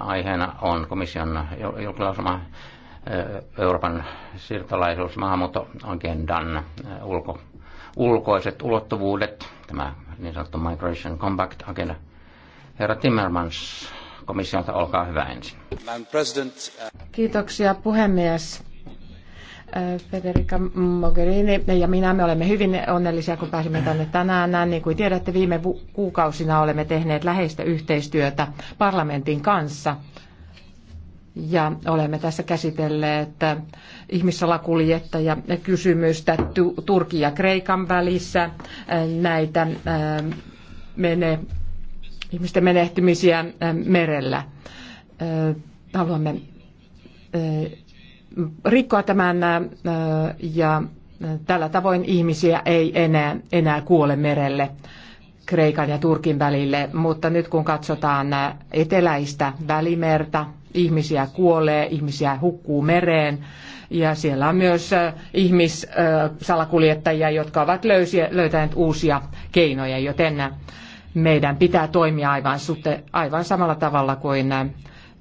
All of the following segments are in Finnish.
Aiheena on komission julkilausuma Euroopan siirtolaisuus, maahanmuuttoagendan ulko, ulkoiset ulottuvuudet, tämä niin sanottu Migration Compact Agenda. Herra Timmermans, komissiolta olkaa hyvä ensin. Uh, Kiitoksia puhemies. Äh, Federica Mogherini ja minä me olemme hyvin onnellisia, kun pääsimme tänne tänään. Niin kuin tiedätte, viime kuukausina olemme tehneet läheistä yhteistyötä parlamentin kanssa. Ja olemme tässä käsitelleet ihmissalakuljettaja kysymystä Turkin ja Kreikan välissä äh, näitä äh, mene, ihmisten menehtymisiä merellä. Haluamme rikkoa tämän ja tällä tavoin ihmisiä ei enää, enää kuole merelle Kreikan ja Turkin välille, mutta nyt kun katsotaan eteläistä välimerta, ihmisiä kuolee, ihmisiä hukkuu mereen ja siellä on myös ihmissalakuljettajia, jotka ovat löytäneet uusia keinoja, joten meidän pitää toimia aivan, aivan samalla tavalla kuin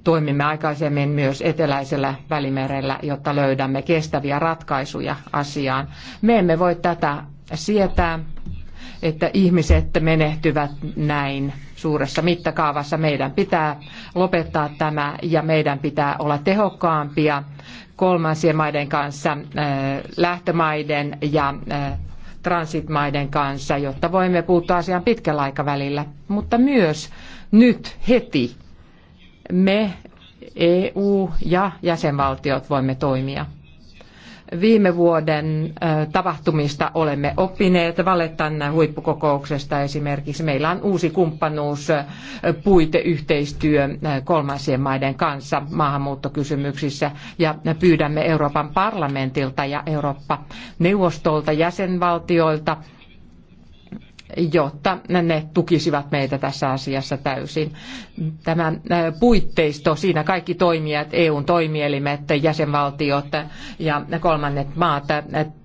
toimimme aikaisemmin myös eteläisellä välimerellä, jotta löydämme kestäviä ratkaisuja asiaan. Me emme voi tätä sietää, että ihmiset menehtyvät näin suuressa mittakaavassa. Meidän pitää lopettaa tämä ja meidän pitää olla tehokkaampia kolmansien maiden kanssa, äh, lähtömaiden ja äh, transitmaiden kanssa, jotta voimme puuttua asiaan pitkällä aikavälillä, mutta myös nyt heti me, EU ja jäsenvaltiot voimme toimia. Viime vuoden tapahtumista olemme oppineet Valettan huippukokouksesta esimerkiksi. Meillä on uusi kumppanuus, puiteyhteistyö kolmansien maiden kanssa maahanmuuttokysymyksissä ja pyydämme Euroopan parlamentilta ja Eurooppa-neuvostolta jäsenvaltioilta jotta ne tukisivat meitä tässä asiassa täysin. Tämä puitteisto, siinä kaikki toimijat, EUn toimielimet, jäsenvaltiot ja kolmannet maat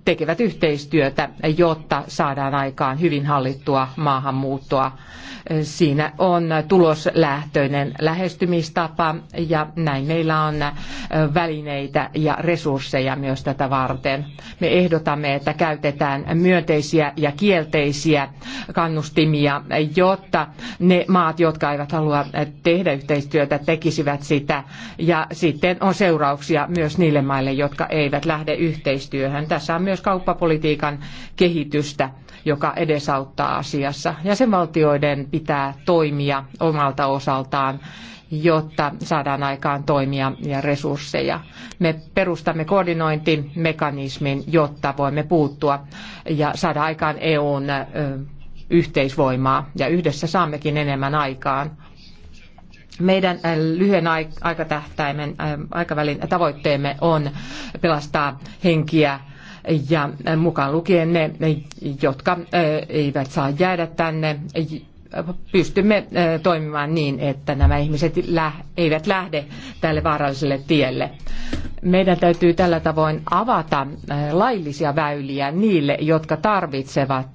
tekevät yhteistyötä, jotta saadaan aikaan hyvin hallittua maahanmuuttoa Siinä on tuloslähtöinen lähestymistapa ja näin meillä on välineitä ja resursseja myös tätä varten. Me ehdotamme, että käytetään myönteisiä ja kielteisiä kannustimia, jotta ne maat, jotka eivät halua tehdä yhteistyötä, tekisivät sitä. Ja sitten on seurauksia myös niille maille, jotka eivät lähde yhteistyöhön. Tässä on myös kauppapolitiikan kehitystä joka edesauttaa asiassa. Jäsenvaltioiden pitää toimia omalta osaltaan jotta saadaan aikaan toimia ja resursseja. Me perustamme koordinointimekanismin, jotta voimme puuttua ja saada aikaan EUn yhteisvoimaa ja yhdessä saammekin enemmän aikaan. Meidän lyhyen aikatähtäimen aikavälin tavoitteemme on pelastaa henkiä ja mukaan lukien ne, jotka eivät saa jäädä tänne, pystymme toimimaan niin, että nämä ihmiset eivät lähde tälle vaaralliselle tielle. Meidän täytyy tällä tavoin avata laillisia väyliä niille, jotka tarvitsevat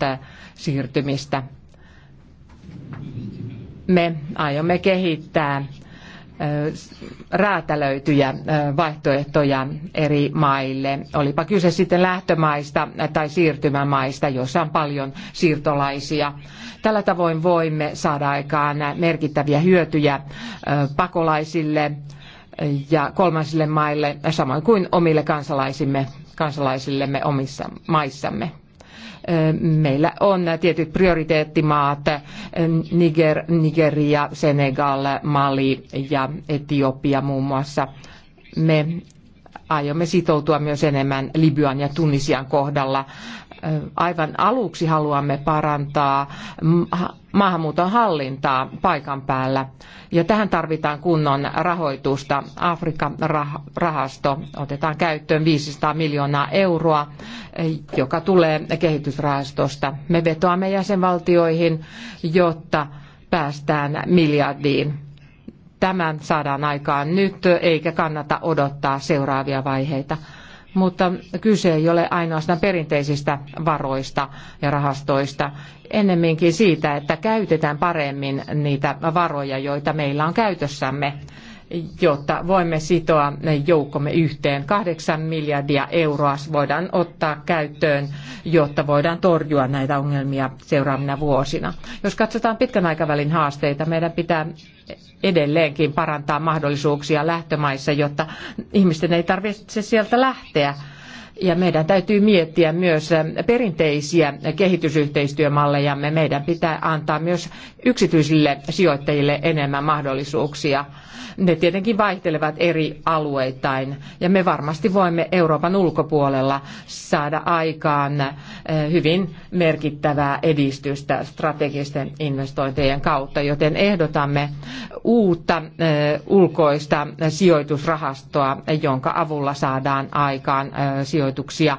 siirtymistä. Me aiomme kehittää räätälöityjä vaihtoehtoja eri maille. Olipa kyse sitten lähtömaista tai siirtymämaista, joissa on paljon siirtolaisia. Tällä tavoin voimme saada aikaan merkittäviä hyötyjä pakolaisille ja kolmansille maille, samoin kuin omille kansalaisillemme omissa maissamme. Meillä on tietyt prioriteettimaat, Niger, Nigeria, Senegal, Mali ja Etiopia muun muassa. Me aiomme sitoutua myös enemmän Libyan ja Tunisian kohdalla aivan aluksi haluamme parantaa maahanmuuton hallintaa paikan päällä. Ja tähän tarvitaan kunnon rahoitusta. Afrikan rahasto otetaan käyttöön 500 miljoonaa euroa, eh, joka tulee kehitysrahastosta. Me vetoamme jäsenvaltioihin, jotta päästään miljardiin. Tämän saadaan aikaan nyt, eikä kannata odottaa seuraavia vaiheita mutta kyse ei ole ainoastaan perinteisistä varoista ja rahastoista, ennemminkin siitä, että käytetään paremmin niitä varoja, joita meillä on käytössämme jotta voimme sitoa joukkomme yhteen. Kahdeksan miljardia euroa voidaan ottaa käyttöön, jotta voidaan torjua näitä ongelmia seuraavina vuosina. Jos katsotaan pitkän aikavälin haasteita, meidän pitää edelleenkin parantaa mahdollisuuksia lähtömaissa, jotta ihmisten ei tarvitse sieltä lähteä ja meidän täytyy miettiä myös äh, perinteisiä kehitysyhteistyömallejamme. Meidän pitää antaa myös yksityisille sijoittajille enemmän mahdollisuuksia. Ne tietenkin vaihtelevat eri alueittain ja me varmasti voimme Euroopan ulkopuolella saada aikaan äh, hyvin merkittävää edistystä strategisten investointien kautta, joten ehdotamme uutta äh, ulkoista sijoitusrahastoa, jonka avulla saadaan aikaan sijoitusrahastoja rahoituksia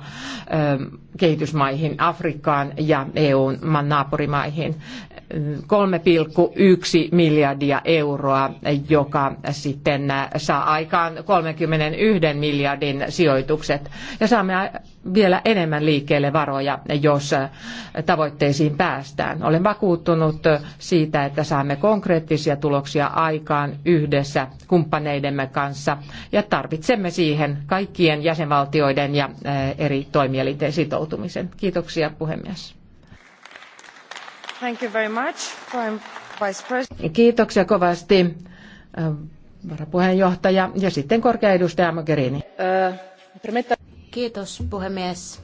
kehitysmaihin, Afrikkaan ja EUn naapurimaihin. 3,1 miljardia euroa, joka sitten saa aikaan 31 miljardin sijoitukset. Ja saamme vielä enemmän liikkeelle varoja, jos tavoitteisiin päästään. Olen vakuuttunut siitä, että saamme konkreettisia tuloksia aikaan yhdessä kumppaneidemme kanssa ja tarvitsemme siihen kaikkien jäsenvaltioiden ja eh, eri toimielinten sitoutumisen. Kiitoksia puhemies. Thank you very much. Kiitoksia kovasti eh, varapuheenjohtaja ja sitten korkea edustaja Mogherini. Uh, Kiitos puhemies.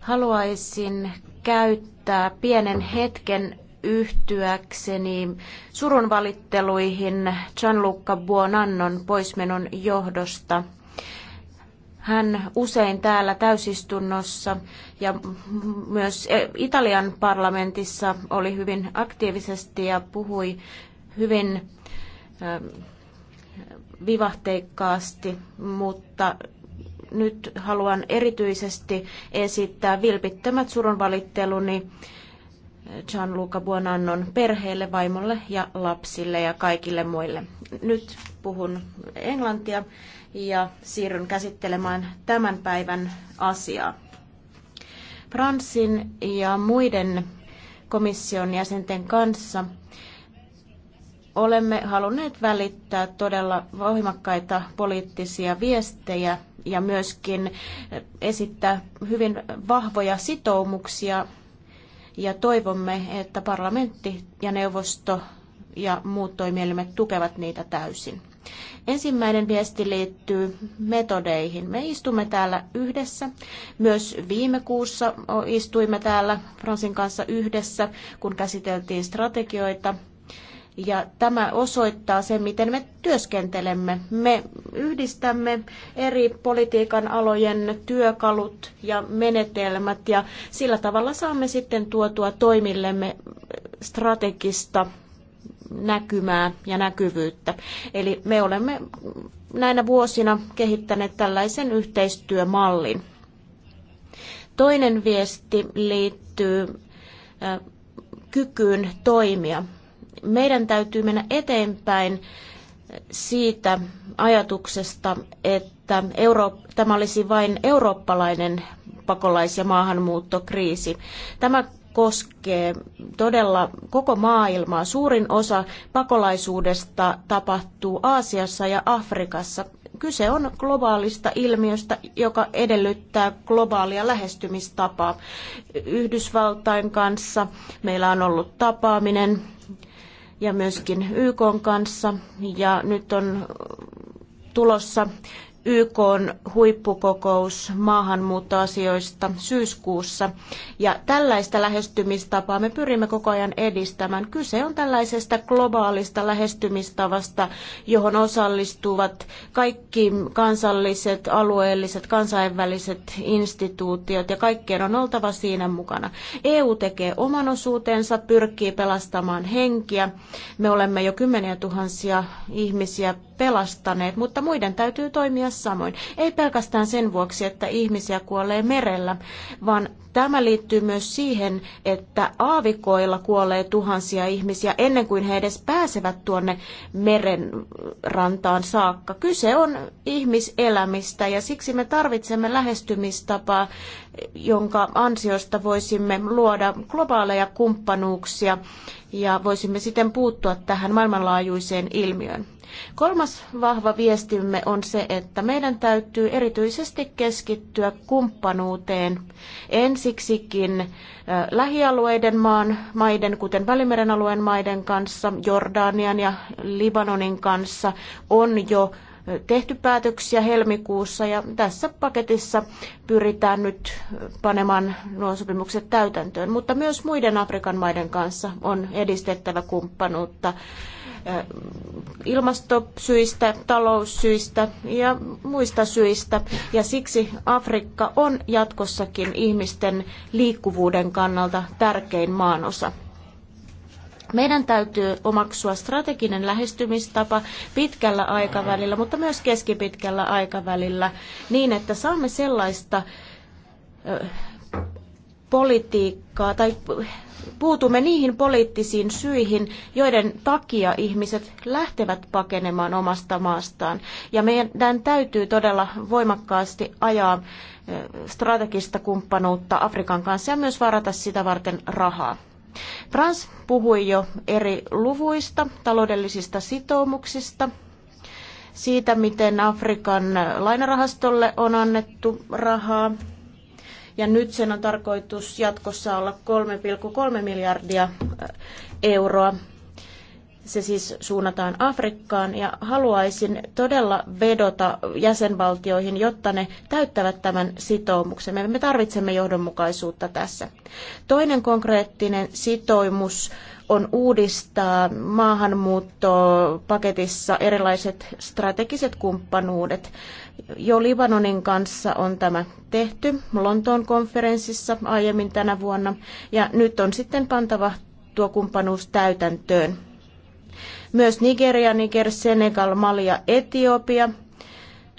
Haluaisin käyttää pienen hetken yhtyäkseni surunvalitteluihin. Gianluca Buonannon poismenon johdosta. Hän usein täällä täysistunnossa ja myös e- Italian parlamentissa oli hyvin aktiivisesti ja puhui hyvin vivahteikkaasti, mutta nyt haluan erityisesti esittää vilpittömät surunvalitteluni Gianluca Buonannon perheelle, vaimolle ja lapsille ja kaikille muille. Nyt puhun englantia ja siirryn käsittelemään tämän päivän asiaa. Fransin ja muiden komission jäsenten kanssa olemme halunneet välittää todella voimakkaita poliittisia viestejä ja myöskin esittää hyvin vahvoja sitoumuksia ja toivomme, että parlamentti ja neuvosto ja muut toimielimet tukevat niitä täysin. Ensimmäinen viesti liittyy metodeihin. Me istumme täällä yhdessä. Myös viime kuussa istuimme täällä Fransin kanssa yhdessä, kun käsiteltiin strategioita ja tämä osoittaa sen, miten me työskentelemme. Me yhdistämme eri politiikan alojen työkalut ja menetelmät ja sillä tavalla saamme sitten tuotua toimillemme strategista näkymää ja näkyvyyttä. Eli me olemme näinä vuosina kehittäneet tällaisen yhteistyömallin. Toinen viesti liittyy kykyyn toimia meidän täytyy mennä eteenpäin siitä ajatuksesta, että Euro- tämä olisi vain eurooppalainen pakolais- ja maahanmuuttokriisi. Tämä koskee todella koko maailmaa. Suurin osa pakolaisuudesta tapahtuu Aasiassa ja Afrikassa. Kyse on globaalista ilmiöstä, joka edellyttää globaalia lähestymistapaa. Yhdysvaltain kanssa meillä on ollut tapaaminen ja myöskin YK kanssa. Ja nyt on tulossa YK huippukokous maahanmuuttoasioista syyskuussa. Ja tällaista lähestymistapaa me pyrimme koko ajan edistämään. Kyse on tällaisesta globaalista lähestymistavasta, johon osallistuvat kaikki kansalliset, alueelliset, kansainväliset instituutiot ja kaikkien on oltava siinä mukana. EU tekee oman osuutensa, pyrkii pelastamaan henkiä. Me olemme jo kymmeniä tuhansia ihmisiä pelastaneet, mutta muiden täytyy toimia samoin. Ei pelkästään sen vuoksi, että ihmisiä kuolee merellä, vaan tämä liittyy myös siihen, että aavikoilla kuolee tuhansia ihmisiä ennen kuin he edes pääsevät tuonne meren rantaan saakka. Kyse on ihmiselämistä ja siksi me tarvitsemme lähestymistapaa, jonka ansiosta voisimme luoda globaaleja kumppanuuksia ja voisimme siten puuttua tähän maailmanlaajuiseen ilmiöön. Kolmas vahva viestimme on se, että meidän täytyy erityisesti keskittyä kumppanuuteen ensiksikin lähialueiden maan, maiden, kuten Välimeren alueen maiden kanssa, Jordanian ja Libanonin kanssa on jo tehty päätöksiä helmikuussa ja tässä paketissa pyritään nyt panemaan nuo sopimukset täytäntöön, mutta myös muiden Afrikan maiden kanssa on edistettävä kumppanuutta ilmastosyistä, taloussyistä ja muista syistä. Ja siksi Afrikka on jatkossakin ihmisten liikkuvuuden kannalta tärkein maanosa. Meidän täytyy omaksua strateginen lähestymistapa pitkällä aikavälillä, mutta myös keskipitkällä aikavälillä, niin että saamme sellaista politiikkaa tai puutumme niihin poliittisiin syihin, joiden takia ihmiset lähtevät pakenemaan omasta maastaan. Ja meidän täytyy todella voimakkaasti ajaa strategista kumppanuutta Afrikan kanssa ja myös varata sitä varten rahaa. Frans puhui jo eri luvuista, taloudellisista sitoumuksista, siitä, miten Afrikan lainarahastolle on annettu rahaa. Ja nyt sen on tarkoitus jatkossa olla 3,3 miljardia äh, euroa se siis suunnataan Afrikkaan ja haluaisin todella vedota jäsenvaltioihin, jotta ne täyttävät tämän sitoumuksen. Me tarvitsemme johdonmukaisuutta tässä. Toinen konkreettinen sitoumus on uudistaa maahanmuuttopaketissa erilaiset strategiset kumppanuudet. Jo Libanonin kanssa on tämä tehty Lontoon konferenssissa aiemmin tänä vuonna ja nyt on sitten pantava tuo kumppanuus täytäntöön. Myös Nigeria, Niger, Senegal, Mali ja Etiopia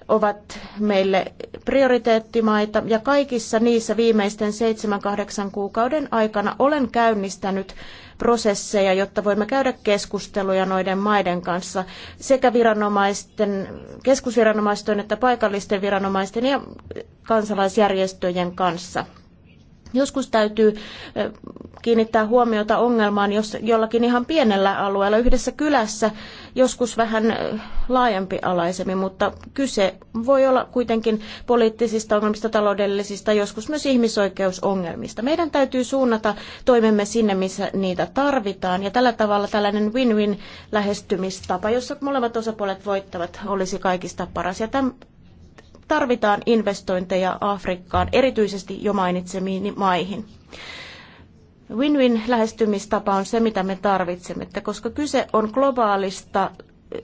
ovat meille prioriteettimaita ja kaikissa niissä viimeisten 7-8 kuukauden aikana olen käynnistänyt prosesseja, jotta voimme käydä keskusteluja noiden maiden kanssa sekä viranomaisten, keskusviranomaisten että paikallisten viranomaisten ja kansalaisjärjestöjen kanssa. Joskus täytyy kiinnittää huomiota ongelmaan jos jollakin ihan pienellä alueella, yhdessä kylässä, joskus vähän laajempi alaisemmin, mutta kyse voi olla kuitenkin poliittisista ongelmista, taloudellisista, joskus myös ihmisoikeusongelmista. Meidän täytyy suunnata toimemme sinne, missä niitä tarvitaan, ja tällä tavalla tällainen win-win lähestymistapa, jossa molemmat osapuolet voittavat, olisi kaikista paras. Ja tämän tarvitaan investointeja Afrikkaan, erityisesti jo mainitsemiini maihin. Win-win lähestymistapa on se, mitä me tarvitsemme, että koska kyse on globaalista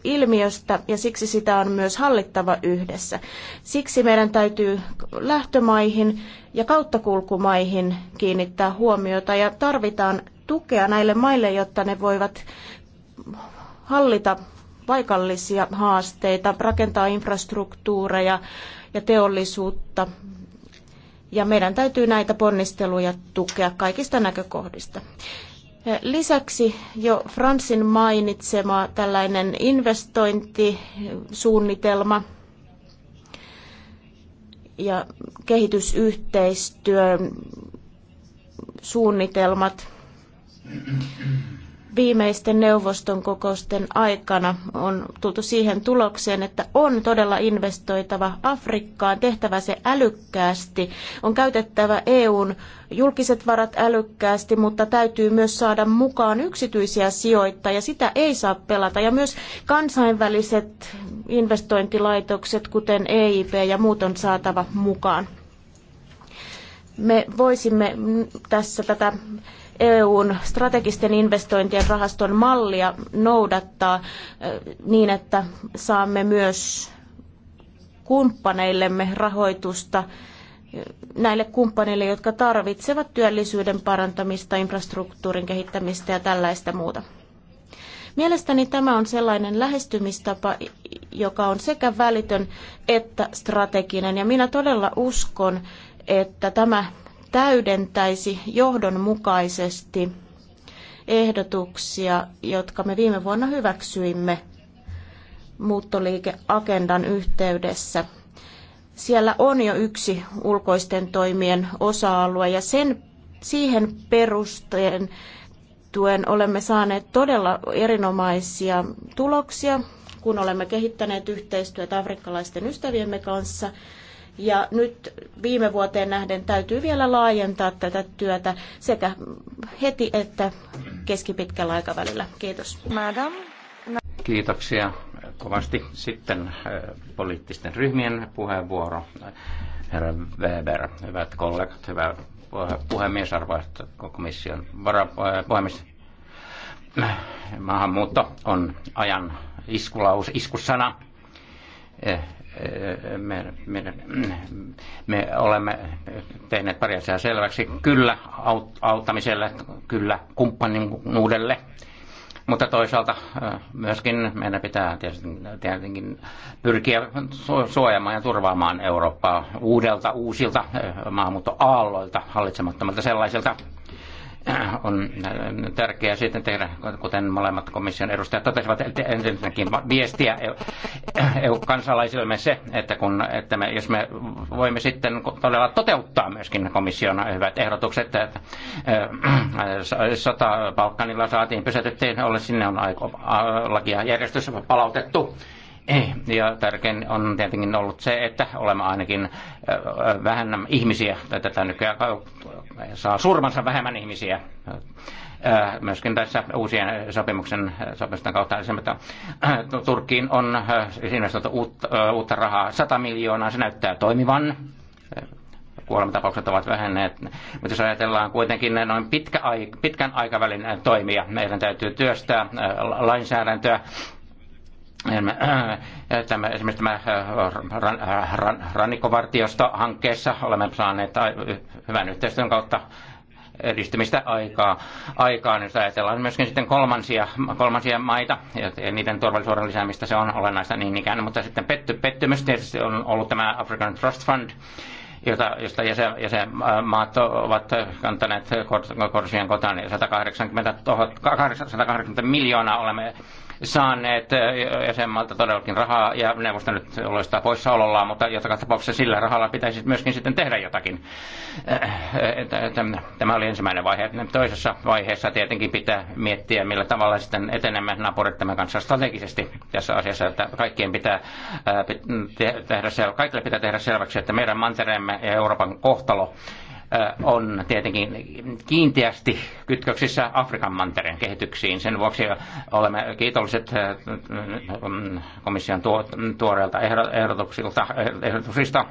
ilmiöstä ja siksi sitä on myös hallittava yhdessä. Siksi meidän täytyy lähtömaihin ja kauttakulkumaihin kiinnittää huomiota ja tarvitaan tukea näille maille, jotta ne voivat hallita paikallisia haasteita, rakentaa infrastruktuureja, ja teollisuutta. Ja meidän täytyy näitä ponnisteluja tukea kaikista näkökohdista. Lisäksi jo Fransin mainitsema tällainen investointisuunnitelma ja kehitysyhteistyön suunnitelmat viimeisten neuvoston kokousten aikana on tultu siihen tulokseen, että on todella investoitava Afrikkaan, tehtävä se älykkäästi, on käytettävä EUn julkiset varat älykkäästi, mutta täytyy myös saada mukaan yksityisiä sijoittajia. Sitä ei saa pelata. Ja myös kansainväliset investointilaitokset, kuten EIP ja muut, on saatava mukaan. Me voisimme tässä tätä EUn strategisten investointien rahaston mallia noudattaa niin, että saamme myös kumppaneillemme rahoitusta näille kumppaneille, jotka tarvitsevat työllisyyden parantamista, infrastruktuurin kehittämistä ja tällaista muuta. Mielestäni tämä on sellainen lähestymistapa, joka on sekä välitön että strateginen, ja minä todella uskon, että tämä täydentäisi johdonmukaisesti ehdotuksia, jotka me viime vuonna hyväksyimme muuttoliikeagendan yhteydessä. Siellä on jo yksi ulkoisten toimien osa-alue ja sen, siihen perusteen tuen olemme saaneet todella erinomaisia tuloksia, kun olemme kehittäneet yhteistyötä afrikkalaisten ystäviemme kanssa ja nyt viime vuoteen nähden täytyy vielä laajentaa tätä työtä sekä heti että keskipitkällä aikavälillä. Kiitos. Madam. Kiitoksia kovasti. Sitten äh, poliittisten ryhmien puheenvuoro. Herra Weber, hyvät kollegat, hyvä puhemies, arvoisat komission varapuhemies. Äh, Maahanmuutto on ajan iskulaus, iskussana. Eh, me, me, me olemme tehneet pari asiaa selväksi. Kyllä auttamiselle, kyllä kumppanuudelle, mutta toisaalta äh, myöskin meidän pitää tietenkin pyrkiä suojaamaan ja turvaamaan Eurooppaa uudelta, uusilta äh, maahanmuuttoaalloilta, hallitsemattomalta sellaisilta. Äh, on äh, tärkeää sitten tehdä, kuten molemmat komission edustajat totesivat, ensinnäkin viestiä EU-kansalaisillemme äh, se, että, kun, että me, jos me voimme sitten todella toteuttaa myöskin komission hyvät ehdotukset, että sota Balkanilla saatiin pysäytettiin, ole sinne on laki ja palautettu. Eh, ja tärkein on tietenkin ollut se, että olemme ainakin vähän ihmisiä tätä nykyään saa surmansa vähemmän ihmisiä myöskin tässä uusien sopimuksen, sopimusten kautta. Esimerkiksi Turkkiin on investoitu uutta, uutta rahaa 100 miljoonaa, se näyttää toimivan kuolematapaukset ovat vähenneet. Mutta jos ajatellaan kuitenkin noin pitkä, pitkän aikavälin toimia, meidän täytyy työstää lainsäädäntöä Äh, tämä, esimerkiksi tämä äh, ran, äh, ran, rannikkovartiosto-hankkeessa olemme saaneet hyvän yhteistyön kautta edistymistä aikaa, aikaan. Jos ajatellaan myöskin sitten kolmansia, kolmansia maita ja niiden turvallisuuden lisäämistä, se on olennaista niin ikään. Mutta sitten petty, pettymys tietysti on ollut tämä African Trust Fund, jota, josta jäsen, jäsenmaat ovat kantaneet korsian kotaan 180, 180 miljoonaa olemme saaneet äh, jäsenmaalta todellakin rahaa ja neuvosto nyt loistaa poissaolollaan, mutta joka tapauksessa sillä rahalla pitäisi myöskin sitten tehdä jotakin. Äh, tämä oli ensimmäinen vaihe. Toisessa vaiheessa tietenkin pitää miettiä, millä tavalla sitten etenemme tämän kanssa strategisesti tässä asiassa, että kaikkien pitää äh, tehdä, kaikille pitää tehdä selväksi, että meidän mantereemme ja Euroopan kohtalo on tietenkin kiinteästi kytköksissä Afrikan mantereen kehityksiin. Sen vuoksi olemme kiitolliset komission tuoreelta ehdotuksilta, ehdotuksista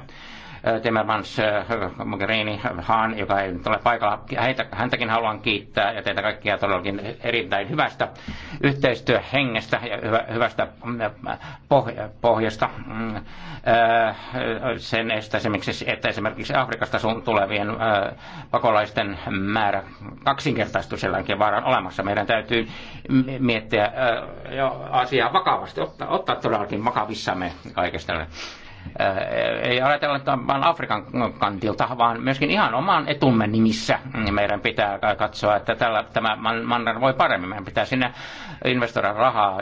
Äh, Timmermans, äh, Mogherini, Hahn, joka ei nyt ole paikalla. Heitä, häntäkin haluan kiittää ja teitä kaikkia todellakin erittäin hyvästä yhteistyöhengestä ja hyvä, hyvästä mm, pohjasta mm, äh, sen estämiseksi, että esimerkiksi Afrikasta sun tulevien pakolaisten määrä kaksinkertaistuu selläkin vaaran olemassa. Meidän täytyy miettiä asiaa vakavasti, ottaa, ottaa todellakin vakavissamme kaikesta. Äh, ei ajatella vain Afrikan kantilta, vaan myöskin ihan oman etumme nimissä meidän pitää katsoa, että tällä, tämä manner voi paremmin. Meidän pitää sinne investoida rahaa,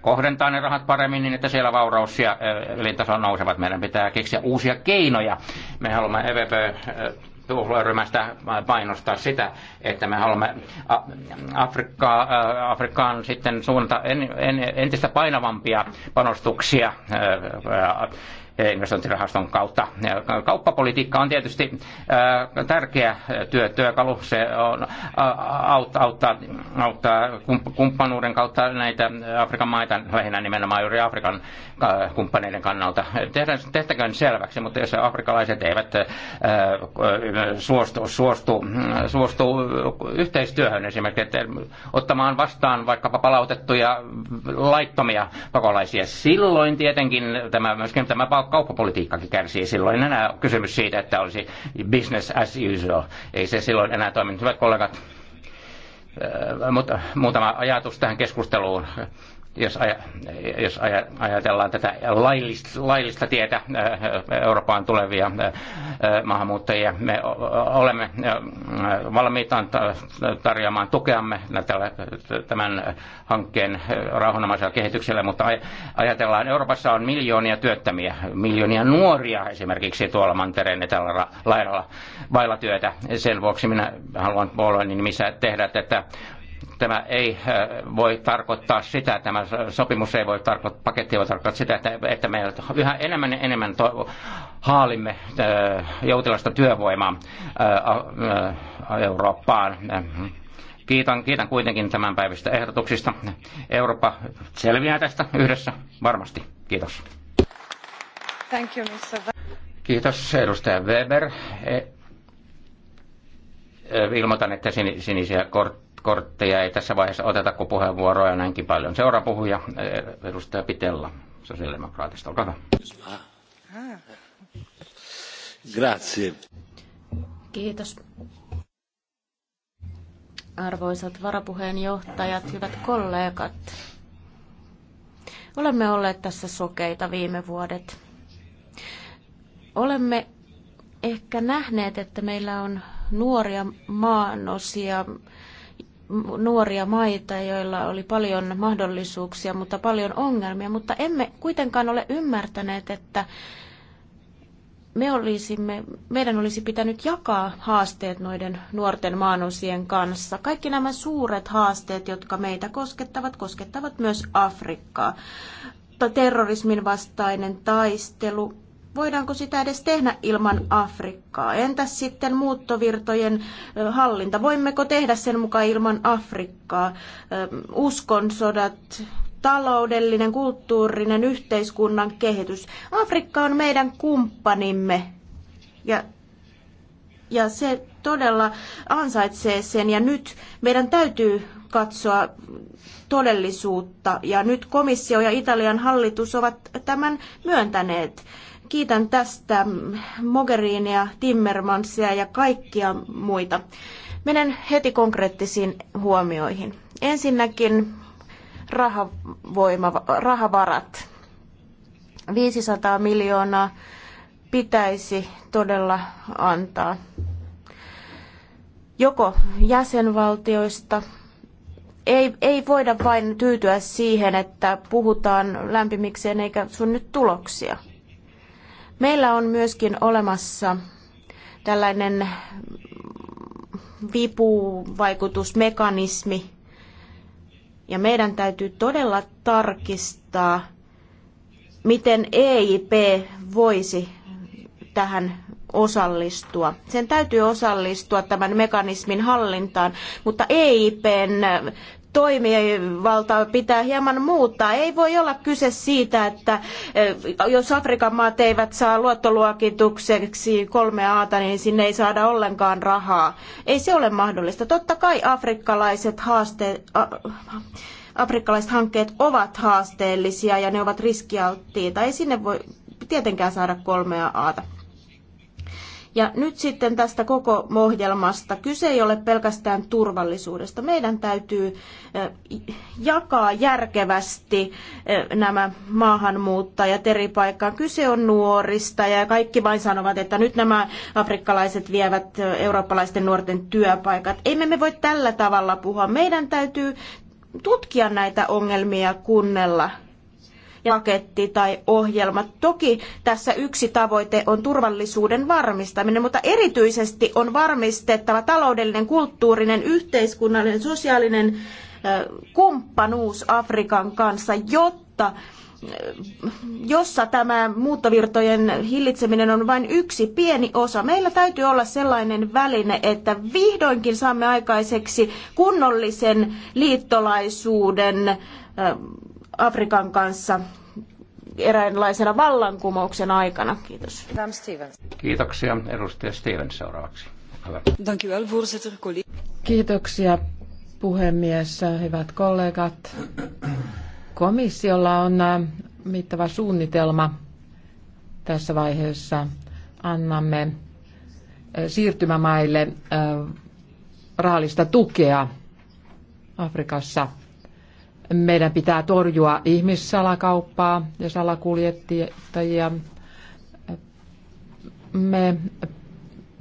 kohdentaa ne rahat paremmin niin, että siellä vauraus ja äh, elintaso nousevat. Meidän pitää keksiä uusia keinoja. Me haluamme EVP äh, tuhlarymästä painostaa sitä, että me haluamme Afrikkaa, Afrikkaan sitten suunnata entistä painavampia panostuksia investointirahaston kautta. Kauppapolitiikka on tietysti tärkeä työ, työkalu. Se on, auttaa, auttaa kumppanuuden kautta näitä Afrikan maita, lähinnä nimenomaan juuri Afrikan kumppaneiden kannalta. Tehtäköön selväksi, mutta jos afrikalaiset eivät suostu, suostu, suostu yhteistyöhön esimerkiksi, että ottamaan vastaan vaikkapa palautettuja laittomia pakolaisia, silloin tietenkin tämä, myöskin tämä kauppapolitiikkakin kärsii silloin. Enää kysymys siitä, että olisi business as usual. Ei se silloin enää toiminut, Hyvät kollegat, muutama ajatus tähän keskusteluun jos, jos ajatellaan tätä laillista, laillista tietä äh, äh, Eurooppaan tulevia äh, maahanmuuttajia, me olemme valmiita tarjoamaan tukeamme tämän hankkeen rauhanomaisella kehityksellä, mutta ajatellaan, Euroopassa on miljoonia työttömiä, miljoonia nuoria esimerkiksi tuolla mantereen tällä lailla vailla työtä. Sen vuoksi minä haluan puolueen nimissä tehdä tätä tämä ei äh, voi tarkoittaa sitä, tämä sopimus ei voi tarkoittaa, paketti ei voi tarkoittaa sitä, että, että me yhä enemmän ja enemmän to, haalimme äh, joutilasta työvoimaa äh, Eurooppaan. Kiitän, kiitän kuitenkin tämän päivistä ehdotuksista. Eurooppa selviää tästä yhdessä varmasti. Kiitos. Thank you, Mr. Kiitos edustaja Weber. E, e, ilmoitan, että sinisiä kortteja kortteja ei tässä vaiheessa oteta, kun puheenvuoroja näinkin paljon. Seuraava puhuja, eh, edustaja Pitella, sosiaalidemokraatista. Olkaa hyvä. Grazie. Kiitos. Arvoisat varapuheenjohtajat, hyvät kollegat. Olemme olleet tässä sokeita viime vuodet. Olemme ehkä nähneet, että meillä on nuoria maanosia, nuoria maita, joilla oli paljon mahdollisuuksia, mutta paljon ongelmia, mutta emme kuitenkaan ole ymmärtäneet, että me olisimme, meidän olisi pitänyt jakaa haasteet noiden nuorten maanosien kanssa. Kaikki nämä suuret haasteet, jotka meitä koskettavat, koskettavat myös Afrikkaa. Terrorismin vastainen taistelu, Voidaanko sitä edes tehdä ilman Afrikkaa? Entäs sitten muuttovirtojen hallinta? Voimmeko tehdä sen mukaan ilman Afrikkaa? Uskonsodat, taloudellinen, kulttuurinen, yhteiskunnan kehitys. Afrikka on meidän kumppanimme ja, ja se todella ansaitsee sen ja nyt meidän täytyy katsoa todellisuutta ja nyt komissio ja Italian hallitus ovat tämän myöntäneet. Kiitän tästä Mogherinia, Timmermansia ja kaikkia muita. Menen heti konkreettisiin huomioihin. Ensinnäkin rahavoima, rahavarat. 500 miljoonaa pitäisi todella antaa joko jäsenvaltioista. Ei, ei voida vain tyytyä siihen, että puhutaan lämpimikseen eikä sun nyt tuloksia. Meillä on myöskin olemassa tällainen vipuvaikutusmekanismi, ja meidän täytyy todella tarkistaa, miten EIP voisi tähän osallistua. Sen täytyy osallistua tämän mekanismin hallintaan, mutta EIPn toimivaltaa pitää hieman muuttaa. Ei voi olla kyse siitä, että eh, jos Afrikan maat eivät saa luottoluokitukseksi kolme aata, niin sinne ei saada ollenkaan rahaa. Ei se ole mahdollista. Totta kai afrikkalaiset haasteet... Afrikkalaiset hankkeet ovat haasteellisia ja ne ovat riskialttiita. Ei sinne voi tietenkään saada kolmea aata. Ja nyt sitten tästä koko ohjelmasta. Kyse ei ole pelkästään turvallisuudesta. Meidän täytyy jakaa järkevästi nämä maahanmuuttajat eri paikkaan. Kyse on nuorista ja kaikki vain sanovat, että nyt nämä afrikkalaiset vievät eurooppalaisten nuorten työpaikat. Emme me voi tällä tavalla puhua. Meidän täytyy tutkia näitä ongelmia kunnella. kuunnella ja paketti tai ohjelma. Toki tässä yksi tavoite on turvallisuuden varmistaminen, mutta erityisesti on varmistettava taloudellinen, kulttuurinen, yhteiskunnallinen, sosiaalinen kumppanuus Afrikan kanssa, jotta jossa tämä muuttovirtojen hillitseminen on vain yksi pieni osa. Meillä täytyy olla sellainen väline, että vihdoinkin saamme aikaiseksi kunnollisen liittolaisuuden Afrikan kanssa eräänlaisena vallankumouksen aikana. Kiitos. Kiitoksia. Edustaja Stevens seuraavaksi. Kiitoksia puhemies, hyvät kollegat. Komissiolla on äh, mittava suunnitelma tässä vaiheessa. Annamme äh, siirtymämaille äh, rahallista tukea Afrikassa – meidän pitää torjua ihmissalakauppaa ja salakuljettajia. Me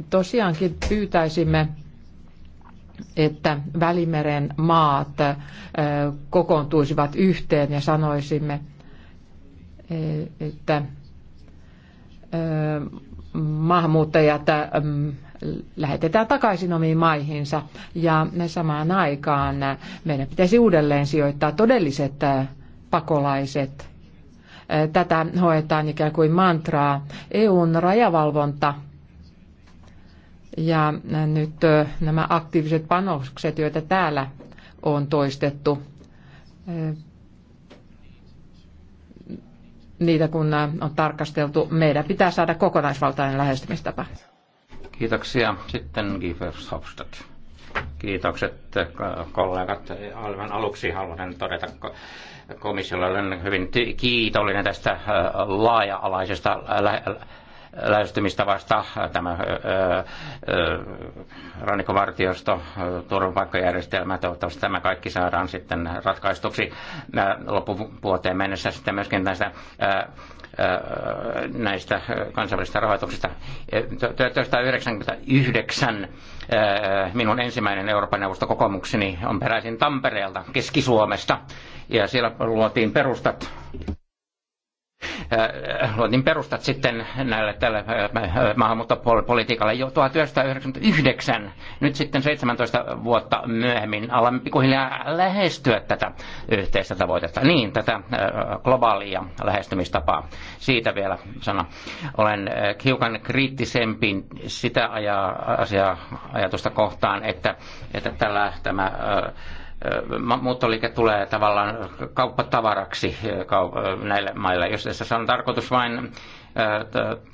tosiaankin pyytäisimme että Välimeren maat kokoontuisivat yhteen ja sanoisimme, e, että maahanmuuttajat lähetetään takaisin omiin maihinsa ja samaan aikaan meidän pitäisi uudelleen sijoittaa todelliset äh, pakolaiset. Äh, tätä hoetaan ikään kuin mantraa. EUn rajavalvonta ja äh, nyt nämä aktiiviset panokset, joita täällä on toistettu, niitä kun on tarkasteltu, meidän pitää saada kokonaisvaltainen lähestymistapa. Kiitoksia. Sitten Giefer Hofstadt. Kiitokset äh, kollegat. Aivan aluksi haluan todeta komissiolle olen hyvin kiitollinen tästä äh, laaja-alaisesta lähestymistavasta tämä äh, rannikkovartiosto, turvapaikkajärjestelmä. Toivottavasti tämä kaikki saadaan sitten ratkaistuksi loppuvuoteen mennessä. Sitten myöskin näistä näistä kansainvälisistä rahoituksista. 1999 e, minun ensimmäinen Euroopan neuvosto kokoomukseni on peräisin Tampereelta, Keski-Suomesta, ja siellä luotiin perustat luotin äh, äh, perustat sitten näille tälle äh, maahanmuuttopolitiikalle jo 1999. Nyt sitten 17 vuotta myöhemmin alamme pikkuhiljaa lähestyä tätä yhteistä tavoitetta. Niin, tätä globaalia lähestymistapaa. Siitä vielä sana. Olen hiukan kriittisempi sitä ajaa, asiaa, ajatusta kohtaan, että, että tällä, tämä muuttoliike tulee tavallaan kauppatavaraksi näille maille. Jos tässä on tarkoitus vain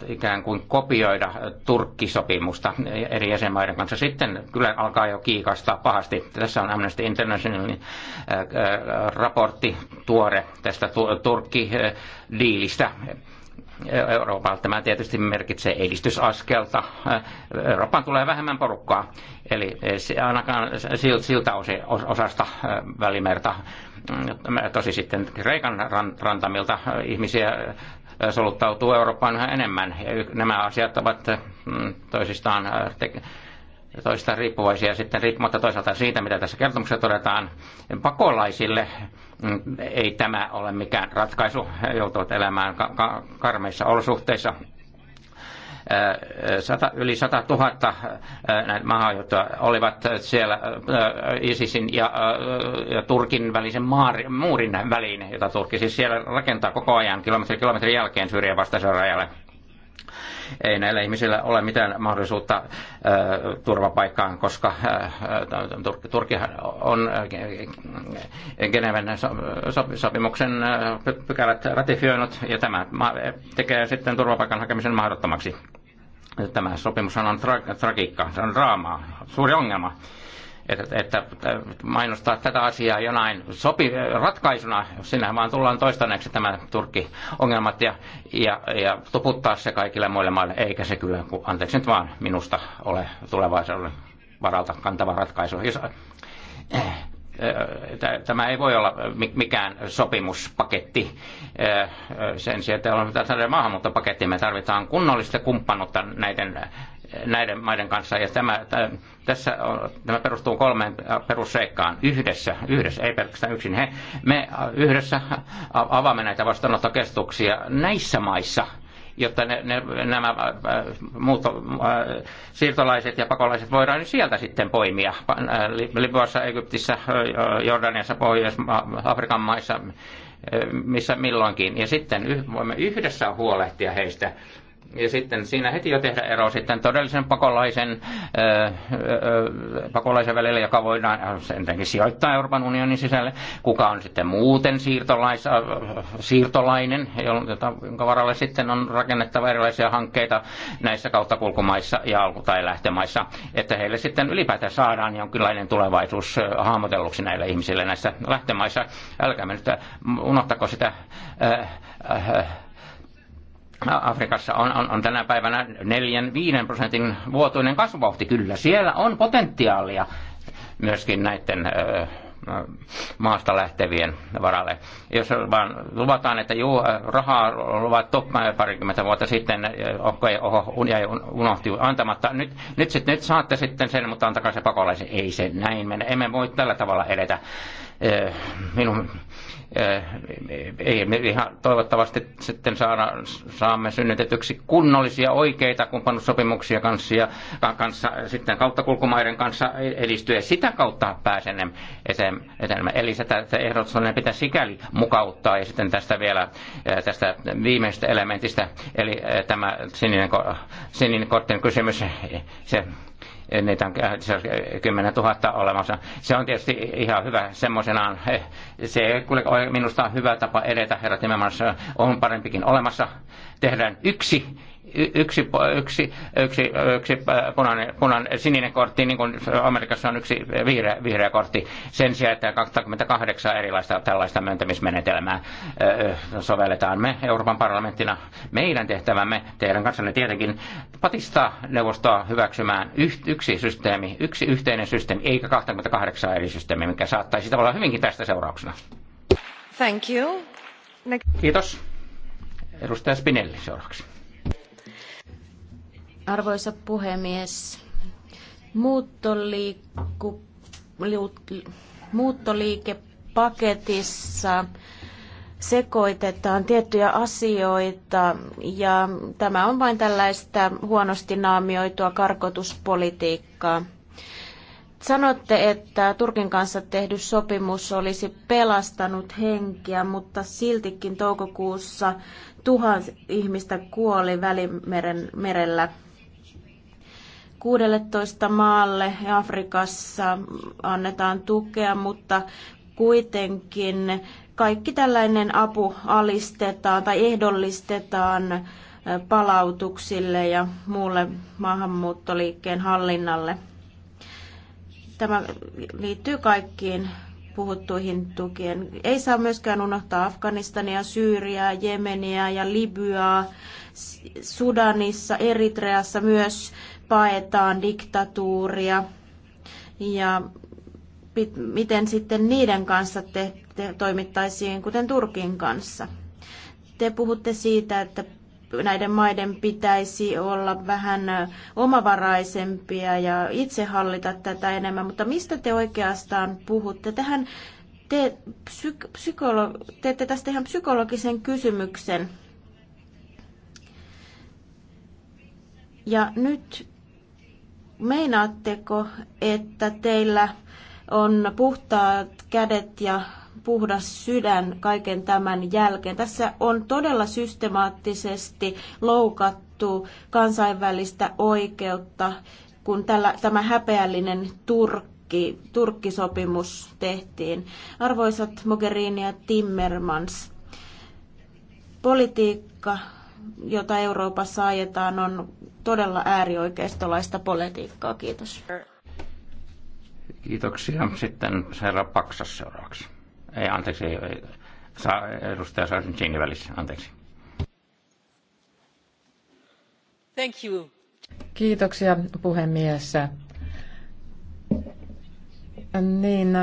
ikään kuin kopioida Turkkisopimusta eri jäsenmaiden kanssa, sitten kyllä alkaa jo kiikastaa pahasti. Tässä on Amnesty Internationalin raportti tuore tästä Turkki-diilistä Euroopalta. Tämä tietysti merkitsee edistysaskelta. Eurooppaan tulee vähemmän porukkaa, eli ainakaan siltä osasta välimerta. Mm, tosi sitten Kreikan rantamilta ihmisiä soluttautuu Eurooppaan yhä enemmän. Ja nämä asiat ovat mm, toisistaan toista riippuvaisia sitten riippumatta toisaalta siitä, mitä tässä kertomuksessa todetaan. Pakolaisille mm, ei tämä ole mikään ratkaisu, joutuvat elämään ka- ka- karmeissa olosuhteissa. Sata, yli 100 000 näitä maahanjohtoja olivat siellä ISISin ja, ja Turkin välisen maari, muurin väliin, jota Turkki siis siellä rakentaa koko ajan kilometri kilometrin jälkeen Syyrian vastaisen rajalle ei näillä ihmisillä ole mitään mahdollisuutta äh, turvapaikkaan, koska äh, äh, Turkki on Geneven sopimuksen pykälät ratifioinut ja tämä tekee sitten turvapaikan hakemisen mahdottomaksi. Tämä sopimus on tra- tragiikka, se on draamaa, suuri ongelma että, että mainostaa tätä asiaa jonain sopi, ratkaisuna, sinähän vaan tullaan toistaneeksi tämä Turkki-ongelmat ja, ja, ja tuputtaa se kaikille muille maille, eikä se kyllä, kun, anteeksi nyt vaan minusta ole tulevaisuuden varalta kantava ratkaisu. Jos, äh, äh, tämä ei voi olla mikään sopimuspaketti. Äh, sen sijaan, että on maahanmuuttopaketti, me tarvitaan kunnollista kumppanuutta näiden näiden maiden kanssa. Ja tämä, tässä on, tämä perustuu kolmeen perusseikkaan. Yhdessä, yhdessä, ei pelkästään yksin he, me yhdessä avaamme näitä vastaanottokeskuksia näissä maissa jotta ne, ne, nämä muut siirtolaiset ja pakolaiset voidaan sieltä sitten poimia. Libyassa, Egyptissä, Jordaniassa, Pohjois-Afrikan maissa, missä milloinkin. Ja sitten voimme yhdessä huolehtia heistä ja sitten siinä heti jo tehdä ero sitten todellisen pakolaisen, öö, öö, pakolaisen välillä, joka voidaan entenkin sijoittaa Euroopan unionin sisälle, kuka on sitten muuten siirtolais, siirtolainen, jota, jonka varalle sitten on rakennettava erilaisia hankkeita näissä kautta kulkumaissa ja alku- tai lähtömaissa, että heille sitten ylipäätään saadaan jonkinlainen tulevaisuus hahmotelluksi näille ihmisille näissä lähtömaissa. Älkää me nyt unohtako sitä öö, öö, No, Afrikassa on, on, on tänä päivänä 4-5 prosentin vuotuinen kasvuvauhti kyllä. Siellä on potentiaalia myöskin näiden maasta lähtevien varalle. Jos vaan luvataan, että juu, rahaa luvattu parikymmentä vuotta sitten, okei, oho, un, jäi unohti antamatta. Nyt, nyt, sit, nyt saatte sitten sen, mutta antakaa se pakolaisen. Ei se näin mene. Emme voi tällä tavalla edetä. Minun ei me ihan toivottavasti sitten saada, saamme synnytetyksi kunnollisia oikeita kumppanuussopimuksia kanssa, ja, kanssa sitten kauttakulkumaiden kanssa edistyä. Sitä kautta pääsen etenemään. Eli sitä ehdottomasti pitää sikäli mukauttaa ja sitten tästä vielä tästä viimeisestä elementistä, eli tämä sininen, sininen kortin kysymys, se niitä on 10 000 olemassa. Se on tietysti ihan hyvä semmoisenaan. Se ei minusta hyvä tapa edetä, herrat nimenomaan, on parempikin olemassa. Tehdään yksi yksi, yksi, yksi, yksi punainen, punainen, sininen kortti, niin kuin Amerikassa on yksi vihreä, vihreä kortti, sen sijaan, että 28 erilaista tällaista myöntämismenetelmää sovelletaan me Euroopan parlamenttina. Meidän tehtävämme, teidän kanssanne tietenkin, patistaa neuvostoa hyväksymään yksi systeemi, yksi yhteinen systeemi, eikä 28 eri systeemiä, mikä saattaisi olla hyvinkin tästä seurauksena. Thank you. Ne- Kiitos. Edustaja Spinelli seuraavaksi. Arvoisa puhemies, muuttoliikku, muuttoliikepaketissa sekoitetaan tiettyjä asioita ja tämä on vain tällaista huonosti naamioitua karkotuspolitiikkaa. Sanotte, että Turkin kanssa tehdy sopimus olisi pelastanut henkiä, mutta siltikin toukokuussa tuhat ihmistä kuoli välimeren merellä 16 maalle Afrikassa annetaan tukea, mutta kuitenkin kaikki tällainen apu alistetaan tai ehdollistetaan palautuksille ja muulle maahanmuuttoliikkeen hallinnalle. Tämä liittyy kaikkiin puhuttuihin tukien. Ei saa myöskään unohtaa Afganistania, Syyriaa, Jemeniä ja Libyaa. Sudanissa, Eritreassa myös paetaan diktatuuria ja miten sitten niiden kanssa te, te toimittaisiin, kuten Turkin kanssa. Te puhutte siitä, että näiden maiden pitäisi olla vähän omavaraisempia ja itse hallita tätä enemmän, mutta mistä te oikeastaan puhutte? Tähän te, psyk- psykolo- teette tästä ihan psykologisen kysymyksen. Ja nyt Meinaatteko, että teillä on puhtaat kädet ja puhdas sydän kaiken tämän jälkeen. Tässä on todella systemaattisesti loukattu kansainvälistä oikeutta, kun tällä, tämä häpeällinen Turkki, Turkkisopimus tehtiin. Arvoisat Mogherini ja Timmermans, politiikka jota Euroopassa ajetaan, on todella äärioikeistolaista politiikkaa. Kiitos. Kiitoksia. Sitten herra Paksas seuraavaksi. Ei, anteeksi, ei, ei. Saa, edustaja Sargentini välissä, anteeksi. Thank you. Kiitoksia puhemies. Niin,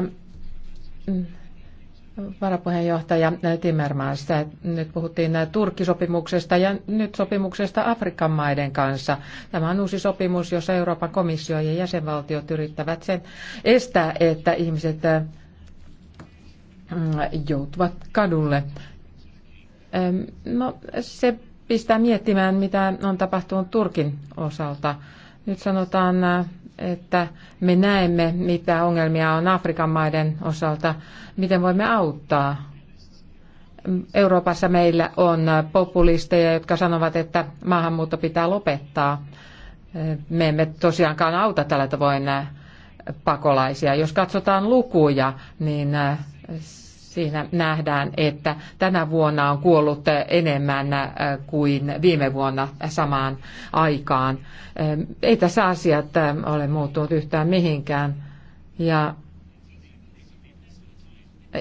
varapuheenjohtaja Timmermans. Nyt puhuttiin Turkkisopimuksesta ja nyt sopimuksesta Afrikan maiden kanssa. Tämä on uusi sopimus, jossa Euroopan komissio ja jäsenvaltiot yrittävät sen estää, että ihmiset mm, joutuvat kadulle. No, se pistää miettimään, mitä on tapahtunut Turkin osalta. Nyt sanotaan että me näemme, mitä ongelmia on Afrikan maiden osalta, miten voimme auttaa. Euroopassa meillä on populisteja, jotka sanovat, että maahanmuutto pitää lopettaa. Me emme tosiaankaan auta tällä tavoin pakolaisia. Jos katsotaan lukuja, niin Siinä nähdään, että tänä vuonna on kuollut enemmän äh, kuin viime vuonna samaan aikaan. Äh, ei tässä asiat äh, ole muuttunut yhtään mihinkään. Ja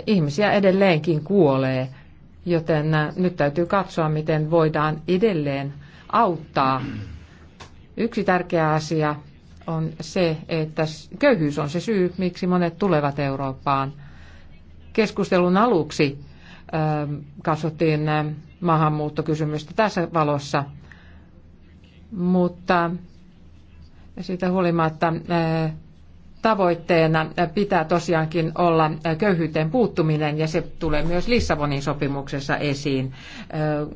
ihmisiä edelleenkin kuolee, joten nyt täytyy katsoa, miten voidaan edelleen auttaa. Yksi tärkeä asia on se, että köyhyys on se syy, miksi monet tulevat Eurooppaan – keskustelun aluksi ähm, katsottiin äh, maahanmuuttokysymystä tässä valossa, mutta siitä huolimatta äh, tavoitteena pitää tosiaankin olla äh, köyhyyteen puuttuminen ja se tulee myös Lissabonin sopimuksessa esiin.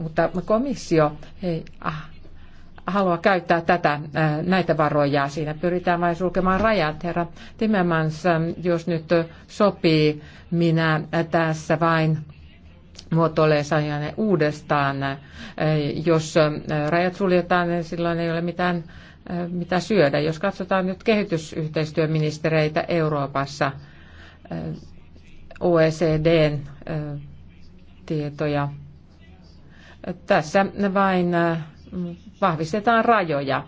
Mutta komissio ei ah, halua käyttää tätä, äh, näitä varoja. Siinä pyritään vain sulkemaan rajat. Herra Timmermans, ähm, jos nyt sopii, minä tässä vain muotoilee sanojani uudestaan. Äh, jos äh, rajat suljetaan, niin silloin ei ole mitään mitä syödä. Jos katsotaan nyt kehitysyhteistyöministereitä Euroopassa, OECDn tietoja. Tässä vain vahvistetaan rajoja.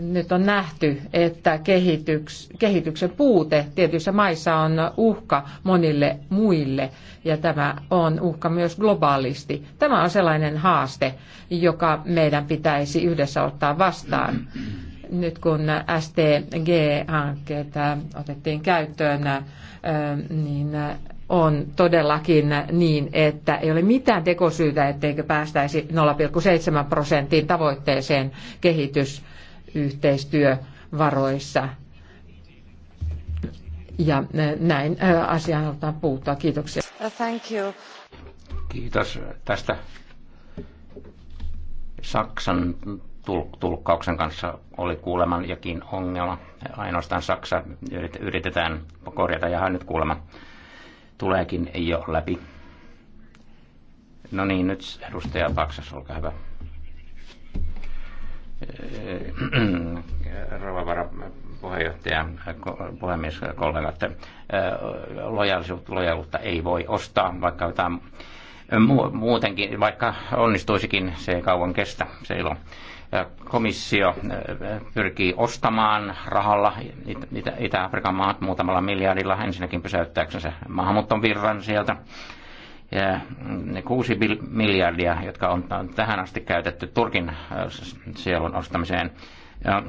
Nyt on nähty, että kehityks, kehityksen puute tietyissä maissa on uhka monille muille ja tämä on uhka myös globaalisti. Tämä on sellainen haaste, joka meidän pitäisi yhdessä ottaa vastaan. Nyt kun stg hankkeita otettiin käyttöön, niin on todellakin niin, että ei ole mitään tekosyytä, etteikö päästäisi 0,7 prosentin tavoitteeseen kehitysyhteistyövaroissa. Ja näin asiaan halutaan puuttua. Kiitoksia. Thank you. Kiitos tästä Saksan tulkkauksen kanssa oli kuuleman jakin ongelma. Ainoastaan Saksa yritetään korjata ja hän nyt kuulemaan tuleekin jo läpi. No niin, nyt edustaja Paksas, olkaa hyvä. Äh, vara puheenjohtaja, puhemies, kollegat, äh, lojaluutta ei voi ostaa, vaikka jotain muutenkin, vaikka onnistuisikin, se ei kauan kestä, se ilo komissio pyrkii ostamaan rahalla Itä-Afrikan maat muutamalla miljardilla ensinnäkin pysäyttääksensä maahanmuuton virran sieltä. Ja mm, ne kuusi miljardia, jotka on tähän asti käytetty Turkin sielun ostamiseen, ja,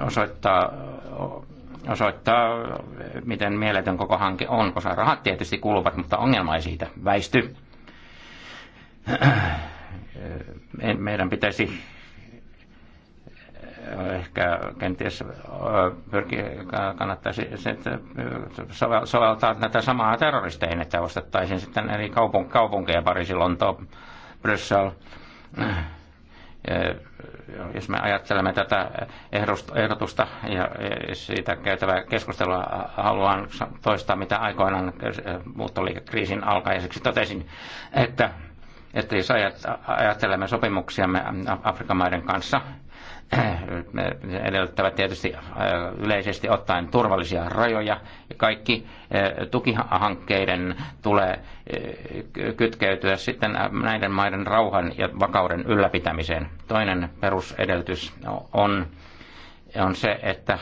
osoittaa osoittaa, miten mieletön koko hanke on, koska rahat tietysti kuluvat, mutta ongelma ei siitä väisty. Äh, meidän pitäisi äh, ehkä kenties äh, pyrkiä, kannattaisi soveltaa näitä samaa terroristeihin, että ostettaisiin sitten eri kaupunk- kaupunkeja, Pariisi, Lonto, Bryssel. Jos me ajattelemme tätä ehdotusta ja siitä käytävää keskustelua, haluan toistaa, mitä aikoinaan muuttoliikekriisin alkaiseksi totesin, että että jos ajattelemme sopimuksiamme Afrikan maiden kanssa, me edellyttävät tietysti yleisesti ottaen turvallisia rajoja. Kaikki tukihankkeiden tulee kytkeytyä sitten näiden maiden rauhan ja vakauden ylläpitämiseen. Toinen perusedellytys on on se, että,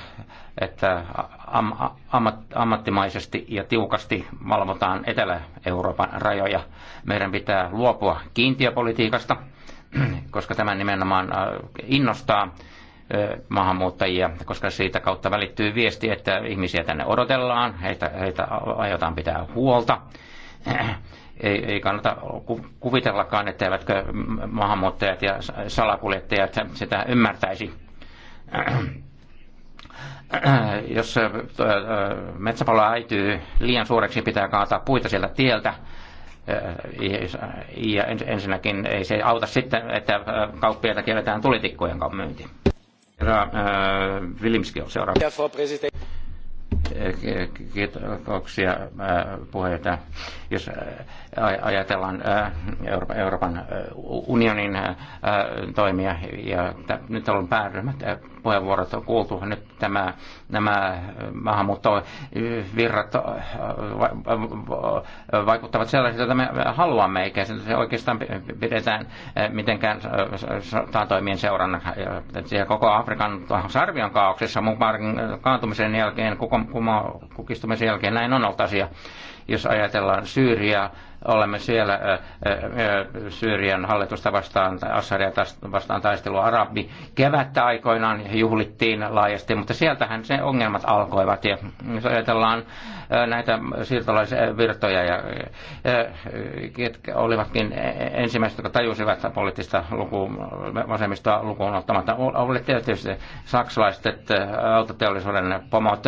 että am, ammat, ammattimaisesti ja tiukasti valvotaan Etelä-Euroopan rajoja. Meidän pitää luopua kiintiöpolitiikasta, koska tämä nimenomaan äh, innostaa äh, maahanmuuttajia, koska siitä kautta välittyy viesti, että ihmisiä tänne odotellaan, heitä, heitä aiotaan pitää huolta. Ei, ei kannata kuvitellakaan, etteivätkö maahanmuuttajat ja salakuljettajat sitä ymmärtäisi jos äh, äh, metsäpalo äityy liian suureksi, niin pitää kaataa puita sieltä tieltä. Äh, ja ensinnäkin ei se auta sitten, että kauppiaita kielletään kanssa myynti. Herra Vilimski on seuraava. Kiitoksia puheenjohtaja. Jos ajatellaan Euroopan unionin toimia ja nyt on pääryhmät puheenvuorot on kuultu, nyt tämä, nämä maahanmuuttovirrat vaikuttavat sellaisilta, että me haluamme, eikä se oikeastaan pidetään mitenkään toimien seurannan. Siellä koko Afrikan sarvi on kaauksessa mukaan kaatumisen jälkeen, koko kukistumisen jälkeen näin on ollut asia. Jos ajatellaan Syyriaa, olemme siellä Syyrian hallitusta vastaan, Assaria vastaan taistelua arabi. Kevättä aikoinaan juhlittiin laajasti, mutta sieltähän se ongelmat alkoivat. Ja jos ajatellaan näitä siirtolaisvirtoja, ja, ketkä olivatkin ensimmäiset, jotka tajusivat poliittista luku, vasemmistoa lukuun ottamatta, olivat tietysti saksalaiset autoteollisuuden pomot,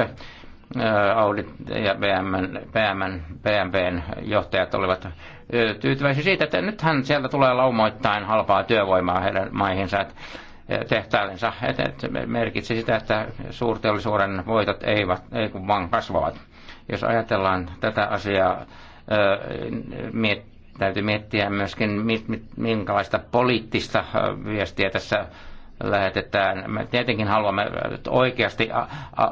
Audit ja BMn, BMn, BMWn johtajat olivat tyytyväisiä siitä, että nythän sieltä tulee laumoittain halpaa työvoimaa heidän maihinsa. Että tehtäällensä Et, merkitsi sitä, että suurteollisuuden voitot eivät, ei kun vaan kasvavat. Jos ajatellaan tätä asiaa, miet, täytyy miettiä myöskin, mit, mit, minkälaista poliittista viestiä tässä lähetetään. Me tietenkin haluamme oikeasti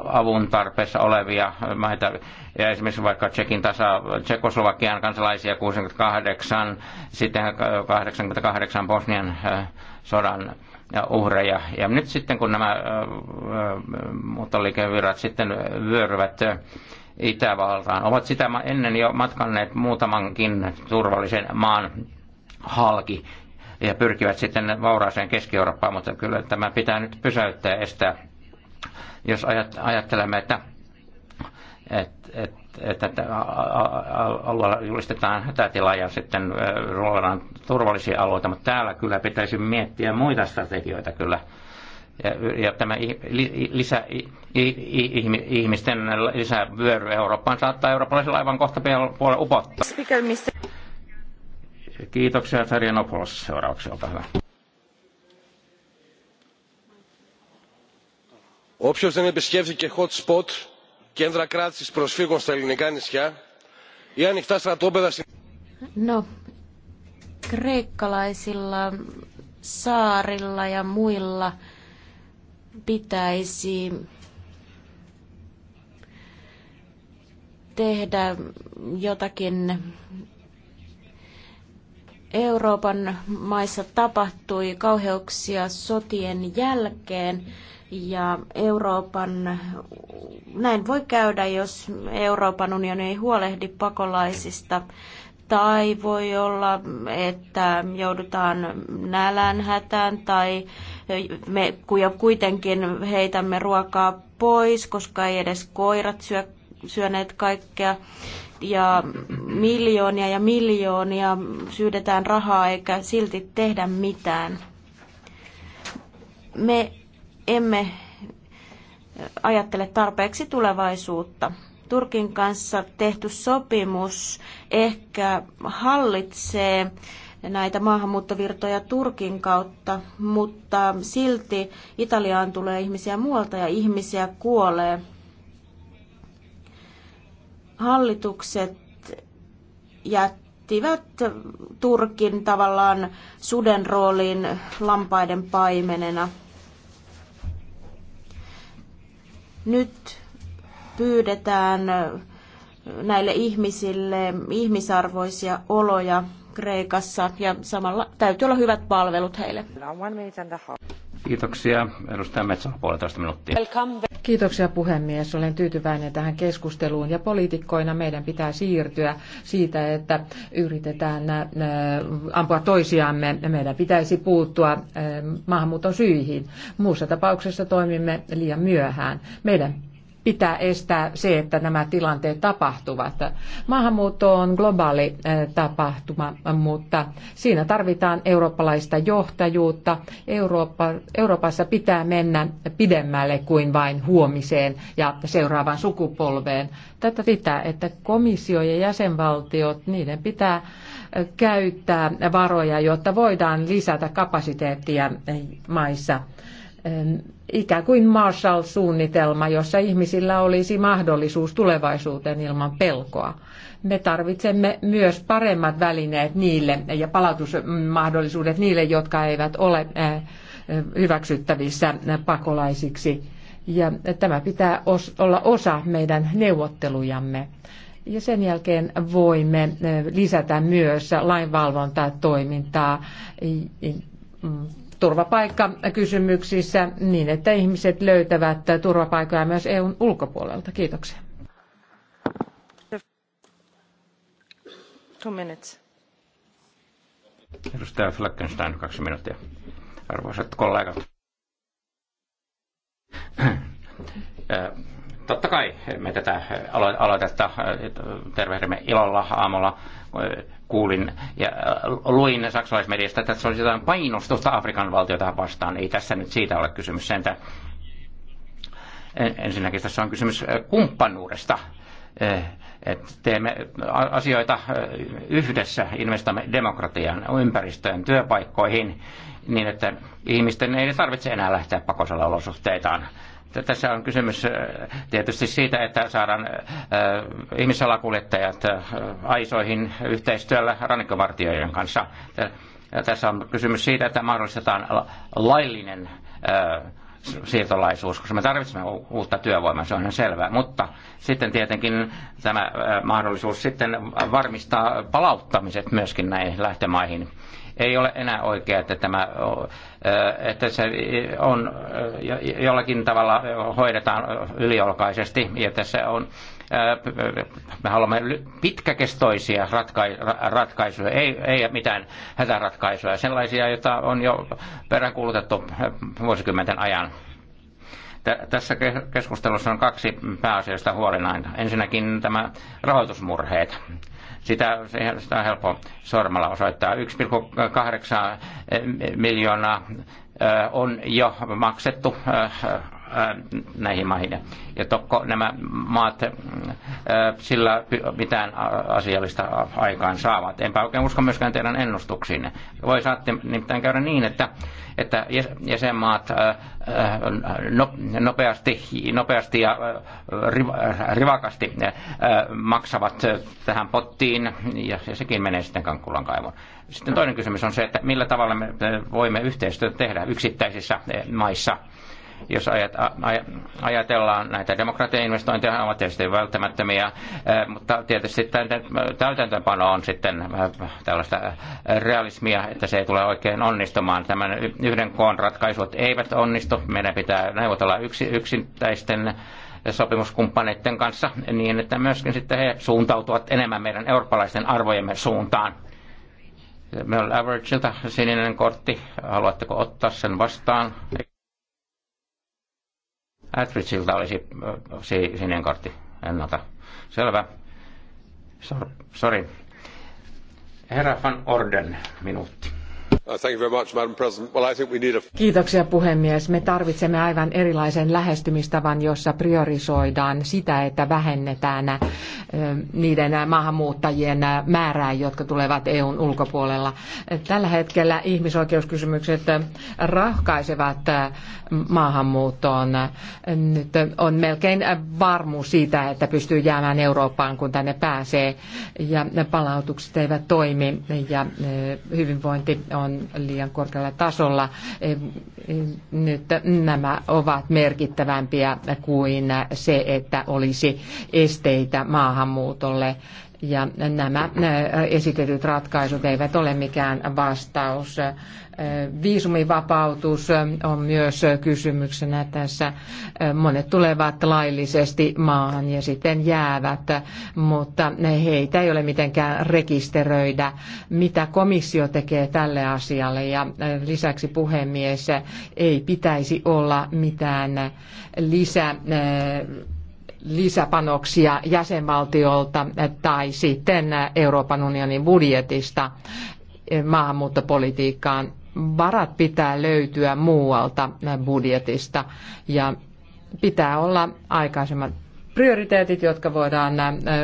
avun tarpeessa olevia maita, ja esimerkiksi vaikka Tsekin tasa, Tsekoslovakian kansalaisia 68, sitten 88 Bosnian sodan uhreja. Ja nyt sitten kun nämä muuttoliikevirrat sitten vyöryvät Itävaltaan, ovat sitä ennen jo matkanneet muutamankin turvallisen maan halki ja pyrkivät sitten vauraaseen Keski-Eurooppaan, mutta kyllä tämä pitää nyt pysäyttää ja estää. Jos ajattelemme, että, että, että, että alueella julistetaan hätätila ja sitten ruolaan turvallisia alueita, mutta täällä kyllä pitäisi miettiä muita strategioita kyllä. Ja, ja tämä lisä, ihmisten lisävyöry Eurooppaan saattaa eurooppalaisilla aivan kohta puolella upottaa. Kiitoksia Nopolos. seuraavaksi, olkaa hyvä. Όποιος δεν επισκέφθηκε hot spot, κέντρα κράτησης προσφύγων στα ελληνικά νησιά ή ανοιχτά στρατόπεδα στην... No, kreikkalaisilla saarilla ja muilla pitäisi tehdä jotakin Euroopan maissa tapahtui kauheuksia sotien jälkeen ja Euroopan, näin voi käydä, jos Euroopan unioni ei huolehdi pakolaisista tai voi olla, että joudutaan nälänhätään tai me kuitenkin heitämme ruokaa pois, koska ei edes koirat syö, syöneet kaikkea ja miljoonia ja miljoonia syydetään rahaa eikä silti tehdä mitään. Me emme ajattele tarpeeksi tulevaisuutta. Turkin kanssa tehty sopimus ehkä hallitsee näitä maahanmuuttovirtoja Turkin kautta, mutta silti Italiaan tulee ihmisiä muualta ja ihmisiä kuolee. Hallitukset jättivät Turkin tavallaan suden rooliin lampaiden paimenena. Nyt pyydetään näille ihmisille ihmisarvoisia oloja Kreikassa ja samalla täytyy olla hyvät palvelut heille. Kiitoksia. Edustaja Metsälä puolitoista minuuttia. Kiitoksia puhemies. Olen tyytyväinen tähän keskusteluun ja poliitikkoina meidän pitää siirtyä siitä, että yritetään äh, ampua toisiamme. Meidän pitäisi puuttua äh, maahanmuuton syihin. Muussa tapauksessa toimimme liian myöhään. Meidän pitää estää se, että nämä tilanteet tapahtuvat. Maahanmuutto on globaali eh, tapahtuma, mutta siinä tarvitaan eurooppalaista johtajuutta. Eurooppa, Euroopassa pitää mennä pidemmälle kuin vain huomiseen ja seuraavan sukupolveen. Tätä pitää, että komissio ja jäsenvaltiot, niiden pitää eh, käyttää varoja, jotta voidaan lisätä kapasiteettia maissa ikään kuin Marshall-suunnitelma, jossa ihmisillä olisi mahdollisuus tulevaisuuteen ilman pelkoa. Me tarvitsemme myös paremmat välineet niille ja palautusmahdollisuudet niille, jotka eivät ole eh, hyväksyttävissä pakolaisiksi. Ja tämä pitää olla osa meidän neuvottelujamme. Ja sen jälkeen voimme eh, lisätä myös lainvalvontaa toimintaa turvapaikkakysymyksissä niin, että ihmiset löytävät turvapaikkaa myös EUn ulkopuolelta. Kiitoksia. Two minutes. Edustaja Fleckenstein, kaksi minuuttia. Arvoisat kollegat. Äh, totta kai me tätä aloitetta äh, tervehdimme ilolla aamulla äh, kuulin ja äh, luin saksalaismediasta, että se olisi jotain painostusta Afrikan valtiota vastaan. Ei tässä nyt siitä ole kysymys sentä. Ensinnäkin tässä on kysymys äh, kumppanuudesta. Äh, että teemme asioita yhdessä, investoimme demokratian ympäristöön, työpaikkoihin, niin että ihmisten ei tarvitse enää lähteä pakosella olosuhteitaan tässä on kysymys äh, tietysti siitä, että saadaan äh, ihmissalakuljettajat äh, aisoihin yhteistyöllä rannikkovartijoiden kanssa. Tässä on kysymys siitä, että mahdollistetaan laillinen siirtolaisuus, koska me tarvitsemme uutta työvoimaa, se on ihan selvää. Mutta sitten tietenkin tämä mahdollisuus sitten varmistaa palauttamiset myöskin näihin lähtömaihin ei ole enää oikea, että, tämä, että se on jollakin tavalla hoidetaan yliolkaisesti ja tässä on me haluamme pitkäkestoisia ratkaisuja, ei, ei mitään hätäratkaisuja, sellaisia, joita on jo peräänkuulutettu vuosikymmenten ajan. Tässä keskustelussa on kaksi pääasiallista huolenainta. Ensinnäkin tämä rahoitusmurheet sitä, sitä on helppo sormalla osoittaa. 1,8 miljoonaa on jo maksettu näihin maihin. Ja toko nämä maat sillä mitään asiallista aikaan saavat. Enpä oikein usko myöskään teidän ennustuksiinne. Voi saatte nimittäin käydä niin, että, että jäsenmaat no, nopeasti, nopeasti ja rivakasti maksavat tähän pottiin ja sekin menee sitten kankkulan kaivoon. Sitten toinen kysymys on se, että millä tavalla me voimme yhteistyötä tehdä yksittäisissä maissa. Jos ajatellaan näitä ne ovat tietysti välttämättömiä, eh, mutta tietysti täytäntöpano on sitten eh, tällaista eh, realismia, että se ei tule oikein onnistumaan. Tämän yhden koon ratkaisut eivät onnistu. Meidän pitää neuvotella yksi, yksittäisten sopimuskumppaneiden kanssa niin, että myöskin sitten he suuntautuvat enemmän meidän eurooppalaisten arvojemme suuntaan. Meillä on Averageilta sininen kortti. Haluatteko ottaa sen vastaan? Atridgeilta olisi sininen kortti ennalta. Selvä. Sor, sorry. Herra van Orden, minuutti. Kiitoksia puhemies. Me tarvitsemme aivan erilaisen lähestymistavan, jossa priorisoidaan sitä, että vähennetään niiden maahanmuuttajien määrää, jotka tulevat EUn ulkopuolella. Tällä hetkellä ihmisoikeuskysymykset rahkaisevat maahanmuuttoon. Nyt on melkein varmuus siitä, että pystyy jäämään Eurooppaan, kun tänne pääsee ja palautukset eivät toimi ja hyvinvointi on on liian korkealla tasolla. Nyt nämä ovat merkittävämpiä kuin se, että olisi esteitä maahanmuutolle ja nämä esitetyt ratkaisut eivät ole mikään vastaus. Viisumivapautus on myös kysymyksenä tässä. Monet tulevat laillisesti maahan ja sitten jäävät, mutta heitä ei ole mitenkään rekisteröidä. Mitä komissio tekee tälle asialle ja lisäksi puhemies ei pitäisi olla mitään lisä lisäpanoksia jäsenvaltiolta tai sitten Euroopan unionin budjetista maahanmuuttopolitiikkaan. Varat pitää löytyä muualta budjetista ja pitää olla aikaisemmat prioriteetit, jotka voidaan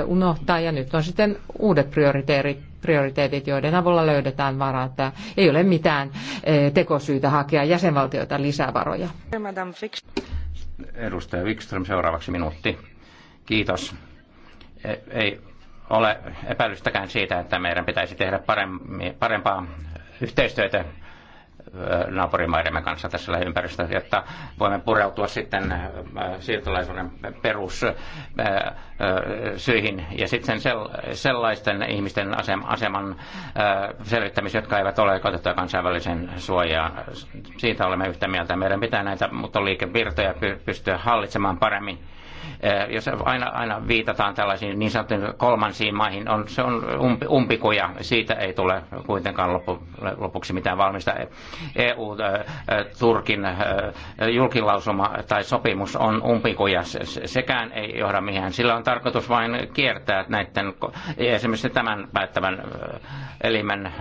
unohtaa ja nyt on sitten uudet prioriteetit prioriteetit, joiden avulla löydetään varat. Ei ole mitään tekosyytä hakea jäsenvaltioita lisävaroja. Edustaja Wikström, seuraavaksi minuutti. Kiitos. E, ei ole epäilystäkään siitä, että meidän pitäisi tehdä parempaa yhteistyötä naapurimaidemme kanssa tässä lähiympäristössä, jotta voimme pureutua sitten siirtolaisuuden perussyihin ja sitten sellaisten ihmisten aseman selvittämiseen, jotka eivät ole kotettua kansainvälisen suojaan. Siitä olemme yhtä mieltä. Meidän pitää näitä muuttoliikevirtoja pystyä hallitsemaan paremmin Eh, jos aina, aina viitataan tällaisiin niin sanottuihin kolmansiin maihin, on, se on umpi, umpikuja. Siitä ei tule kuitenkaan loppu, lopuksi mitään valmista. EU-Turkin eh, eh, julkilausuma tai sopimus on umpikuja. Sekään ei johda mihinkään. Sillä on tarkoitus vain kiertää näiden, esimerkiksi tämän päättävän elimen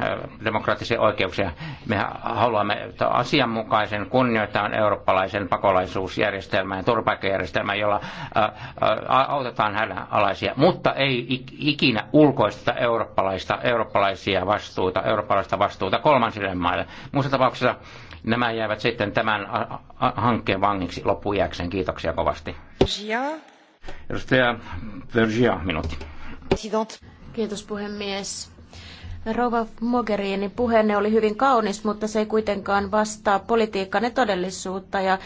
demokraattisia oikeuksia. Me haluamme asianmukaisen, kunnioittavan eurooppalaisen pakolaisuusjärjestelmän ja turvapaikkajärjestelmän, jolla autetaan hädänalaisia, mutta ei ikinä ulkoista eurooppalaista, eurooppalaisia vastuuta, eurooppalaista vastuuta kolmansille maille. Muussa tapauksessa nämä jäävät sitten tämän hankkeen vangiksi loppujääkseen. Kiitoksia kovasti. Edustaja Vergia, minuutti. Kiitos puhemies. Rova Mogherini, puheenne oli hyvin kaunis, mutta se ei kuitenkaan vastaa politiikkanne todellisuutta ja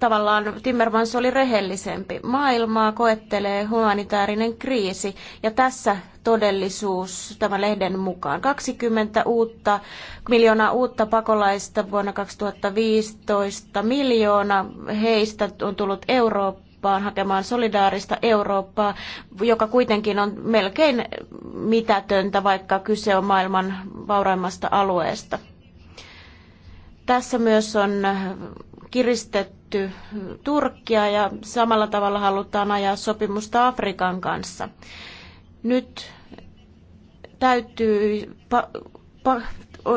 tavallaan Timmermans oli rehellisempi. Maailmaa koettelee humanitaarinen kriisi ja tässä todellisuus tämän lehden mukaan. 20 uutta, miljoonaa uutta pakolaista vuonna 2015, miljoona heistä on tullut Eurooppaan Eurooppaan, hakemaan solidaarista Eurooppaa, joka kuitenkin on melkein mitätöntä, vaikka kyse on maailman vauraimmasta alueesta. Tässä myös on kiristetty Turkkia ja samalla tavalla halutaan ajaa sopimusta Afrikan kanssa. Nyt täytyy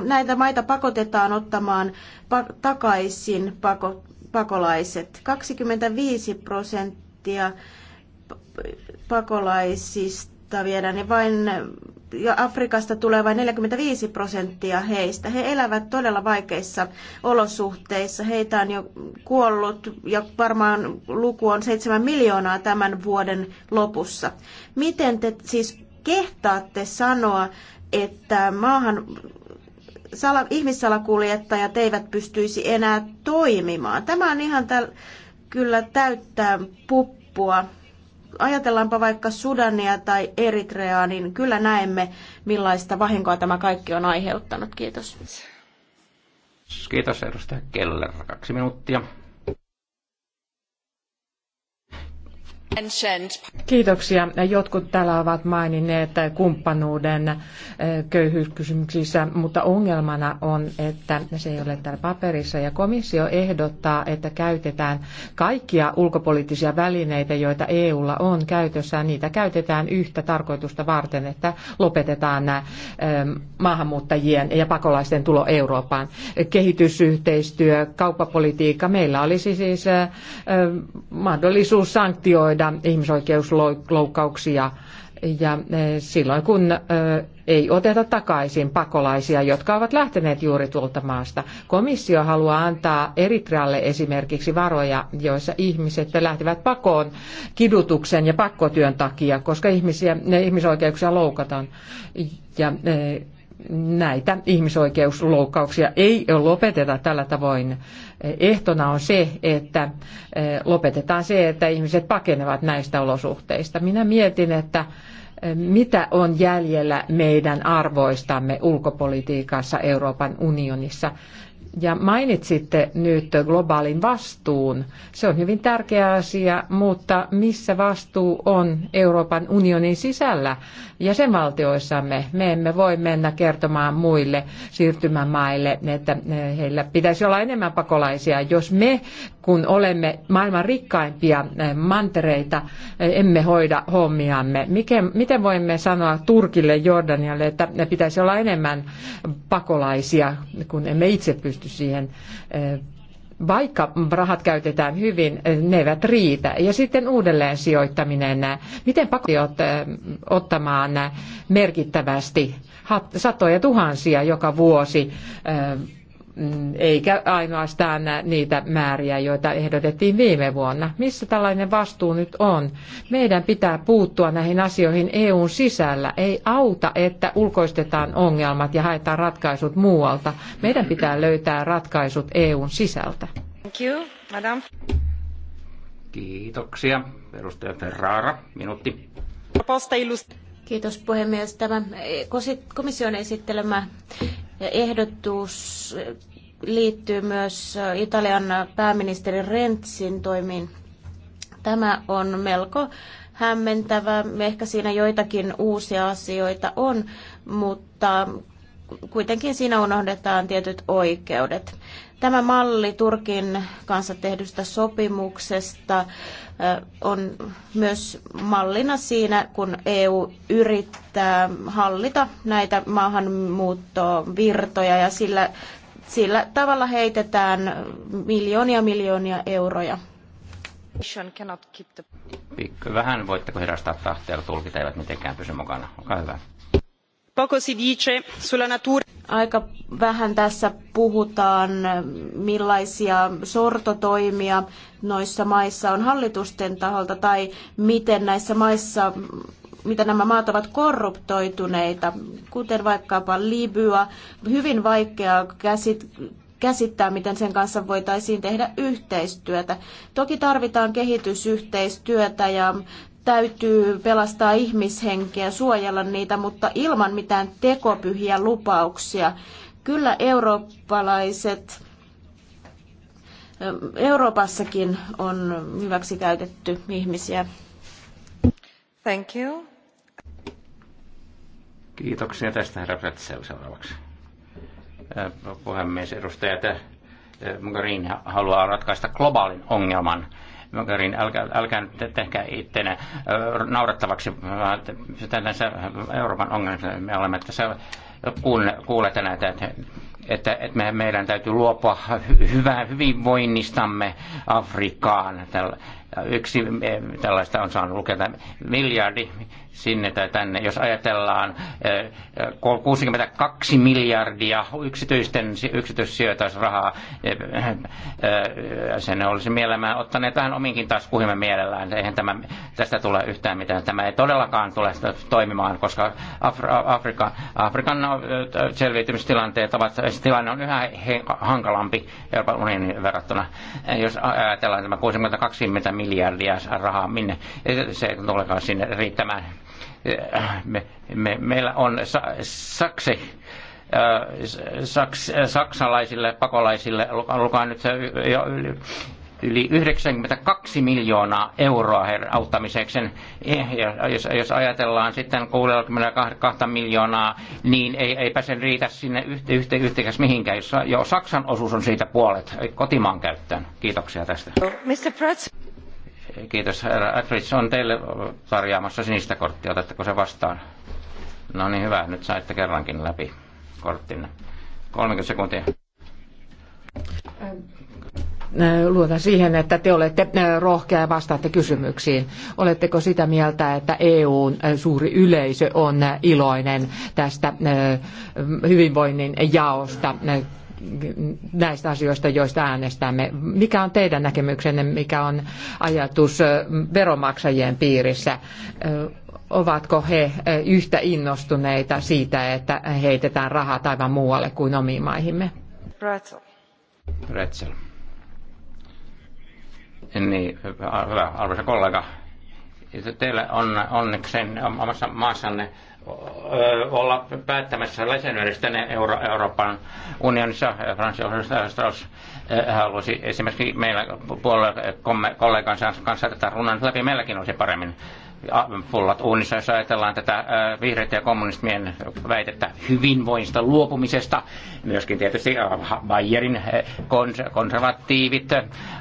näitä maita pakotetaan ottamaan takaisin pako- pakolaiset. 25 prosenttia pakolaisista viedään ja vain ja Afrikasta tulee vain 45 prosenttia heistä. He elävät todella vaikeissa olosuhteissa. Heitä on jo kuollut ja varmaan luku on 7 miljoonaa tämän vuoden lopussa. Miten te siis kehtaatte sanoa, että maahan sala, ihmissalakuljettajat eivät pystyisi enää toimimaan. Tämä on ihan täl, kyllä täyttää puppua. Ajatellaanpa vaikka Sudania tai Eritreaa, niin kyllä näemme, millaista vahinkoa tämä kaikki on aiheuttanut. Kiitos. Kiitos edustaja Keller. Kaksi minuuttia. Kiitoksia. Jotkut täällä ovat maininneet kumppanuuden eh, köyhyyskysymyksissä, mutta ongelmana on, että se ei ole täällä paperissa. Ja komissio ehdottaa, että käytetään kaikkia ulkopoliittisia välineitä, joita EUlla on käytössään. Niitä käytetään yhtä tarkoitusta varten, että lopetetaan nämä eh, maahanmuuttajien ja pakolaisten tulo Eurooppaan. Kehitysyhteistyö, kauppapolitiikka. Meillä olisi siis eh, mahdollisuus sanktioida huomioida ihmisoikeusloukkauksia ja eh, silloin kun eh, ei oteta takaisin pakolaisia, jotka ovat lähteneet juuri tuolta maasta. Komissio haluaa antaa Eritrealle esimerkiksi varoja, joissa ihmiset lähtevät pakoon kidutuksen ja pakkotyön takia, koska ihmisiä, ne ihmisoikeuksia loukataan. Ja eh, näitä ihmisoikeusloukkauksia ei lopeteta tällä tavoin ehtona on se, että lopetetaan se, että ihmiset pakenevat näistä olosuhteista. Minä mietin, että mitä on jäljellä meidän arvoistamme ulkopolitiikassa Euroopan unionissa. Ja mainitsitte nyt globaalin vastuun. Se on hyvin tärkeä asia, mutta missä vastuu on Euroopan unionin sisällä jäsenvaltioissamme? Me emme voi mennä kertomaan muille siirtymämaille, että heillä pitäisi olla enemmän pakolaisia. Jos me, kun olemme maailman rikkaimpia eh, mantereita, eh, emme hoida hommiamme, miten voimme sanoa Turkille, Jordanialle, että pitäisi olla enemmän pakolaisia, kun emme itse pysty pysty siihen vaikka rahat käytetään hyvin, ne eivät riitä. Ja sitten uudelleen sijoittaminen. Miten pakotiot ottamaan merkittävästi satoja tuhansia joka vuosi Mm, eikä ainoastaan niitä määriä, joita ehdotettiin viime vuonna. Missä tällainen vastuu nyt on? Meidän pitää puuttua näihin asioihin EUn sisällä. Ei auta, että ulkoistetaan ongelmat ja haetaan ratkaisut muualta. Meidän pitää löytää ratkaisut EUn sisältä. Thank you, madam. Kiitoksia. Edustaja Ferrara, minuutti. Kiitos puhemies. Tämä eh, komission esittelemä ehdotus liittyy myös Italian pääministeri Rentsin toimiin. Tämä on melko hämmentävä. Ehkä siinä joitakin uusia asioita on, mutta kuitenkin siinä unohdetaan tietyt oikeudet. Tämä malli Turkin kanssa tehdystä sopimuksesta on myös mallina siinä, kun EU yrittää hallita näitä maahanmuuttovirtoja ja sillä, sillä tavalla heitetään miljoonia miljoonia euroja. Pikku vähän voitteko hidastaa tahtia, tulkit eivät mitenkään pysy mukana. Olkaa hyvä. Aika vähän tässä puhutaan, millaisia sortotoimia noissa maissa on hallitusten taholta tai miten näissä maissa mitä nämä maat ovat korruptoituneita, kuten vaikkapa Libya. Hyvin vaikea käsit, käsittää, miten sen kanssa voitaisiin tehdä yhteistyötä. Toki tarvitaan kehitysyhteistyötä ja täytyy pelastaa ihmishenkiä, suojella niitä, mutta ilman mitään tekopyhiä lupauksia. Kyllä eurooppalaiset, Euroopassakin on hyväksi käytetty ihmisiä. Thank you. Kiitoksia tästä, herra Pretzel, seuraavaksi. Puhemies, edustajat, Mugarin haluaa ratkaista globaalin ongelman – Mogherin, älkää, älkää nyt tehkää ittenä naurettavaksi tässä Euroopan ongelmissa. Me olemme tässä kuulet näitä, että että, että me, meidän täytyy luopua hyvää hyvinvoinnistamme Afrikaan tällä, yksi tällaista on saanut lukea, miljardi sinne tai tänne. Jos ajatellaan 62 eh, eh, miljardia yksityisten, yksityissijoitusrahaa, eh, sen olisi mielellään ottaneet vähän ominkin taskuihimme mielellään. Eihän tämä, tästä tule yhtään mitään. Tämä ei todellakaan tule toimimaan, koska Afrika, Afrikan no, selviytymistilanteet ovat, tilanne on yhä hankalampi Euroopan unionin verrattuna. Jos ajatellaan tämä 62 miljardia, miljardia rahaa, minne se tulekaan sinne riittämään. Me, me, meillä on sa, sakse, äh, saks, saksalaisille pakolaisille, lukaan nyt jo yli 92 miljoonaa euroa heidän auttamiseksi. Ja jos, jos ajatellaan sitten 62 miljoonaa, niin ei, eipä sen riitä sinne yhte, yhte, yhteikäs mihinkään, jos jo Saksan osuus on siitä puolet kotimaan käyttöön. Kiitoksia tästä. Mr. Prats. Kiitos, herra Atridge on teille tarjaamassa sinistä korttia. Otatteko se vastaan? No niin, hyvä. Nyt saitte kerrankin läpi korttinne. 30 sekuntia. Äh, luotan siihen, että te olette äh, rohkea ja vastaatte kysymyksiin. Oletteko sitä mieltä, että EUn äh, suuri yleisö on iloinen tästä hyvinvoinnin jaosta näistä asioista, joista äänestämme. Mikä on teidän näkemyksenne, mikä on ajatus veromaksajien piirissä? Ovatko he yhtä innostuneita siitä, että heitetään rahaa aivan muualle kuin omiin maihimme? Rätsel. Niin, hyvä, arvoisa kollega. Teillä on onneksi omassa maassanne olla päättämässä jäsenyydestä Euro- Euroopan unionissa. Francis Strauss halusi esimerkiksi meillä puolueen kollegansa kanssa tätä runnan läpi. Meilläkin olisi paremmin pullat uunissa, jos ajatellaan tätä vihreitä ja kommunismien väitettä hyvinvoinnista luopumisesta. Myöskin tietysti Bayerin konservatiivit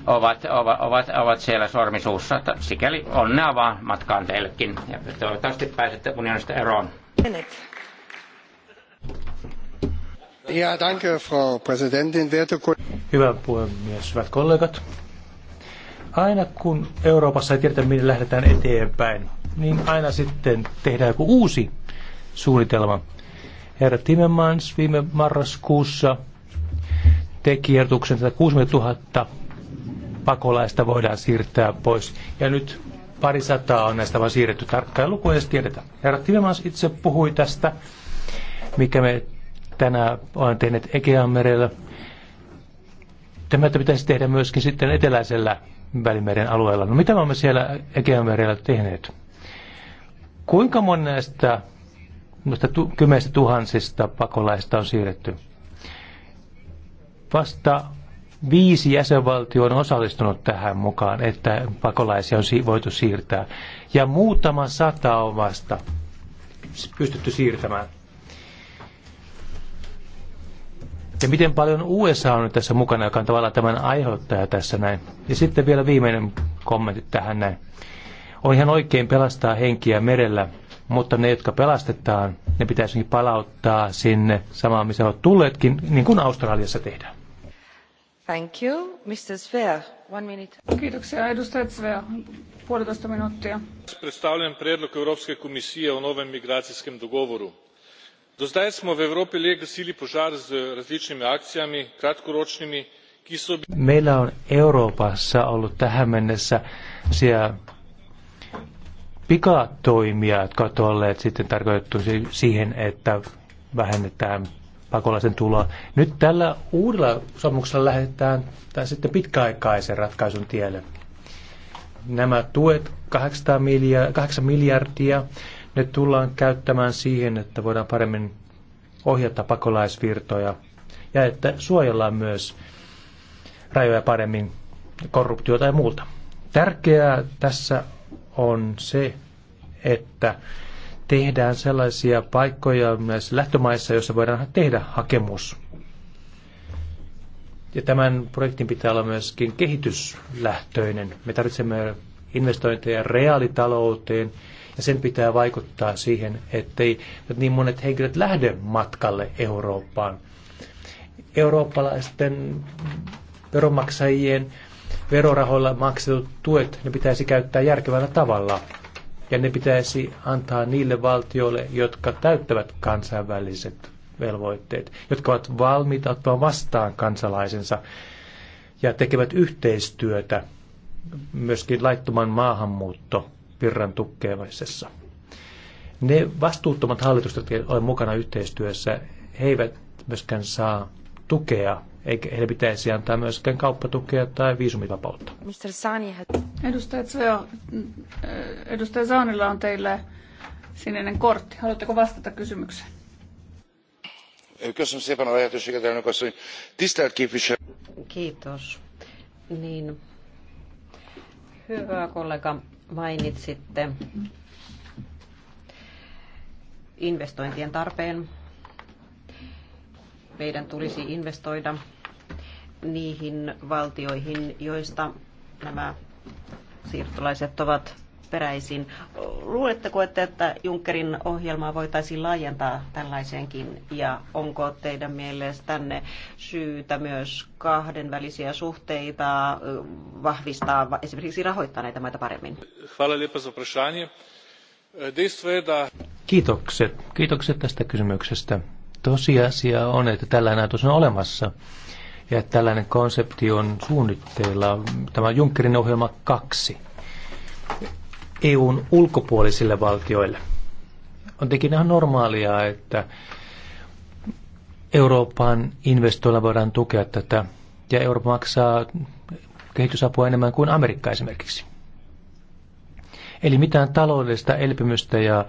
ovat, ovat, ovat, ovat siellä sormisuussa. Sikäli onnea vaan matkaan teillekin ja toivottavasti pääsette unionista eroon. Ja, danke, Frau Präsidentin, werte Hyvä puhemies, hyvät kollegat. Aina kun Euroopassa ei tiedetä, minne lähdetään eteenpäin, niin aina sitten tehdään joku uusi suunnitelma. Herra Timmermans viime marraskuussa teki ehdotuksen, että 60 000 pakolaista voidaan siirtää pois. Ja nyt pari sataa on näistä vain siirretty. Tarkkaan lukuun, edes tiedetä. Herra Timmermans itse puhui tästä, mikä me tänään olemme tehneet Egeanmerellä. Tämä pitäisi tehdä myöskin sitten eteläisellä Välimeren alueella. No mitä me olemme siellä Egeanmerellä tehneet? Kuinka monesta noista tu, kymmenestä tuhansista pakolaista on siirretty? Vasta viisi jäsenvaltio on osallistunut tähän mukaan, että pakolaisia on voitu siirtää. Ja muutama sata on vasta pystytty siirtämään. Ja miten paljon USA on nyt tässä mukana, joka on tavallaan tämän aiheuttaja tässä näin. Ja sitten vielä viimeinen kommentti tähän näin. On ihan oikein pelastaa henkiä merellä, mutta ne, jotka pelastetaan, ne pitäisi palauttaa sinne samaan, missä ovat tulleetkin, niin kuin Australiassa tehdään. Thank you. Mr. Sver, one minute. Kiitoksia. Edustaja Sver, puolitoista minuuttia. Predstavljan predlog Europske komisije o novem migracijskem dogovoru do zdaj smo v evropi le gasili požar z različnimi akcijami kratkoročnimi ki so. meillä on euroopassa ollut tähän mennessä siellä pikatoimia jotka ovat olleet sitten tarkoitettu siihen että vähennetään pakolaisen tuloa. Nyt tällä uudella sopimuksella lähdetään tai sitten pitkäaikaisen ratkaisun tielle. Nämä tuet miljardia, 8 miljardia ne tullaan käyttämään siihen, että voidaan paremmin ohjata pakolaisvirtoja ja että suojellaan myös rajoja paremmin korruptiota ja muuta. Tärkeää tässä on se, että tehdään sellaisia paikkoja myös lähtömaissa, joissa voidaan tehdä hakemus. Ja tämän projektin pitää olla myöskin kehityslähtöinen. Me tarvitsemme investointeja reaalitalouteen ja sen pitää vaikuttaa siihen, ettei niin monet henkilöt lähde matkalle Eurooppaan. Eurooppalaisten veronmaksajien verorahoilla maksetut tuet, ne pitäisi käyttää järkevällä tavalla. Ja ne pitäisi antaa niille valtioille, jotka täyttävät kansainväliset velvoitteet, jotka ovat valmiita ottamaan vastaan kansalaisensa ja tekevät yhteistyötä myöskin laittoman maahanmuutto virran tukkeamisessa. Ne vastuuttomat hallitukset, jotka ovat mukana yhteistyössä, he eivät myöskään saa tukea, eikä heille pitäisi antaa myöskään kauppatukea tai viisumivapautta. Sani, edustaja, äh, edustaja Saanilla on teille sininen kortti. Haluatteko vastata kysymykseen? Köszönöm szépen a lehetőséget, elnök asszony. Tisztelt képviselő! Kiitos. Niin, hyvä kollega, mainitsitte investointien tarpeen. Meidän tulisi investoida niihin valtioihin, joista nämä siirtolaiset ovat peräisin. Luuletteko, että, että Junckerin ohjelmaa voitaisiin laajentaa tällaiseenkin ja onko teidän mielestänne syytä myös kahdenvälisiä suhteita vahvistaa, esimerkiksi rahoittaa näitä maita paremmin? E, Kiitokset. Kiitokset tästä kysymyksestä. Tosiasia on, että tällainen ajatus on olemassa ja että tällainen konsepti on suunnitteilla. Tämä Junckerin ohjelma kaksi. EUn ulkopuolisille valtioille. On teki ihan normaalia, että Euroopan investoilla voidaan tukea tätä, ja Eurooppa maksaa kehitysapua enemmän kuin Amerikka esimerkiksi. Eli mitään taloudellista elpymystä ja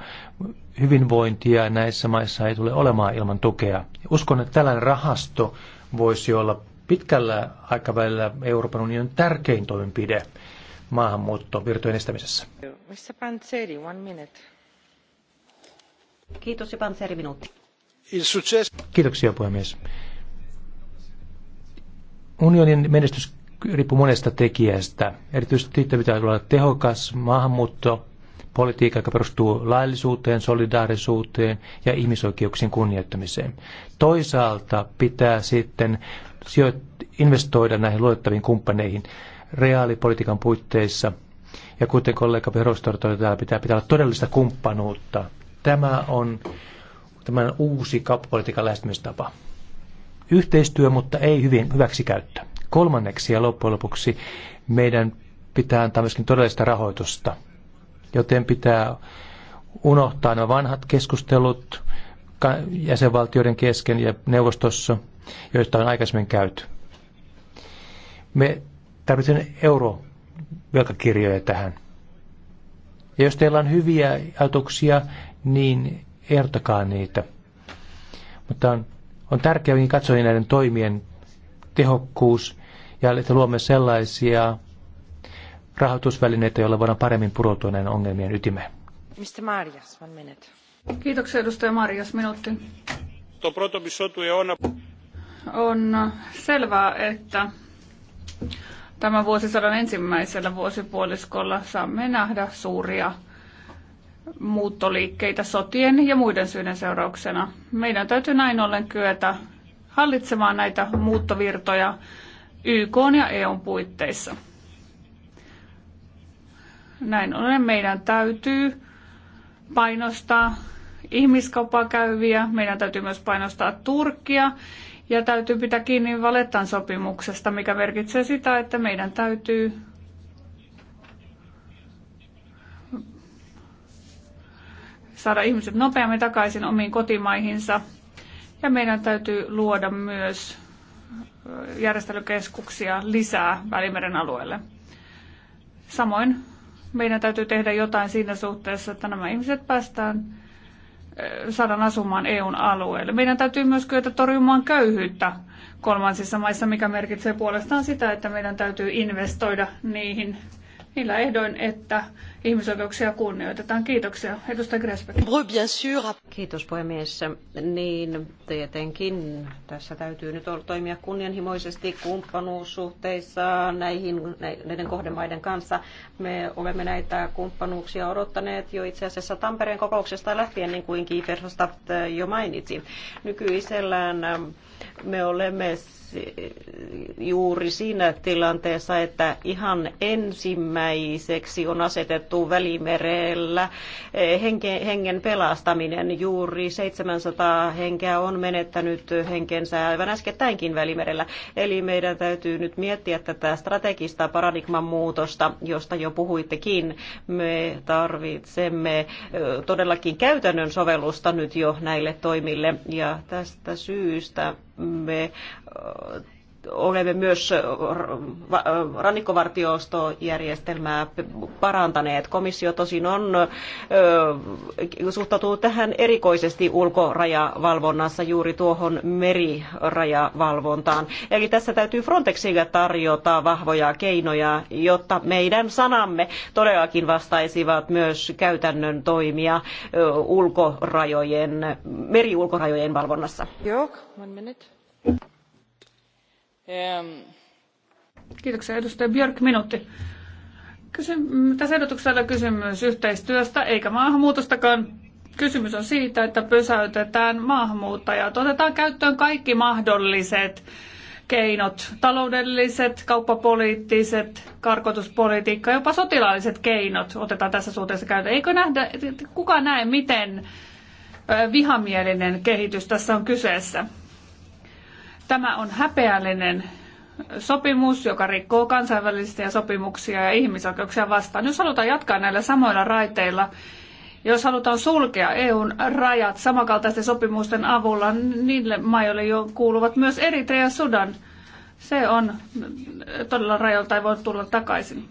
hyvinvointia näissä maissa ei tule olemaan ilman tukea. Uskon, että tällainen rahasto voisi olla pitkällä aikavälillä Euroopan unionin tärkein toimenpide – maahanmuuttovirtojen estämisessä. Kiitos ja Panzeri minuutti. Kiitoksia puhemies. Unionin menestys riippuu monesta tekijästä. Erityisesti siitä pitää olla tehokas maahanmuutto, politiikka, joka perustuu laillisuuteen, solidaarisuuteen ja ihmisoikeuksien kunnioittamiseen. Toisaalta pitää sitten investoida näihin luotettaviin kumppaneihin reaalipolitiikan puitteissa. Ja kuten kollega Perostor toi, täällä pitää, pitää olla todellista kumppanuutta. Tämä on tämän uusi kauppapolitiikan lähestymistapa. Yhteistyö, mutta ei hyvin hyväksikäyttö. Kolmanneksi ja loppujen lopuksi meidän pitää antaa myöskin todellista rahoitusta, joten pitää unohtaa nämä vanhat keskustelut jäsenvaltioiden kesken ja neuvostossa, joista on aikaisemmin käyty. Me Tarvitsen eurovelkakirjoja tähän. Ja jos teillä on hyviä ajatuksia, niin ertakaa niitä. Mutta on, on tärkeää katsoa näiden toimien tehokkuus ja että luomme sellaisia rahoitusvälineitä, joilla voidaan paremmin purotua näiden ongelmien ytimeen. Mistä Marias, one minute. Kiitoksia edustaja Marias, minuutti. On selvää, että Tämän vuosisadan ensimmäisellä vuosipuoliskolla saamme nähdä suuria muuttoliikkeitä sotien ja muiden syiden seurauksena. Meidän täytyy näin ollen kyetä hallitsemaan näitä muuttovirtoja YK ja EUn puitteissa. Näin ollen meidän täytyy painostaa ihmiskauppaa käyviä, meidän täytyy myös painostaa Turkkia ja täytyy pitää kiinni Valettan sopimuksesta, mikä merkitsee sitä, että meidän täytyy saada ihmiset nopeammin takaisin omiin kotimaihinsa ja meidän täytyy luoda myös järjestelykeskuksia lisää Välimeren alueelle. Samoin meidän täytyy tehdä jotain siinä suhteessa, että nämä ihmiset päästään saadaan asumaan EUn alueelle. Meidän täytyy myös kyetä torjumaan köyhyyttä kolmansissa maissa, mikä merkitsee puolestaan sitä, että meidän täytyy investoida niihin niillä ehdoin, että ihmisoikeuksia kunnioitetaan. Kiitoksia, edustaja Gresbeck. Kiitos puhemies. Niin, tietenkin tässä täytyy nyt toimia kunnianhimoisesti kumppanuussuhteissa näihin, näiden kohdemaiden kanssa. Me olemme näitä kumppanuuksia odottaneet jo itse asiassa Tampereen kokouksesta lähtien, niin kuin Kiefer jo mainitsi. Nykyisellään me olemme juuri siinä tilanteessa, että ihan ensimmäinen ensimmäiseksi on asetettu välimerellä eh, hengen pelastaminen. Juuri 700 henkeä on menettänyt henkensä aivan äskettäinkin välimerellä. Eli meidän täytyy nyt miettiä tätä strategista paradigman muutosta, josta jo puhuittekin. Me tarvitsemme eh, todellakin käytännön sovellusta nyt jo näille toimille ja tästä syystä me eh, olemme myös rannikkovartiostojärjestelmää parantaneet. Komissio tosin on suhtautunut tähän erikoisesti ulkorajavalvonnassa juuri tuohon merirajavalvontaan. Eli tässä täytyy Frontexille tarjota vahvoja keinoja, jotta meidän sanamme todellakin vastaisivat myös käytännön toimia ulkorajojen, meriulkorajojen valvonnassa. Jörg, one minute. Kiitoksia edustaja Björk, minuutti. Kysyn, tässä ehdotuksessa on kysymys yhteistyöstä eikä maahanmuutostakaan. Kysymys on siitä, että pysäytetään maahanmuuttajat. Otetaan käyttöön kaikki mahdolliset keinot, taloudelliset, kauppapoliittiset, karkotuspolitiikka, jopa sotilaalliset keinot otetaan tässä suhteessa käyttöön. Eikö nähdä, kuka näe, miten vihamielinen kehitys tässä on kyseessä? Tämä on häpeällinen sopimus, joka rikkoo kansainvälisiä sopimuksia ja ihmisoikeuksia vastaan. Jos halutaan jatkaa näillä samoilla raiteilla, jos halutaan sulkea EUn rajat samankaltaisten sopimusten avulla, niille maille jo kuuluvat myös Eritrea ja Sudan. Se on todella rajoilta ei voi tulla takaisin.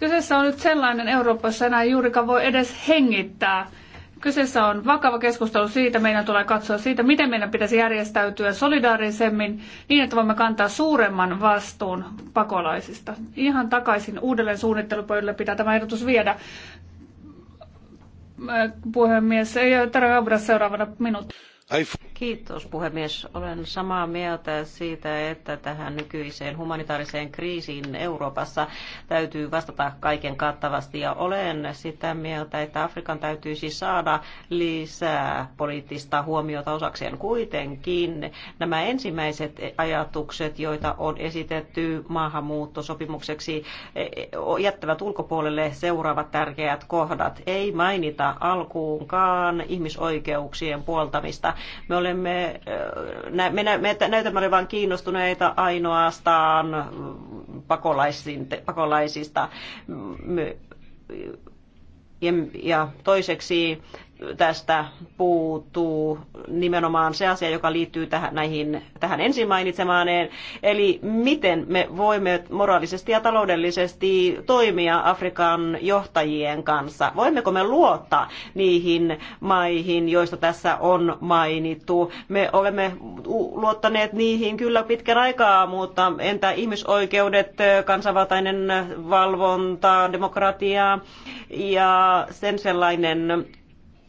Kyseessä on nyt sellainen Eurooppa, jossa enää juurikaan voi edes hengittää Kyseessä on vakava keskustelu siitä, meidän tulee katsoa siitä, miten meidän pitäisi järjestäytyä solidaarisemmin niin, että voimme kantaa suuremman vastuun pakolaisista. Ihan takaisin uudelleen suunnittelupöydälle pitää tämä ehdotus viedä. Äh, puhemies, Tarja Abras seuraavana minuutti. Kiitos puhemies. Olen samaa mieltä siitä, että tähän nykyiseen humanitaariseen kriisiin Euroopassa täytyy vastata kaiken kattavasti ja olen sitä mieltä, että Afrikan täytyisi saada lisää poliittista huomiota osakseen. Kuitenkin nämä ensimmäiset ajatukset, joita on esitetty maahanmuuttosopimukseksi, jättävät ulkopuolelle seuraavat tärkeät kohdat. Ei mainita alkuunkaan ihmisoikeuksien puoltamista me olemme, me, me näytämme olevan kiinnostuneita ainoastaan pakolaisista. Ja toiseksi tästä puuttuu nimenomaan se asia, joka liittyy tähän, näihin, tähän ensin mainitsemaneen, eli miten me voimme moraalisesti ja taloudellisesti toimia Afrikan johtajien kanssa. Voimmeko me luottaa niihin maihin, joista tässä on mainittu? Me olemme luottaneet niihin kyllä pitkän aikaa, mutta entä ihmisoikeudet, kansanvaltainen valvonta, demokratia ja sen sellainen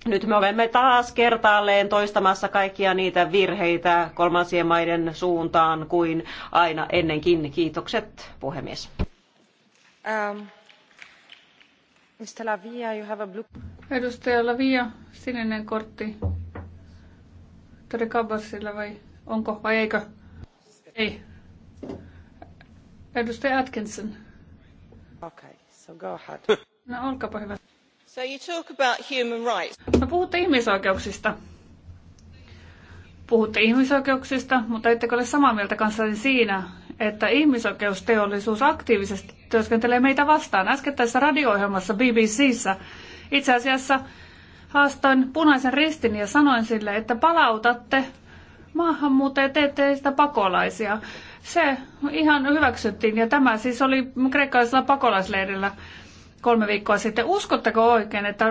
nyt me olemme taas kertaalleen toistamassa kaikkia niitä virheitä kolmansien maiden suuntaan kuin aina ennenkin. Kiitokset, puhemies. Um, Mr. Lavia, you have a blue... Edustaja Lavia, sininen kortti. Tori Kabbasilla vai onko vai eikö? Ei. Edustaja Atkinson. Okay, so go ahead. No olkaapa hyvä. So you talk about human rights. No, puhutte ihmisoikeuksista. Puhutte ihmisoikeuksista, mutta ettekö ole samaa mieltä kanssani siinä, että ihmisoikeusteollisuus aktiivisesti työskentelee meitä vastaan. Äskettäisessä radio-ohjelmassa BBCssä itse asiassa haastoin punaisen ristin ja sanoin sille, että palautatte maahanmuuttajia, teette sitä pakolaisia. Se ihan hyväksyttiin ja tämä siis oli kreikkalaisella pakolaisleirillä kolme viikkoa sitten. Uskotteko oikein, että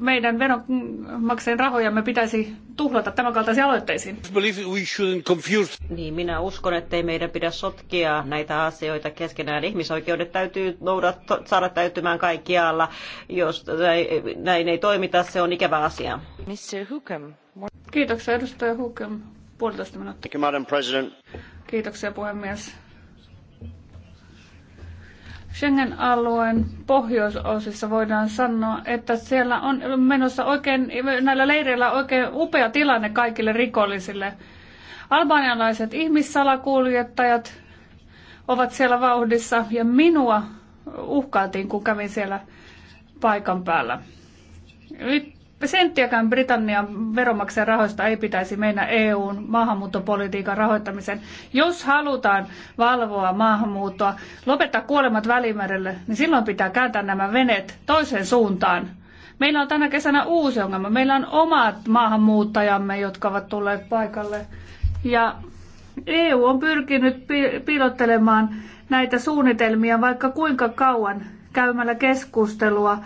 meidän veronmaksajien rahojamme pitäisi tuhlata kaltaisiin aloitteisiin? Niin, minä uskon, että ei meidän pidä sotkea näitä asioita keskenään. Ihmisoikeudet täytyy noudattaa, saada täytymään kaikkialla. Jos näin ei toimita, se on ikävä asia. Mr. Kiitoksia, edustaja Hukem. Puolitoista minuuttia. Kiitoksia, puhemies Schengen-alueen pohjoisosissa voidaan sanoa, että siellä on menossa oikein, näillä leireillä oikein upea tilanne kaikille rikollisille. Albanialaiset ihmissalakuljettajat ovat siellä vauhdissa ja minua uhkaatiin, kun kävin siellä paikan päällä. Nyt senttiäkään Britannian veronmaksajan rahoista ei pitäisi mennä EUn maahanmuuttopolitiikan rahoittamiseen. Jos halutaan valvoa maahanmuuttoa, lopettaa kuolemat välimerelle, niin silloin pitää kääntää nämä veneet toiseen suuntaan. Meillä on tänä kesänä uusi ongelma. Meillä on omat maahanmuuttajamme, jotka ovat tulleet paikalle. Ja EU on pyrkinyt piilottelemaan näitä suunnitelmia vaikka kuinka kauan käymällä keskustelua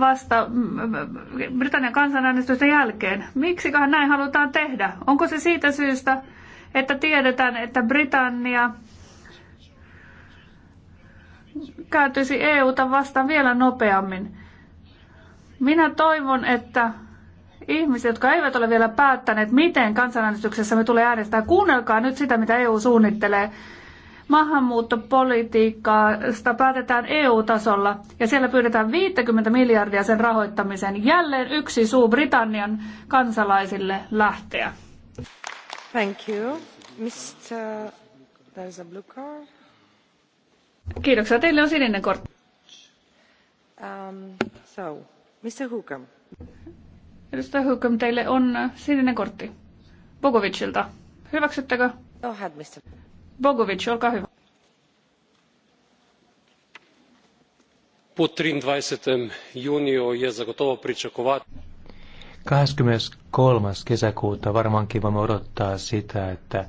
vasta mm, mm, Britannian kansanäänestysten jälkeen. Miksiköhän näin halutaan tehdä? Onko se siitä syystä, että tiedetään, että Britannia käytyisi EUta vastaan vielä nopeammin? Minä toivon, että ihmiset, jotka eivät ole vielä päättäneet, miten kansanäänestyksessä me tulee äänestää, kuunnelkaa nyt sitä, mitä EU suunnittelee maahanmuuttopolitiikkaa päätetään EU-tasolla ja siellä pyydetään 50 miljardia sen rahoittamiseen. Jälleen yksi suu Britannian kansalaisille lähteä. Thank you. Mr. There's a blue card. Kiitoksia. Teille on sininen kortti. Um, so, Mr. Hukam. Edustaja Hukam, teille on sininen kortti. Bogovicilta. Hyväksyttekö? Go ahead, Mr. Bogovič, olkaa hyvä. Po 23. juniju je zagotovo pričakovat. 23. kesäkuuta varmaankin voimme odottaa sitä, että,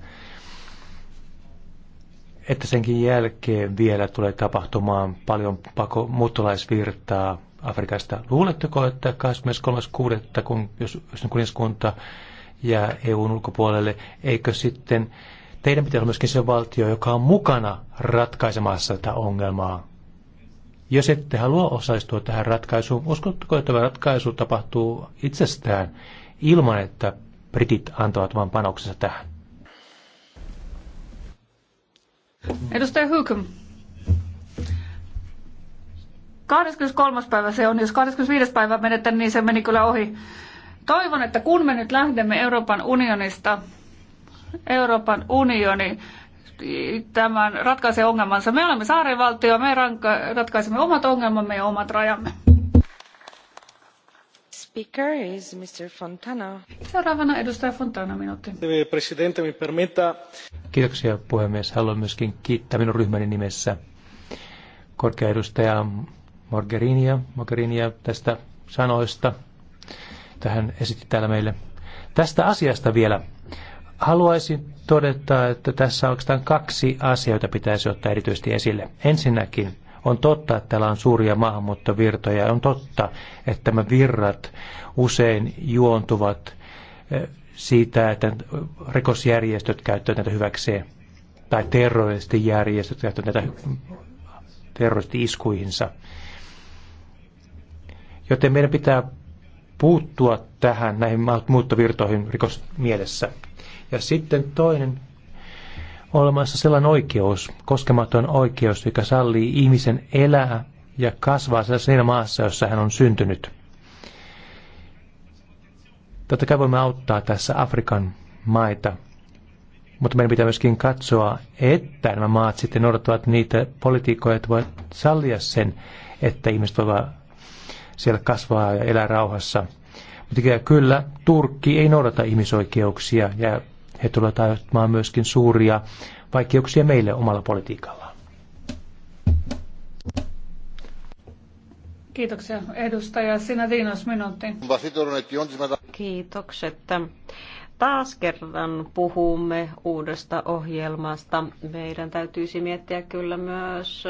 että senkin jälkeen vielä tulee tapahtumaan paljon pako, muuttolaisvirtaa Afrikasta. Luuletteko, että 23.6., kun, jos, jos kuningaskunta jää EUn ulkopuolelle, eikö sitten Teidän pitää olla myöskin se valtio, joka on mukana ratkaisemassa tätä ongelmaa. Jos ette halua osallistua tähän ratkaisuun, uskotteko, että tämä ratkaisu tapahtuu itsestään ilman, että britit antavat vain panoksensa tähän? Edustaja Hukum. 23. päivä se on, jos 25. päivä menetään, niin se meni kyllä ohi. Toivon, että kun me nyt lähdemme Euroopan unionista, Euroopan unioni tämän ratkaisee ongelmansa. Me olemme saarivaltio, me ratkaisemme omat ongelmamme ja omat rajamme. Speaker is Mr. Fontana. Seuraavana edustaja Fontana minuutti. Presidente, mi permetta. Kiitoksia puhemies. Haluan myöskin kiittää minun ryhmäni nimessä korkea edustaja Morgherinia, Morgherinia tästä sanoista. Tähän esitti täällä meille. Tästä asiasta vielä Haluaisin todeta, että tässä oikeastaan kaksi asiaa, joita pitäisi ottaa erityisesti esille. Ensinnäkin on totta, että täällä on suuria maahanmuuttovirtoja. On totta, että nämä virrat usein juontuvat eh, siitä, että rikosjärjestöt käyttävät näitä hyväkseen tai terroristijärjestöt käyttävät näitä terroristi-iskuihinsa. Joten meidän pitää puuttua tähän näihin muuttovirtoihin rikosmielessä. Ja sitten toinen olemassa sellainen oikeus, koskematon oikeus, joka sallii ihmisen elää ja kasvaa siinä maassa, jossa hän on syntynyt. Totta kai voimme auttaa tässä Afrikan maita, mutta meidän pitää myöskin katsoa, että nämä maat sitten noudattavat niitä politiikkoja, että voivat sallia sen, että ihmiset voivat siellä kasvaa ja elää rauhassa. Mutta kyllä, Turkki ei noudata ihmisoikeuksia ja he tulevat aiheuttamaan myöskin suuria vaikeuksia meille omalla politiikallaan. Kiitoksia. Edustaja Sinadinos minuutin. Kiitokset. Taas kerran puhumme uudesta ohjelmasta. Meidän täytyisi miettiä kyllä myös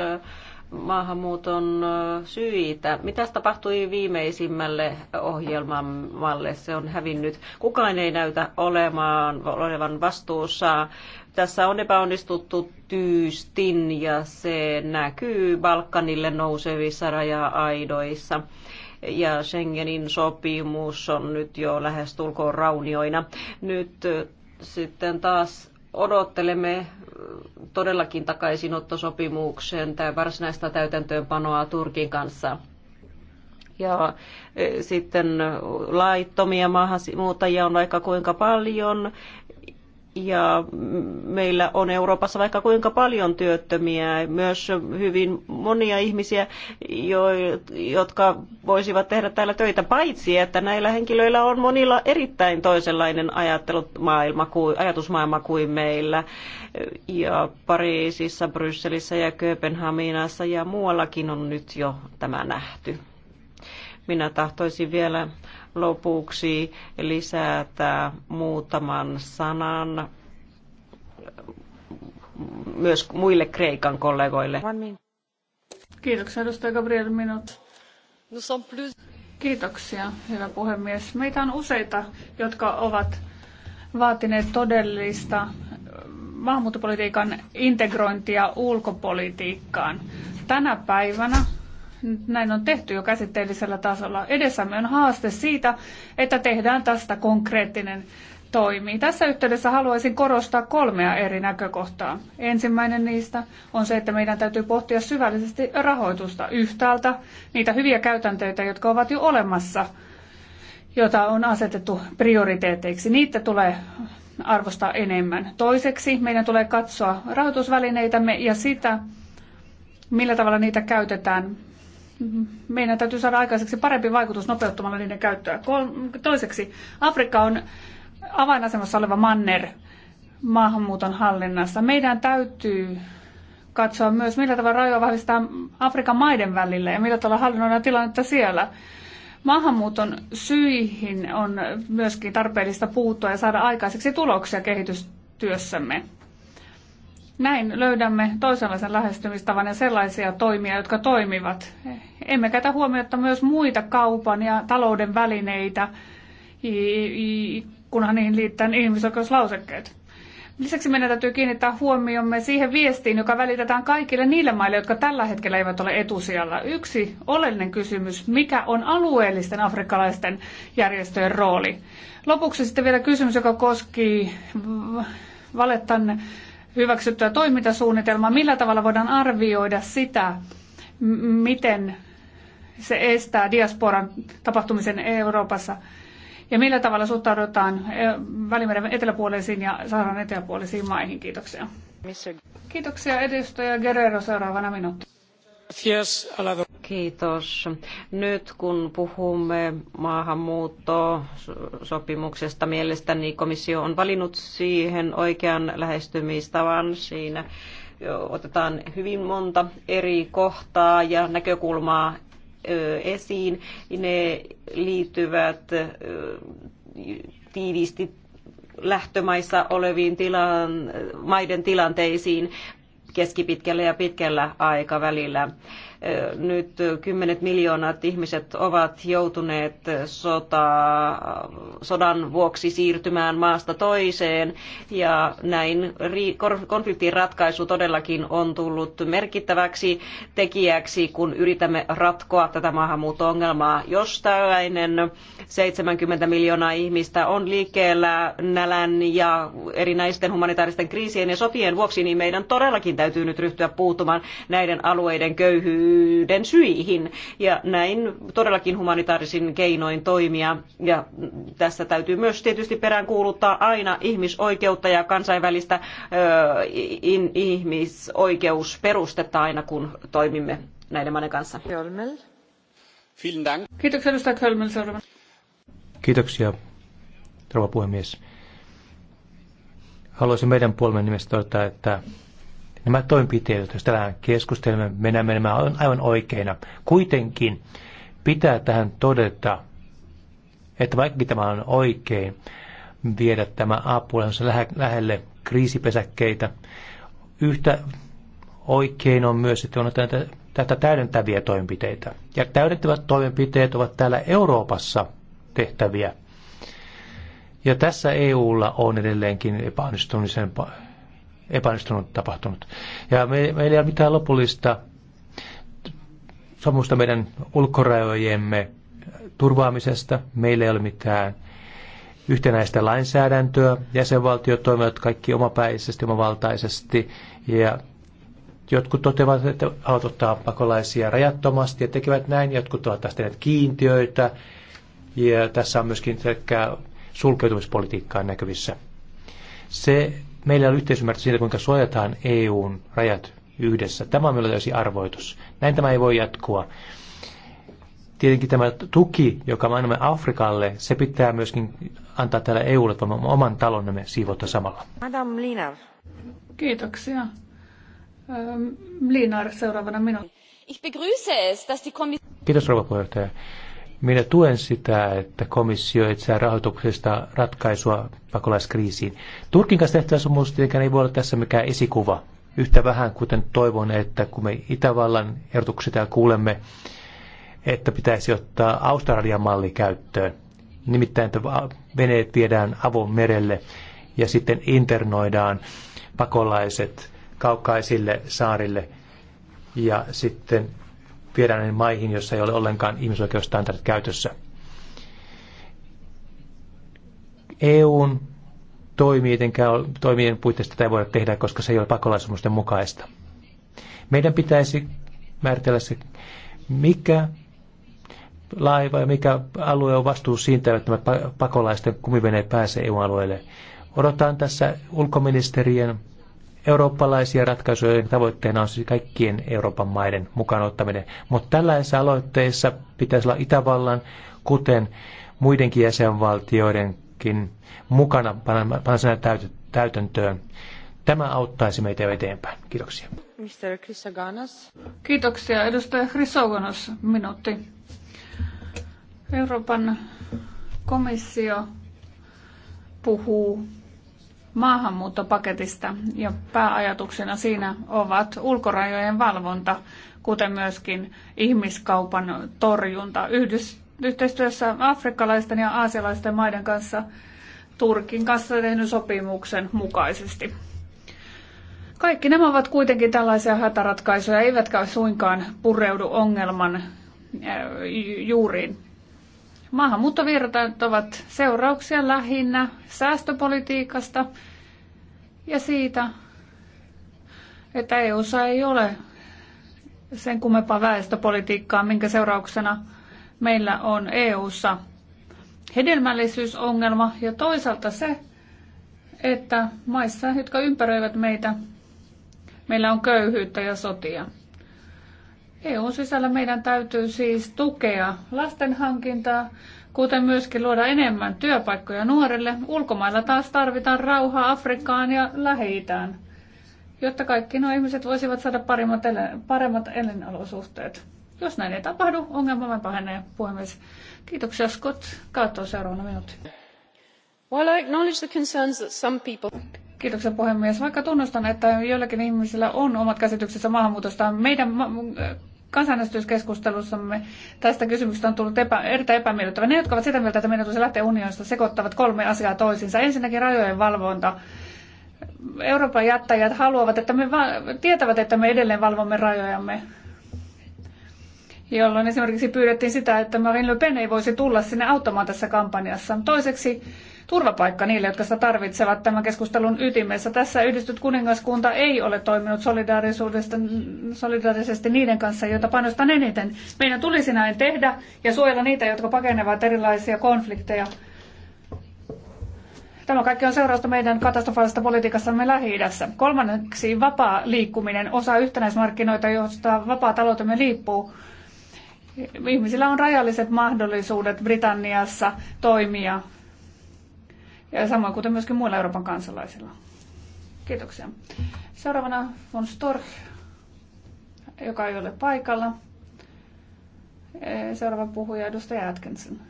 maahanmuuton syitä. Mitä tapahtui viimeisimmälle ohjelmalle? Se on hävinnyt. Kukaan ei näytä olemaan, olevan vastuussa. Tässä on epäonnistuttu tyystin ja se näkyy Balkanille nousevissa raja-aidoissa ja Schengenin sopimus on nyt jo lähes tulkoon raunioina. Nyt sitten taas odottelemme todellakin takaisinottosopimuksen tai varsinaista täytäntöönpanoa Turkin kanssa. Ja e, sitten laittomia maahanmuuttajia on vaikka kuinka paljon ja meillä on Euroopassa vaikka kuinka paljon työttömiä, myös hyvin monia ihmisiä, jo, jotka voisivat tehdä täällä töitä, paitsi että näillä henkilöillä on monilla erittäin toisenlainen ajattelumaailma kuin, ajatusmaailma kuin meillä. Ja Pariisissa, Brysselissä ja Kööpenhaminassa ja muuallakin on nyt jo tämä nähty. Minä tahtoisin vielä lopuksi lisätä muutaman sanan myös muille Kreikan kollegoille. Kiitoksia, edustaja Gabriel Minut. Kiitoksia, hyvä puhemies. Meitä on useita, jotka ovat vaatineet todellista maahanmuuttopolitiikan integrointia ulkopolitiikkaan. Tänä päivänä näin on tehty jo käsitteellisellä tasolla. Edessämme on haaste siitä, että tehdään tästä konkreettinen toimi. Tässä yhteydessä haluaisin korostaa kolmea eri näkökohtaa. Ensimmäinen niistä on se, että meidän täytyy pohtia syvällisesti rahoitusta yhtäältä, niitä hyviä käytänteitä, jotka ovat jo olemassa, jota on asetettu prioriteeteiksi. Niitä tulee arvostaa enemmän. Toiseksi meidän tulee katsoa rahoitusvälineitämme ja sitä, millä tavalla niitä käytetään meidän täytyy saada aikaiseksi parempi vaikutus nopeuttamalla niiden käyttöä. Toiseksi, Afrikka on avainasemassa oleva manner maahanmuuton hallinnassa. Meidän täytyy katsoa myös, millä tavalla rajoja vahvistaa Afrikan maiden välillä ja millä tavalla hallinnoidaan tilannetta siellä. Maahanmuuton syihin on myöskin tarpeellista puuttua ja saada aikaiseksi tuloksia kehitystyössämme. Näin löydämme toisenlaisen lähestymistavan ja sellaisia toimia, jotka toimivat. Emme käytä huomiota myös muita kaupan ja talouden välineitä, kunhan niihin liittää ihmisoikeuslausekkeet. Lisäksi meidän täytyy kiinnittää huomiomme siihen viestiin, joka välitetään kaikille niille maille, jotka tällä hetkellä eivät ole etusijalla. Yksi oleellinen kysymys, mikä on alueellisten afrikkalaisten järjestöjen rooli? Lopuksi sitten vielä kysymys, joka koski valettanne hyväksyttyä toimintasuunnitelmaa, millä tavalla voidaan arvioida sitä, miten se estää diasporan tapahtumisen Euroopassa ja millä tavalla suhtaudutaan e, Välimeren eteläpuoleisiin ja Saharan eteläpuoleisiin maihin. Kiitoksia. Kiitoksia edustaja Guerrero. Seuraavana minuutti. Kiitos. Nyt kun puhumme maahanmuuttosopimuksesta, mielestäni komissio on valinnut siihen oikean lähestymistavan siinä. Otetaan hyvin monta eri kohtaa ja näkökulmaa esiin. Ne liittyvät tiiviisti lähtömaissa oleviin tilan, maiden tilanteisiin keskipitkällä ja pitkällä aikavälillä. Nyt kymmenet miljoonat ihmiset ovat joutuneet sota, sodan vuoksi siirtymään maasta toiseen ja näin konfliktin ratkaisu todellakin on tullut merkittäväksi tekijäksi, kun yritämme ratkoa tätä maahanmuutto-ongelmaa. Jos tällainen 70 miljoonaa ihmistä on liikkeellä nälän ja erinäisten humanitaaristen kriisien ja sotien vuoksi, niin meidän todellakin täytyy nyt ryhtyä puuttumaan näiden alueiden köyhyyteen köyhyyden syihin ja näin todellakin humanitaarisin keinoin toimia. Ja tässä täytyy myös tietysti peräänkuuluttaa aina ihmisoikeutta ja kansainvälistä ihmisoikeusperustetta aina kun toimimme näiden maiden kanssa. Kiitoksia edustaja Kölmel. Kiitoksia, rouva puhemies. Haluaisin meidän puolemme nimestä todeta, että Nämä toimenpiteet, joista tänään keskustelemme, mennään menemään on aivan oikeina. Kuitenkin pitää tähän todeta, että vaikka tämä on oikein viedä tämä apu lähelle kriisipesäkkeitä, yhtä oikein on myös, että on näitä, tätä täydentäviä toimenpiteitä. Ja täydentävät toimenpiteet ovat täällä Euroopassa tehtäviä. Ja tässä EUlla on edelleenkin epäonnistumisen epäonnistunut tapahtunut. Ja me, meillä ei ole mitään lopullista somusta meidän ulkorajojemme turvaamisesta. Meillä ei ole mitään yhtenäistä lainsäädäntöä. Jäsenvaltiot toimivat kaikki omapäisesti, omavaltaisesti. Ja jotkut toteavat, että haluavat ottaa pakolaisia rajattomasti ja tekevät näin. Jotkut ovat taas tehneet kiintiöitä. Ja tässä on myöskin sulkeutumispolitiikkaa näkyvissä. Se meillä on yhteisymmärrys siitä, kuinka suojataan EUn rajat yhdessä. Tämä on meillä täysin arvoitus. Näin tämä ei voi jatkua. Tietenkin tämä tuki, joka me annamme Afrikalle, se pitää myöskin antaa täällä EUlle, että voimme oman talonnemme siivota samalla. Madame Linar. Kiitoksia. Linar, seuraavana minun. Ich begrüße es, dass die Kommission... Kiitos, rouva puheenjohtaja. Minä tuen sitä, että komissio etsää rahoituksesta ratkaisua pakolaiskriisiin. Turkin kanssa tehtävä sopimus tietenkään ei voi olla tässä mikään esikuva. Yhtä vähän kuten toivon, että kun me Itävallan ehdotuksia täällä kuulemme, että pitäisi ottaa Australian malli käyttöön. Nimittäin, että veneet viedään avon merelle ja sitten internoidaan pakolaiset kaukaisille saarille ja sitten viedään ne maihin, joissa ei ole ollenkaan ihmisoikeusstandardit käytössä. EUn toimien puitteista tätä ei voida tehdä, koska se ei ole pakolaisuusten mukaista. Meidän pitäisi määritellä se, mikä laiva ja mikä alue on vastuu siitä, että pakolaisten kumiveneet pääsee EU-alueelle. Odotan tässä ulkoministerien eurooppalaisia ratkaisuja, joiden tavoitteena on siis kaikkien Euroopan maiden mukaan ottaminen. Mutta tällaisessa aloitteessa pitäisi olla Itävallan, kuten muidenkin jäsenvaltioidenkin mukana panna täytäntöön. Tämä auttaisi meitä jo eteenpäin. Kiitoksia. Mr. Chrisoganos. Kiitoksia. Edustaja Chrisoganos, minuutti. Euroopan komissio puhuu maahanmuuttopaketista ja pääajatuksena siinä ovat ulkorajojen valvonta, kuten myöskin ihmiskaupan torjunta Yhdys- yhteistyössä afrikkalaisten ja aasialaisten maiden kanssa Turkin kanssa tehdyn sopimuksen mukaisesti. Kaikki nämä ovat kuitenkin tällaisia hätäratkaisuja, eivätkä suinkaan pureudu ongelman juuriin. Maahanmuuttovirrat ovat seurauksia lähinnä säästöpolitiikasta ja siitä, että EUssa ei ole sen kummempaa väestöpolitiikkaa, minkä seurauksena meillä on EUssa hedelmällisyysongelma ja toisaalta se, että maissa, jotka ympäröivät meitä, meillä on köyhyyttä ja sotia. EUn sisällä meidän täytyy siis tukea lasten hankintaa, kuten myöskin luoda enemmän työpaikkoja nuorille. Ulkomailla taas tarvitaan rauhaa Afrikkaan ja lähi jotta kaikki nuo ihmiset voisivat saada paremmat, ele- paremmat elinolosuhteet. Jos näin ei tapahdu, ongelma vain pahenee, puhemies. Kiitoksia Scott. Kaatoo seuraavana minuutti. While I acknowledge the concerns that some people... Kiitoksia puhemies. Vaikka tunnustan, että joillakin ihmisillä on omat käsityksensä maahanmuutosta, meidän kansanäänestyskeskustelussamme tästä kysymyksestä on tullut epä, erittäin epämiellyttävä. Ne, jotka ovat sitä mieltä, että meidän tulisi lähteä unionista, sekoittavat kolme asiaa toisiinsa. Ensinnäkin rajojen valvonta. Euroopan jättäjät haluavat, että me tietävät, että me edelleen valvomme rajojamme jolloin esimerkiksi pyydettiin sitä, että Marine Le Pen ei voisi tulla sinne auttamaan tässä kampanjassa. Toiseksi turvapaikka niille, jotka sitä tarvitsevat tämän keskustelun ytimessä. Tässä yhdistyt kuningaskunta ei ole toiminut solidaarisesti niiden kanssa, joita painostan eniten. Meidän tulisi näin tehdä ja suojella niitä, jotka pakenevat erilaisia konflikteja. Tämä kaikki on seurausta meidän katastrofaalisesta politiikassamme Lähi-idässä. Kolmanneksi vapaa liikkuminen, osa yhtenäismarkkinoita, joista vapaa taloutemme liippuu. Ihmisillä on rajalliset mahdollisuudet Britanniassa toimia ja samoin kuten myöskin muilla Euroopan kansalaisilla. Kiitoksia. Seuraavana von Storch, joka ei ole paikalla. Seuraava puhuja edustaja Atkinson.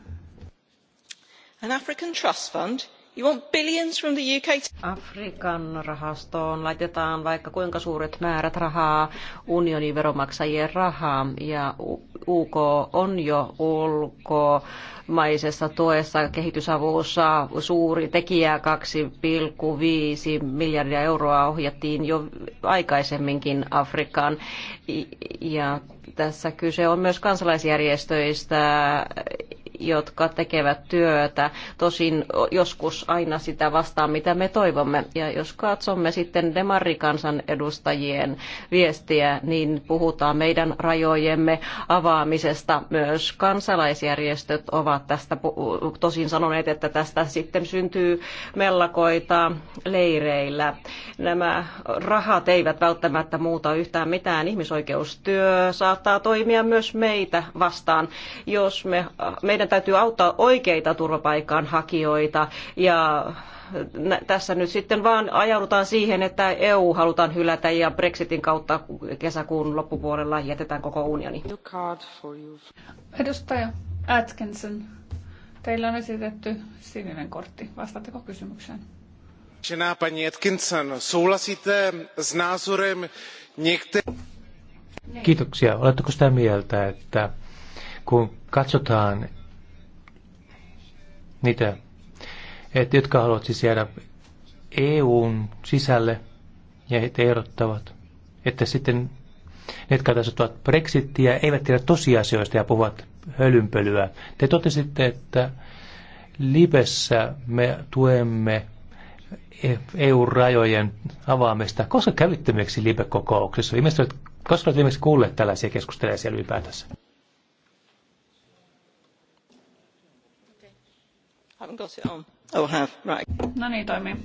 An African Trust Fund You want billions from the UK to... Afrikan rahastoon laitetaan vaikka kuinka suuret määrät rahaa, unionin veromaksajien rahaa, ja UK on jo ulkomaisessa tuessa kehitysavussa suuri tekijä 2,5 miljardia euroa ohjattiin jo aikaisemminkin Afrikaan. Ja tässä kyse on myös kansalaisjärjestöistä, jotka tekevät työtä, tosin joskus aina sitä vastaan, mitä me toivomme. Ja jos katsomme sitten demarikansan edustajien viestiä, niin puhutaan meidän rajojemme avaamisesta. Myös kansalaisjärjestöt ovat tästä tosin sanoneet, että tästä sitten syntyy mellakoita leireillä. Nämä rahat eivät välttämättä muuta yhtään mitään. Ihmisoikeustyö saattaa toimia myös meitä vastaan, jos me, meidän täytyy auttaa oikeita hakijoita ja tässä nyt sitten vaan ajaudutaan siihen, että EU halutaan hylätä ja Brexitin kautta kesäkuun loppupuolella jätetään koko unioni. Edustaja Atkinson, teillä on esitetty sininen kortti. Vastaatteko kysymykseen? Vážená paní Atkinson, souhlasíte s názorem Kiitoksia. Oletteko sitä mieltä, että kun katsotaan niitä, että jotka haluavat siis jäädä EUn sisälle ja he ehdottavat, että sitten ne, jotka tässä tuovat Brexittiä, eivät tiedä tosiasioista ja puhuvat hölynpölyä. Te totesitte, että Libessä me tuemme EU-rajojen avaamista. Koska kävitte viimeksi Libe-kokouksessa? Ihmiset, koska olet viimeksi kuulleet tällaisia keskusteluja siellä ylipäätänsä? Oh, no niin, toimii.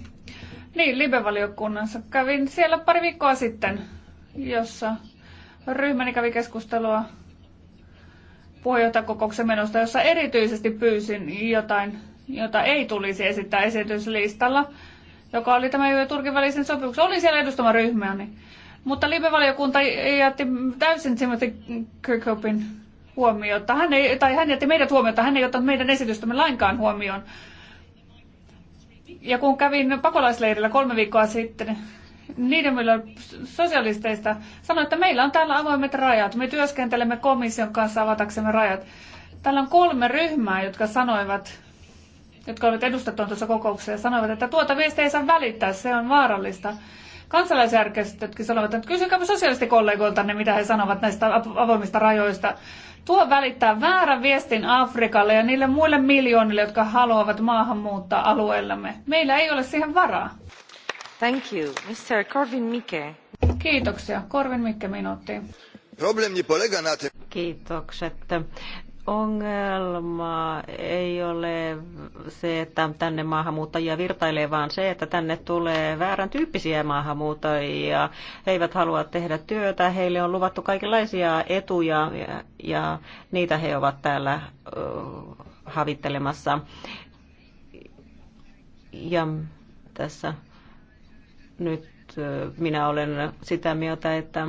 Niin, Libe-valiokunnassa. Kävin siellä pari viikkoa sitten, jossa ryhmäni kävi keskustelua puheenjohtajakokouksen menosta, jossa erityisesti pyysin jotain, jota ei tulisi esittää esityslistalla, joka oli tämä EU ja Turkin välisen sopimuksen. Olin siellä edustama ryhmääni. Mutta Libe-valiokunta jätti täysin Timothy Kirkhopin huomiota. Hän ei, tai hän jätti meidät huomiota, hän ei ottanut meidän esitystämme lainkaan huomioon. Ja kun kävin pakolaisleirillä kolme viikkoa sitten, niiden sosialisteista sanoi, että meillä on täällä avoimet rajat. Me työskentelemme komission kanssa avataksemme rajat. Täällä on kolme ryhmää, jotka sanoivat, jotka olivat edustettuina tuossa kokouksessa, sanoivat, että tuota viestiä ei saa välittää, se on vaarallista. Kansalaisjärjestötkin sanovat, että kysykää sosiaalisesti kollegoiltanne, mitä he sanovat näistä avoimista rajoista. Tuo välittää väärän viestin Afrikalle ja niille muille miljoonille, jotka haluavat maahanmuuttaa alueellamme. Meillä ei ole siihen varaa. Thank you. Mr. Corvin Mike. Kiitoksia. Korvin Mikke minuutti. Problem nie polega na tym. Kiitokset ongelma ei ole se, että tänne maahanmuuttajia virtailee, vaan se, että tänne tulee väärän tyyppisiä maahanmuuttajia. He eivät halua tehdä työtä, heille on luvattu kaikenlaisia etuja ja, ja niitä he ovat täällä ö, havittelemassa. Ja tässä nyt minä olen sitä mieltä, että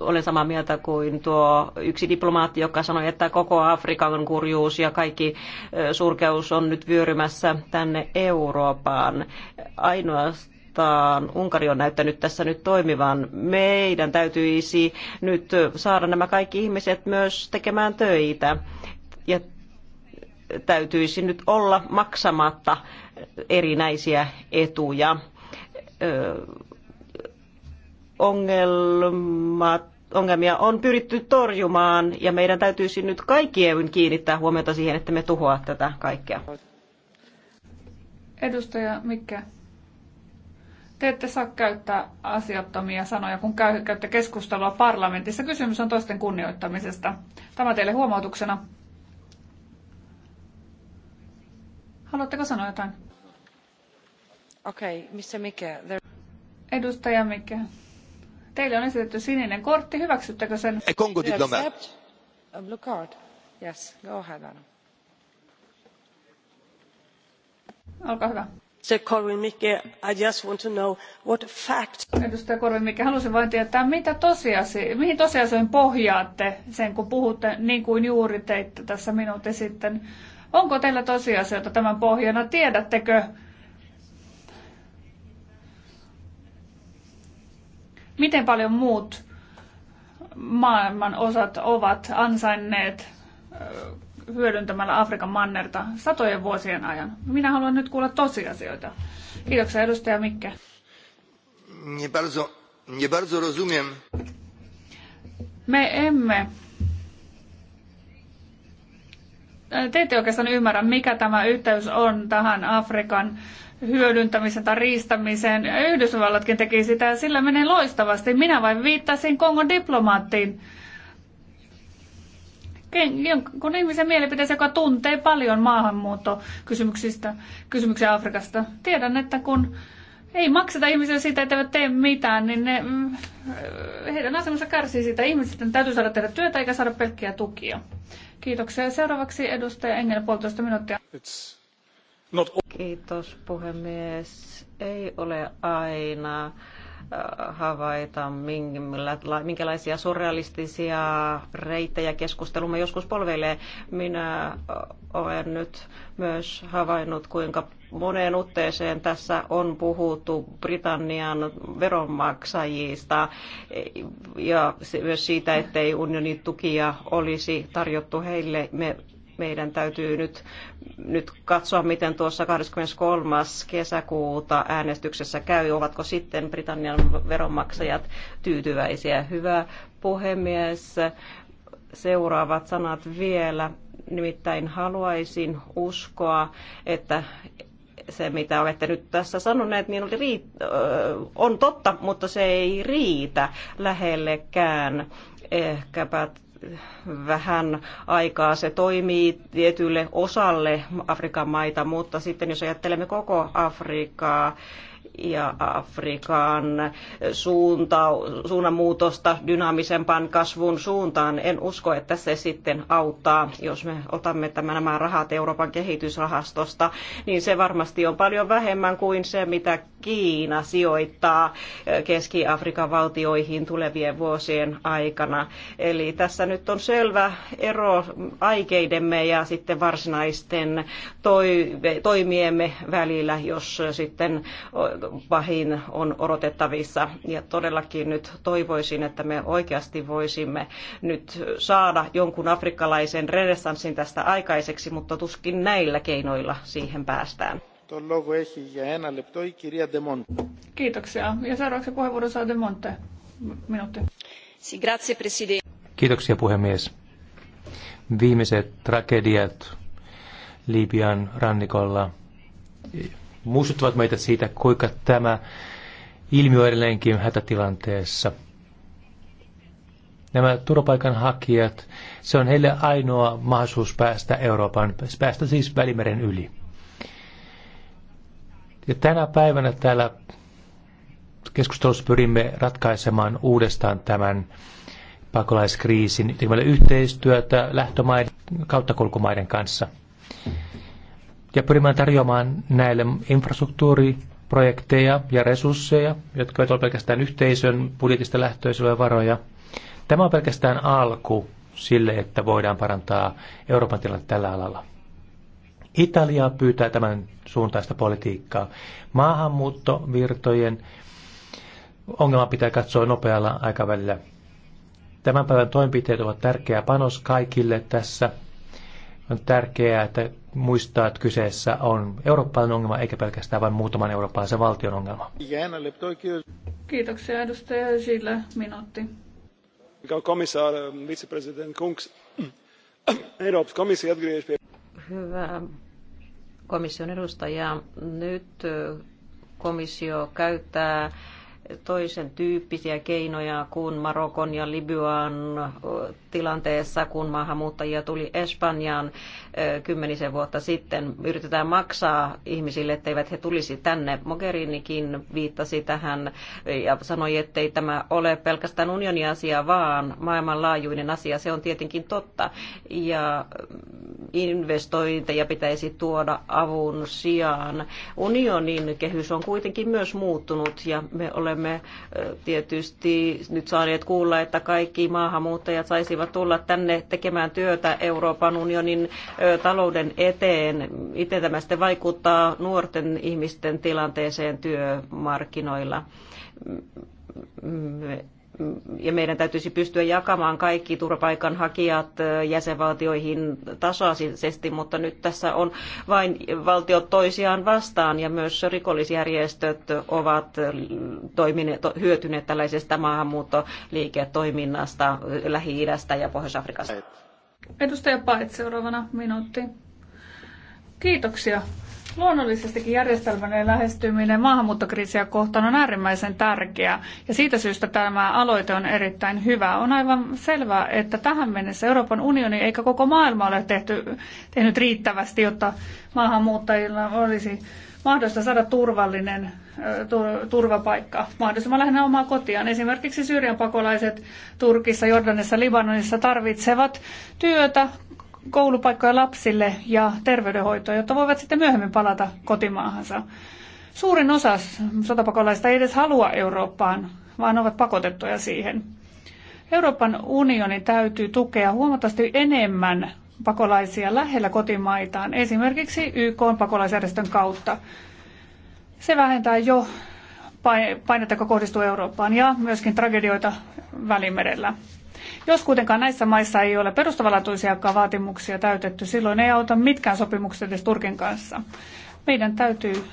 olen samaa mieltä kuin tuo yksi diplomaatti, joka sanoi, että koko Afrikan kurjuus ja kaikki surkeus on nyt vyörymässä tänne Eurooppaan. Ainoastaan Unkari on näyttänyt tässä nyt toimivan. Meidän täytyisi nyt saada nämä kaikki ihmiset myös tekemään töitä ja täytyisi nyt olla maksamatta erinäisiä etuja ongelmat ongelmia on pyritty torjumaan ja meidän täytyisi nyt kaikkien kiinnittää huomiota siihen, että me tuhoa tätä kaikkea. Edustaja Mikke, te ette saa käyttää asiattomia sanoja, kun käy, käytte keskustelua parlamentissa. Kysymys on toisten kunnioittamisesta. Tämä teille huomautuksena. Haluatteko sanoa jotain? Okei, okay, missä Mikke? There... Edustaja Mikke. Teille on esitetty sininen kortti. Hyväksyttekö sen? A Congo diplomat. A blue card. Yes, go ahead, Anna. Olkaa hyvä. Korvin-Mikke, I just want to know what fact... Edustaja Korvin-Mikke, halusin vain tietää, mitä tosiasi, mihin tosiasioihin pohjaatte sen, kun puhutte niin kuin juuri teitte tässä minuutti sitten. Onko teillä tosiasioita tämän pohjana? Tiedättekö, miten paljon muut maailman osat ovat ansainneet hyödyntämällä Afrikan mannerta satojen vuosien ajan. Minä haluan nyt kuulla tosiasioita. Kiitoksia edustaja Mikke. Nie bardzo, nie bardzo rozumiem. Me emme. Te ette oikeastaan ymmärrä, mikä tämä yhteys on tähän Afrikan hyödyntämisen tai riistämiseen. Yhdysvallatkin teki sitä ja sillä menee loistavasti. Minä vain viittasin Kongon diplomaattiin, kun ihmisen mielipiteessä, joka tuntee paljon maahanmuuttokysymyksistä, kysymyksiä Afrikasta. Tiedän, että kun ei makseta ihmisiä siitä, että eivät tee mitään, niin ne, eh, heidän asemansa kärsii siitä. Ihmisten täytyy saada tehdä työtä eikä saada pelkkiä tukia. Kiitoksia. Seuraavaksi edustaja Engel, puolitoista minuuttia. It's Not... Kiitos puhemies. Ei ole aina äh, havaita, minkälaisia surrealistisia reittejä keskustelumme joskus polveilee. Minä olen nyt myös havainnut, kuinka moneen otteeseen tässä on puhuttu Britannian veronmaksajista ja myös siitä, ettei unionin tukia olisi tarjottu heille. Me meidän täytyy nyt, nyt katsoa, miten tuossa 23. kesäkuuta äänestyksessä käy. Ovatko sitten Britannian veronmaksajat tyytyväisiä? Hyvä puhemies. Seuraavat sanat vielä. Nimittäin haluaisin uskoa, että se, mitä olette nyt tässä sanoneet, niin oli riit- öö, on totta, mutta se ei riitä lähellekään ehkäpä vähän aikaa se toimii tietylle osalle Afrikan maita, mutta sitten jos ajattelemme koko Afrikkaa, ja Afrikan suunta, suunnanmuutosta dynaamisempaan kasvun suuntaan. En usko, että se sitten auttaa, jos me otamme tämän, nämä rahat Euroopan kehitysrahastosta, niin se varmasti on paljon vähemmän kuin se, mitä Kiina sijoittaa Keski-Afrikan valtioihin tulevien vuosien aikana. Eli tässä nyt on selvä ero aikeidemme ja sitten varsinaisten toimiemme välillä, jos sitten pahin on odotettavissa. Ja todellakin nyt toivoisin, että me oikeasti voisimme nyt saada jonkun afrikkalaisen renessanssin tästä aikaiseksi, mutta tuskin näillä keinoilla siihen päästään. Το λόγο έχει για ένα λεπτό η κυρία Ντεμόντε. Kiitoksia. Ja seuraavaksi puheenvuoro saa Demonte. Minuutti. Grazie, presidente. Kiitoksia puhemies. Viimeiset tragediat Libian rannikolla muistuttavat meitä siitä, kuinka tämä ilmiö edelleenkin hätätilanteessa. Nämä turvapaikanhakijat, se on heille ainoa mahdollisuus päästä Euroopan, päästä siis Välimeren yli. Ja tänä päivänä täällä keskustelussa pyrimme ratkaisemaan uudestaan tämän pakolaiskriisin tekemällä yhteistyötä lähtömaiden kautta kulkumaiden kanssa. Ja pyrimme tarjoamaan näille infrastruktuuriprojekteja ja resursseja, jotka eivät ole pelkästään yhteisön budjetista lähtöisiä varoja. Tämä on pelkästään alku sille, että voidaan parantaa Euroopan tilannetta tällä alalla. Italia pyytää tämän suuntaista politiikkaa. Maahanmuuttovirtojen ongelma pitää katsoa nopealla aikavälillä. Tämän päivän toimenpiteet ovat tärkeä panos kaikille tässä. On tärkeää, että muistaa, että kyseessä on eurooppalainen ongelma, eikä pelkästään vain muutaman eurooppalaisen valtion ongelma. Kiitoksia edustaja Sillä minuutti. Komissaari, vicepresidentti Kunks, Euroopan komissio Hyvä komission edustajaa. Nyt komissio käyttää toisen tyyppisiä keinoja kuin Marokon ja Libyan tilanteessa, kun maahanmuuttajia tuli Espanjaan kymmenisen vuotta sitten. Yritetään maksaa ihmisille, etteivät he tulisi tänne. Mogherinikin viittasi tähän ja sanoi, ettei tämä ole pelkästään unionin asia, vaan maailmanlaajuinen asia. Se on tietenkin totta. Ja mm, investointeja pitäisi tuoda avun sijaan. Unionin kehys on kuitenkin myös muuttunut ja me olemme olemme tietysti nyt saaneet kuulla, että kaikki maahanmuuttajat saisivat tulla tänne tekemään työtä Euroopan unionin talouden eteen. Miten tämä sitten vaikuttaa nuorten ihmisten tilanteeseen työmarkkinoilla? ja meidän täytyisi pystyä jakamaan kaikki turvapaikanhakijat jäsenvaltioihin tasaisesti, mutta nyt tässä on vain valtiot toisiaan vastaan ja myös rikollisjärjestöt ovat toimineet, hyötyneet tällaisesta maahanmuuttoliiketoiminnasta Lähi-idästä ja Pohjois-Afrikasta. Edustaja Paet seuraavana minuutti. Kiitoksia Luonnollisestikin järjestelmällinen lähestyminen maahanmuuttokriisiä kohtaan on äärimmäisen tärkeää ja siitä syystä tämä aloite on erittäin hyvä. On aivan selvää, että tähän mennessä Euroopan unioni eikä koko maailma ole tehty, tehnyt riittävästi, jotta maahanmuuttajilla olisi mahdollista saada turvallinen turvapaikka mahdollisimman lähellä omaa kotiaan. Esimerkiksi Syyrian pakolaiset Turkissa, Jordanissa, Libanonissa tarvitsevat työtä, koulupaikkoja lapsille ja terveydenhoitoa, jotta voivat sitten myöhemmin palata kotimaahansa. Suurin osa sotapakolaista ei edes halua Eurooppaan, vaan ovat pakotettuja siihen. Euroopan unionin täytyy tukea huomattavasti enemmän pakolaisia lähellä kotimaitaan, esimerkiksi YK pakolaisjärjestön kautta. Se vähentää jo painetta, joka kohdistuu Eurooppaan ja myöskin tragedioita Välimerellä. Jos kuitenkaan näissä maissa ei ole perustavanlaatuisiakaan vaatimuksia täytetty, silloin ei auta mitkään sopimukset edes Turkin kanssa. Meidän täytyy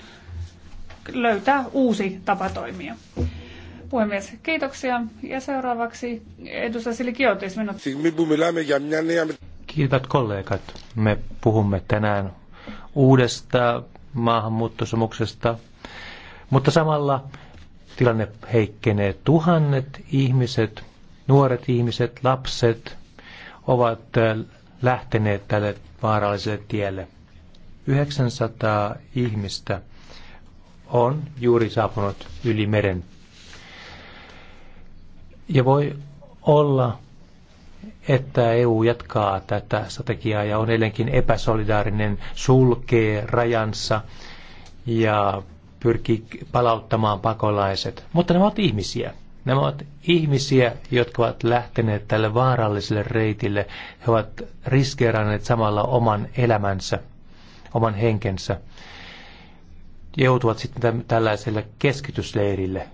löytää uusi tapa toimia. Puhemies, kiitoksia. Ja seuraavaksi edustaja Sili Kiotis, minut. Siis Kiitos kollegat. Me puhumme tänään uudesta maahanmuuttosomuksesta, mutta samalla tilanne heikkenee. Tuhannet ihmiset nuoret ihmiset, lapset ovat lähteneet tälle vaaralliselle tielle. 900 ihmistä on juuri saapunut yli meren. Ja voi olla, että EU jatkaa tätä strategiaa ja on edelleenkin epäsolidaarinen, sulkee rajansa ja pyrkii palauttamaan pakolaiset. Mutta ne ovat ihmisiä Nämä ovat ihmisiä, jotka ovat lähteneet tälle vaaralliselle reitille. He ovat riskeeranneet samalla oman elämänsä, oman henkensä. Joutuvat sitten tällaiselle keskitysleirille.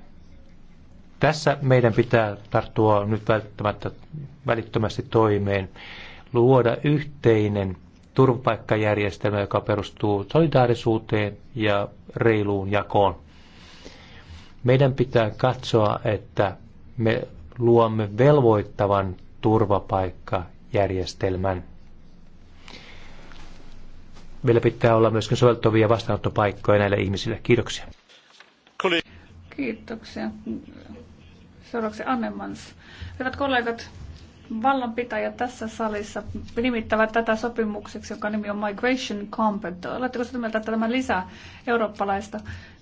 Tässä meidän pitää tarttua nyt välttämättä välittömästi toimeen, luoda yhteinen turvapaikkajärjestelmä, joka perustuu solidaarisuuteen ja reiluun jakoon. Meidän pitää katsoa, että me luomme velvoittavan turvapaikkajärjestelmän. Meillä pitää olla myöskin soveltuvia vastaanottopaikkoja näille ihmisille. Kiitoksia. Kiitoksia. Seuraavaksi Annemans. Hyvät kollegat, vallanpitäjät tässä salissa nimittävät tätä sopimukseksi, jonka nimi on Migration Compact. Oletteko sitä mieltä, että tämä lisää eurooppalaista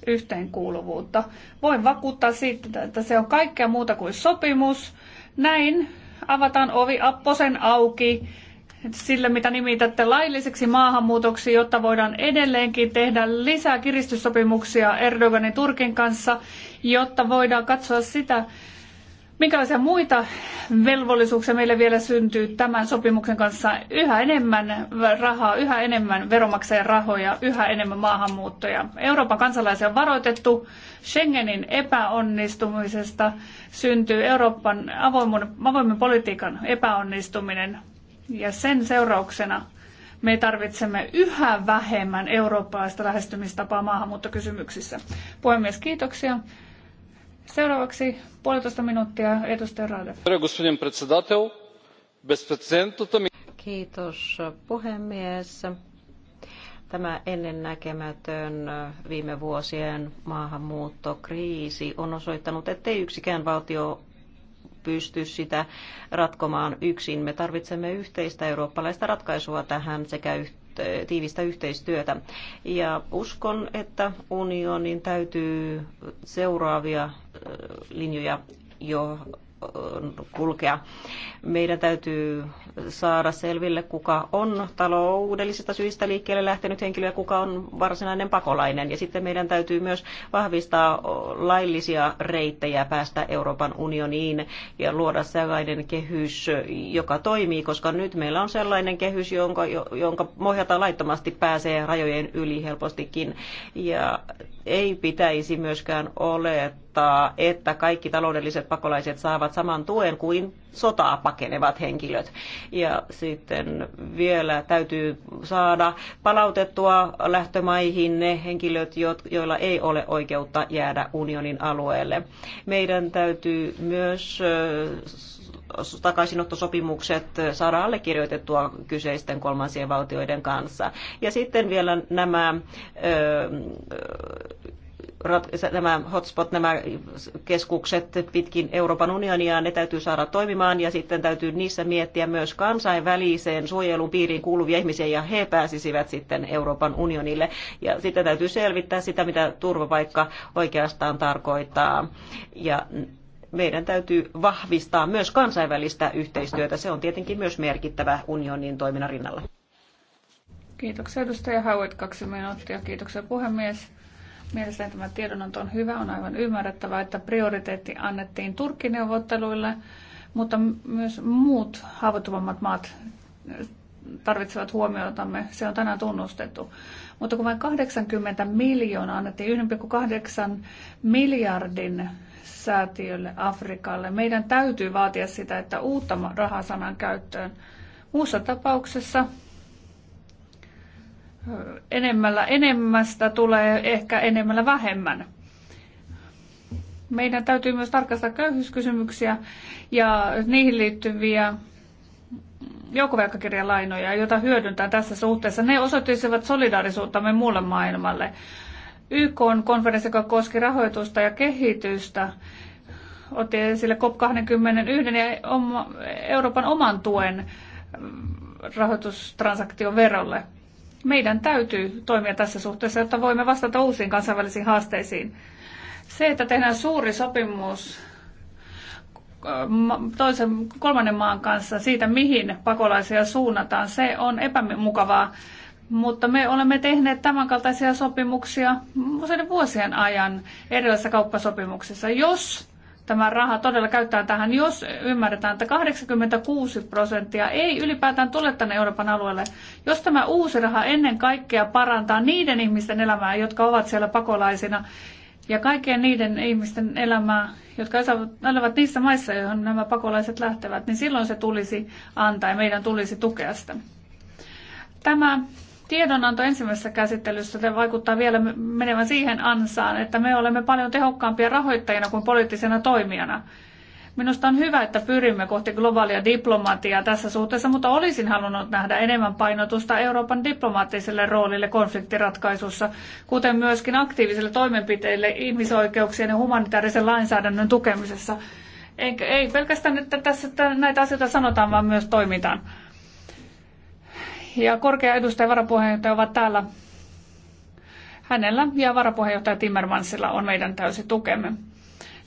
yhteenkuuluvuutta? Voin vakuuttaa siitä, että se on kaikkea muuta kuin sopimus. Näin avataan ovi apposen auki sille, mitä nimitätte lailliseksi maahanmuutoksi, jotta voidaan edelleenkin tehdä lisää kiristyssopimuksia Erdoganin Turkin kanssa, jotta voidaan katsoa sitä, minkälaisia muita velvollisuuksia meille vielä syntyy tämän sopimuksen kanssa? Yhä enemmän rahaa, yhä enemmän veromaksajan rahoja, yhä enemmän maahanmuuttoja. Euroopan kansalaisia on varoitettu Schengenin epäonnistumisesta, syntyy Euroopan avoimen, avoimen politiikan epäonnistuminen ja sen seurauksena me tarvitsemme yhä vähemmän eurooppalaista lähestymistapaa maahanmuuttokysymyksissä. Puhemies, kiitoksia. Seuraavaksi puolitoista minuuttia edustaja Raade. Kiitos puhemies. Tämä ennennäkemätön viime vuosien maahanmuuttokriisi on osoittanut, ettei yksikään valtio pysty sitä ratkomaan yksin. Me tarvitsemme yhteistä eurooppalaista ratkaisua tähän sekä yhteistä tiivistä yhteistyötä. Ja uskon, että unionin täytyy seuraavia linjoja jo kulkea. Meidän täytyy saada selville, kuka on taloudellisista syistä liikkeelle lähtenyt henkilö ja kuka on varsinainen pakolainen. Ja sitten meidän täytyy myös vahvistaa laillisia reittejä päästä Euroopan unioniin ja luoda sellainen kehys, joka toimii, koska nyt meillä on sellainen kehys, jonka, jonka mohjataan laittomasti pääsee rajojen yli helpostikin. Ja ei pitäisi myöskään ole varmistaa, että kaikki taloudelliset pakolaiset saavat saman tuen kuin sotaa pakenevat henkilöt. Ja sitten vielä täytyy saada palautettua lähtömaihin ne henkilöt, joilla ei ole oikeutta jäädä unionin alueelle. Meidän täytyy myös takaisinottosopimukset saada allekirjoitettua kyseisten kolmansien valtioiden kanssa. Ja sitten vielä nämä ö, nämä hotspot, nämä keskukset pitkin Euroopan unionia, ne täytyy saada toimimaan ja sitten täytyy niissä miettiä myös kansainväliseen suojelun piiriin kuuluvia ihmisiä ja he pääsisivät sitten Euroopan unionille. Ja sitten täytyy selvittää sitä, mitä turvapaikka oikeastaan tarkoittaa. Ja meidän täytyy vahvistaa myös kansainvälistä yhteistyötä. Se on tietenkin myös merkittävä unionin toiminnan rinnalla. Kiitoksia edustaja Howard, kaksi minuuttia. Kiitoksia puhemies. Mielestäni tämä tiedonanto on hyvä. On aivan ymmärrettävää, että prioriteetti annettiin Turkkineuvotteluille, mutta myös muut haavoittuvammat maat eh, tarvitsevat huomiotamme. Se on tänään tunnustettu. Mutta kun vain 80 miljoonaa annettiin 1,8 miljardin säätiölle Afrikalle, meidän täytyy vaatia sitä, että uutta rahaa käyttöön. Muussa tapauksessa enemmällä enemmästä tulee ehkä enemmällä vähemmän. Meidän täytyy myös tarkastaa köyhyyskysymyksiä ja niihin liittyviä joukkovelkakirjalainoja, joita hyödyntää tässä suhteessa. Ne osoittisivat solidaarisuuttamme muulle maailmalle. YK on konferenssi, joka koski rahoitusta ja kehitystä, otti esille COP21 ja Euroopan oman tuen rahoitustransaktion verolle meidän täytyy toimia tässä suhteessa, jotta voimme vastata uusiin kansainvälisiin haasteisiin. Se, että tehdään suuri sopimus äh, toisen kolmannen maan kanssa siitä, mihin pakolaisia suunnataan, se on epämukavaa. Mutta me olemme tehneet tämänkaltaisia sopimuksia useiden vuosien ajan erilaisissa kauppasopimuksissa. Jos tämä raha todella käyttää tähän, jos ymmärretään, että 86 prosenttia ei ylipäätään tule tänne Euroopan alueelle. Jos tämä uusi raha ennen kaikkea parantaa niiden ihmisten elämää, jotka ovat siellä pakolaisina, ja kaikkien niiden ihmisten elämää, jotka elävät niissä maissa, joihin nämä pakolaiset lähtevät, niin silloin se tulisi antaa ja meidän tulisi tukea sitä. Tämä tiedonanto ensimmäisessä käsittelyssä se vaikuttaa vielä menevän siihen ansaan, että me olemme paljon tehokkaampia rahoittajina kuin poliittisena toimijana. Minusta on hyvä, että pyrimme kohti globaalia diplomatiaa tässä suhteessa, mutta olisin halunnut nähdä enemmän painotusta Euroopan diplomaattiselle roolille konfliktiratkaisussa, kuten myöskin aktiivisille toimenpiteille ihmisoikeuksien ja humanitaarisen lainsäädännön tukemisessa. Ei pelkästään, että tässä näitä asioita sanotaan, vaan myös toimitaan ja korkea edustaja varapuheenjohtaja ovat täällä. Hänellä ja varapuheenjohtaja Timmermansilla on meidän täysi tukemme.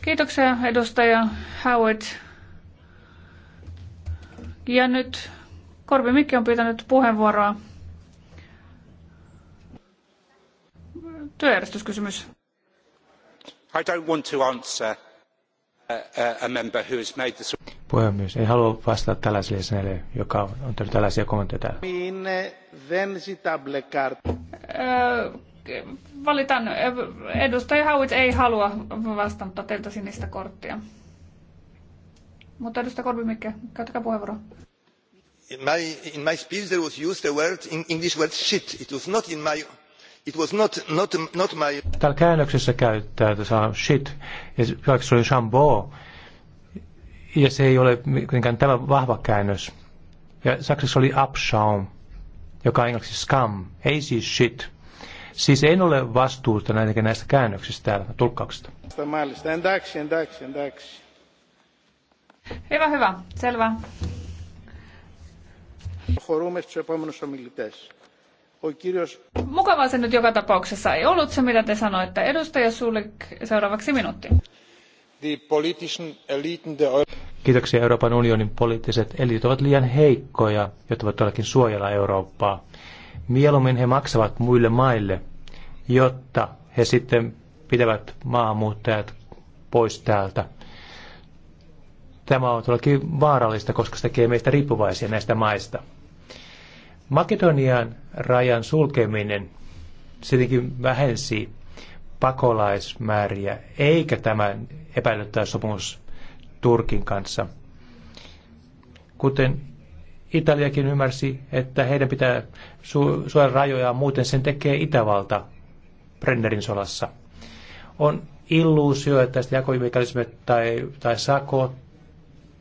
Kiitoksia edustaja Howard. Ja nyt Korvi Mikki on pyytänyt puheenvuoroa. Työjärjestyskysymys. I don't want to answer a member who has made this puhemies. Ei halua vastata tällaiselle jäsenelle, joka on antanut tällaisia kommentteja täällä. Äh, valitan. Äh, edustaja Hauit ei halua vastata teiltä sinistä korttia. Mutta edustaja mikä? Käytäkää puheenvuoro. In my, in my speech there was used a word, in English word shit. It was not in my It was not, not, not my... Täällä käännöksessä käyttää, että saa shit, ja se oli Shambo, ja se ei ole mitenkään tämä vahva käännös. Ja saksassa oli Abschaum, joka on englanniksi scam, ei siis shit. Siis en ole vastuuta näistä käännöksistä täällä, tulkkauksista. Hyvä, hyvä. Selvä. Mukavaa se nyt joka tapauksessa ei ollut se, mitä te sanoitte. Edustaja Sulik, seuraavaksi minuutti. Die politischen Eliten der Euro- Kiitoksia Euroopan unionin poliittiset elit ovat liian heikkoja, jotta voivat todellakin suojella Eurooppaa. Mieluummin he maksavat muille maille, jotta he sitten pitävät maahanmuuttajat pois täältä. Tämä on todellakin vaarallista, koska se tekee meistä riippuvaisia näistä maista. Makedonian rajan sulkeminen sittenkin vähensi pakolaismääriä, eikä tämä epäilyttävä sopimus Turkin kanssa. Kuten Italiakin ymmärsi, että heidän pitää su- suojella rajoja, muuten sen tekee Itävalta Brennerin solassa. On illuusio, että tästä jakomekanismit tai, tai Sako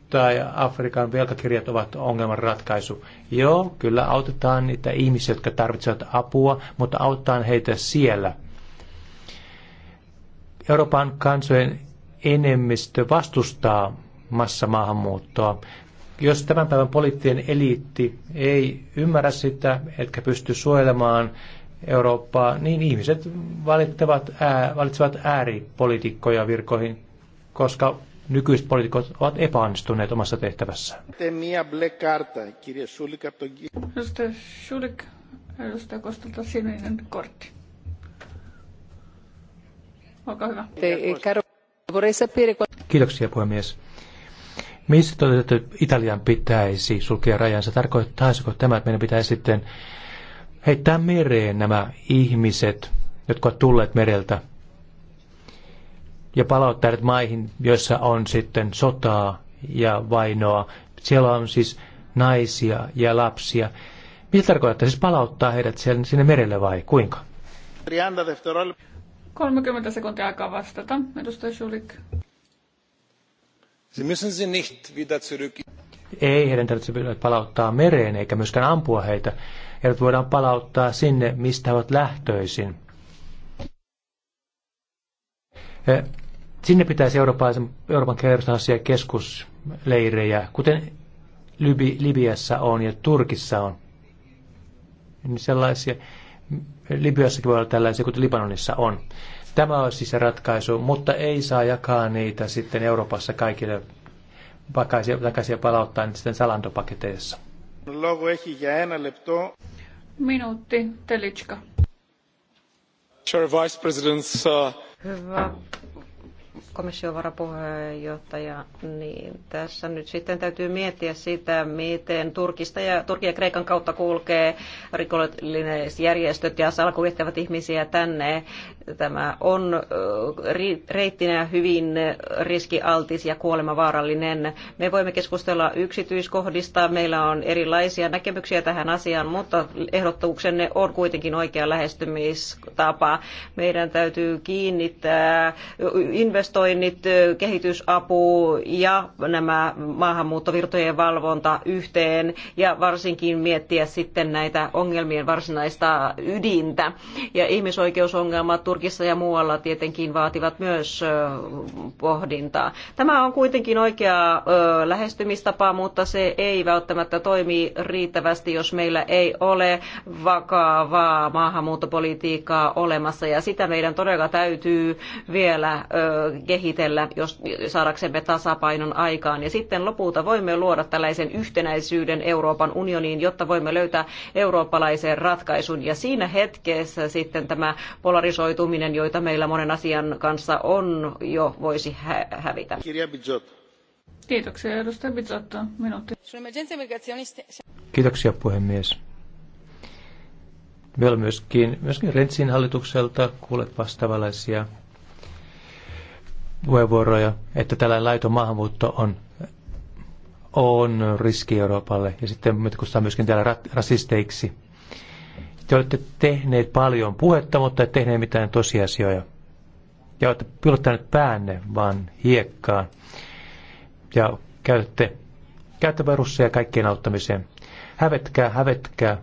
tai Afrikan velkakirjat ovat ongelman ratkaisu. Joo, kyllä autetaan niitä ihmisiä, jotka tarvitsevat apua, mutta autetaan heitä siellä. Euroopan kansojen enemmistö vastustaa massamaahanmuuttoa. Jos tämän päivän poliittinen eliitti ei ymmärrä sitä, etkä pysty suojelemaan Eurooppaa, niin ihmiset valittavat, ää, valitsevat ääripolitiikkoja virkoihin, koska nykyiset poliitikot ovat epäonnistuneet omassa tehtävässään. Edustaja Sulik, edustaja Kostalta sininen kortti. Olkaa hyvä. Kiitoksia puhemies. Missä toteutettu Italian pitäisi sulkea rajansa? Tarkoittaisiko tämä, että meidän pitäisi sitten heittää mereen nämä ihmiset, jotka ovat tulleet mereltä, ja palauttaa heidät maihin, joissa on sitten sotaa ja vainoa. Siellä on siis naisia ja lapsia. Mitä tarkoittaa siis palauttaa heidät sinne merelle vai kuinka? 30 sekuntia aikaa vastata. Edustaja Schulik. Sie müssen sie nicht wieder zurück. Ei heidän tarvitse palauttaa mereen eikä myöskään ampua heitä. Heidät voidaan palauttaa sinne, mistä he ovat lähtöisin. Sinne pitäisi Euroopan, Euroopan kerrostansia keskusleirejä, kuten Libiassa on ja Turkissa on. Niin sellaisia Libyassakin voi olla tällaisia, kuten Libanonissa on. Tämä on siis se ratkaisu, mutta ei saa jakaa niitä sitten Euroopassa kaikille takaisin, palauttaa niitä sitten salantopaketeissa. Minuutti, Telitska. Sure, Vice President, Hyvä komission varapuheenjohtaja, niin tässä nyt sitten täytyy miettiä sitä, miten Turkista ja Turkia ja Kreikan kautta kulkee rikolliset järjestöt ja salkuviettävät ihmisiä tänne. Tämä on reittinä hyvin riskialtis ja kuolemavaarallinen. Me voimme keskustella yksityiskohdista, meillä on erilaisia näkemyksiä tähän asiaan, mutta ehdotuksenne on kuitenkin oikea lähestymistapa. Meidän täytyy kiinnittää investointeja investoinnit, kehitysapu ja nämä maahanmuuttovirtojen valvonta yhteen ja varsinkin miettiä sitten näitä ongelmien varsinaista ydintä. Ja ihmisoikeusongelmat Turkissa ja muualla tietenkin vaativat myös pohdintaa. Tämä on kuitenkin oikea lähestymistapa, mutta se ei välttämättä toimi riittävästi, jos meillä ei ole vakavaa maahanmuuttopolitiikkaa olemassa ja sitä meidän todella täytyy vielä kehitellä, jos saadaksemme tasapainon aikaan. Ja sitten lopulta voimme luoda tällaisen yhtenäisyyden Euroopan unioniin, jotta voimme löytää eurooppalaisen ratkaisun. Ja siinä hetkessä sitten tämä polarisoituminen, joita meillä monen asian kanssa on, jo voisi hä- hävitä. Kirja Bizzotto. Kiitoksia, edustaja Bizzotto. Minuutti. Kiitoksia, puhemies. Meillä on myöskin, myöskin Rentsin hallitukselta kuulet vastaavanlaisia puheenvuoroja, että tällainen laiton maahanmuutto on, on riski Euroopalle ja sitten me kutsutaan myöskin täällä rasisteiksi. Te olette tehneet paljon puhetta, mutta ette tehneet mitään tosiasioja. Ja olette pilottaneet päänne vaan hiekkaan. Ja käytätte, käytätte russeja kaikkien auttamiseen. Hävetkää, hävetkää,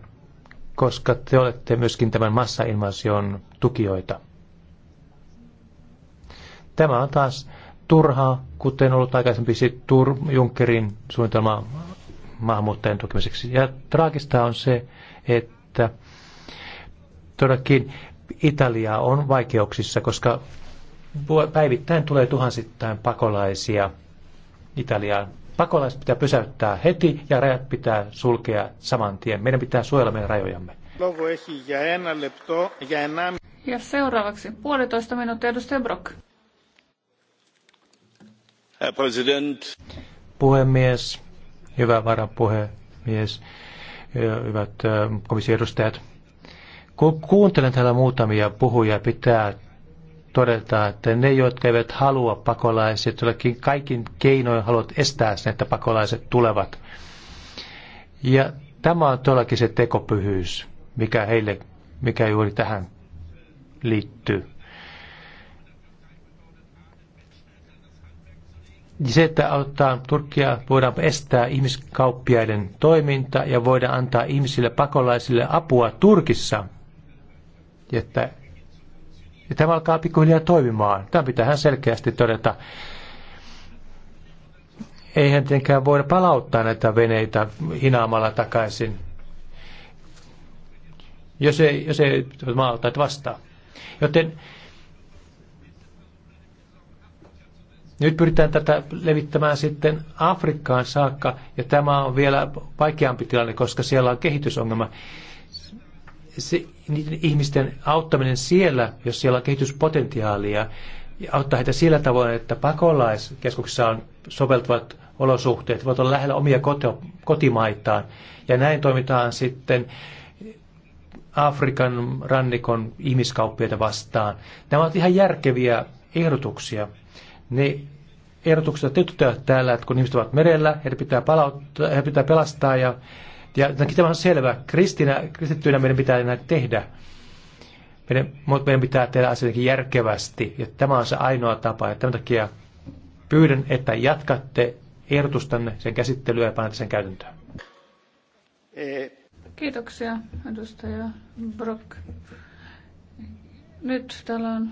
koska te olette myöskin tämän massainvasion tukijoita. Tämä on taas turhaa, kuten ollut aikaisempi siis Tur- Junckerin suunnitelma maahanmuuttajien tukemiseksi. Ja traagista on se, että todellakin Italia on vaikeuksissa, koska päivittäin tulee tuhansittain pakolaisia Italiaan. Pakolaiset pitää pysäyttää heti ja rajat pitää sulkea saman tien. Meidän pitää suojella meidän rajojamme. Ja seuraavaksi puolitoista minuuttia edustaja Brock. Puhemies, hyvä varapuhemies, hyvät komission edustajat. Kun kuuntelen täällä muutamia puhuja, pitää todeta, että ne, jotka eivät halua pakolaisia, jollakin kaikin keinoin haluat estää sen, että pakolaiset tulevat. Ja tämä on todellakin se tekopyhyys, mikä heille, mikä juuri tähän liittyy. Niin se, että auttaa Turkkia, voidaan estää ihmiskauppiaiden toiminta ja voidaan antaa ihmisille pakolaisille apua Turkissa. Ja, että, ja tämä alkaa pikkuhiljaa toimimaan. Tämä pitää hän selkeästi todeta. Eihän tietenkään voida palauttaa näitä veneitä hinaamalla takaisin, jos ei, jos ei maalta vastaa. Joten Nyt pyritään tätä levittämään sitten Afrikkaan saakka, ja tämä on vielä vaikeampi tilanne, koska siellä on kehitysongelma. Se, niiden ihmisten auttaminen siellä, jos siellä on kehityspotentiaalia, ja auttaa heitä sillä tavoin, että pakolaiskeskuksissa on soveltuvat olosuhteet, voivat olla lähellä omia kotimaitaan. Ja näin toimitaan sitten Afrikan rannikon ihmiskauppiaita vastaan. Nämä ovat ihan järkeviä ehdotuksia niin ehdotukset tyttöä täällä, että kun ihmiset ovat merellä, heidän pitää, palauttaa, heidän pitää pelastaa ja, ja tämä on selvä. Kristinä, kristittyinä meidän pitää näitä tehdä. Meidän, mutta meidän pitää tehdä asioitakin järkevästi ja tämä on se ainoa tapa. Ja tämän takia pyydän, että jatkatte ehdotustanne sen käsittelyä ja panette sen käytäntöön. Kiitoksia, edustaja Brock. Nyt täällä on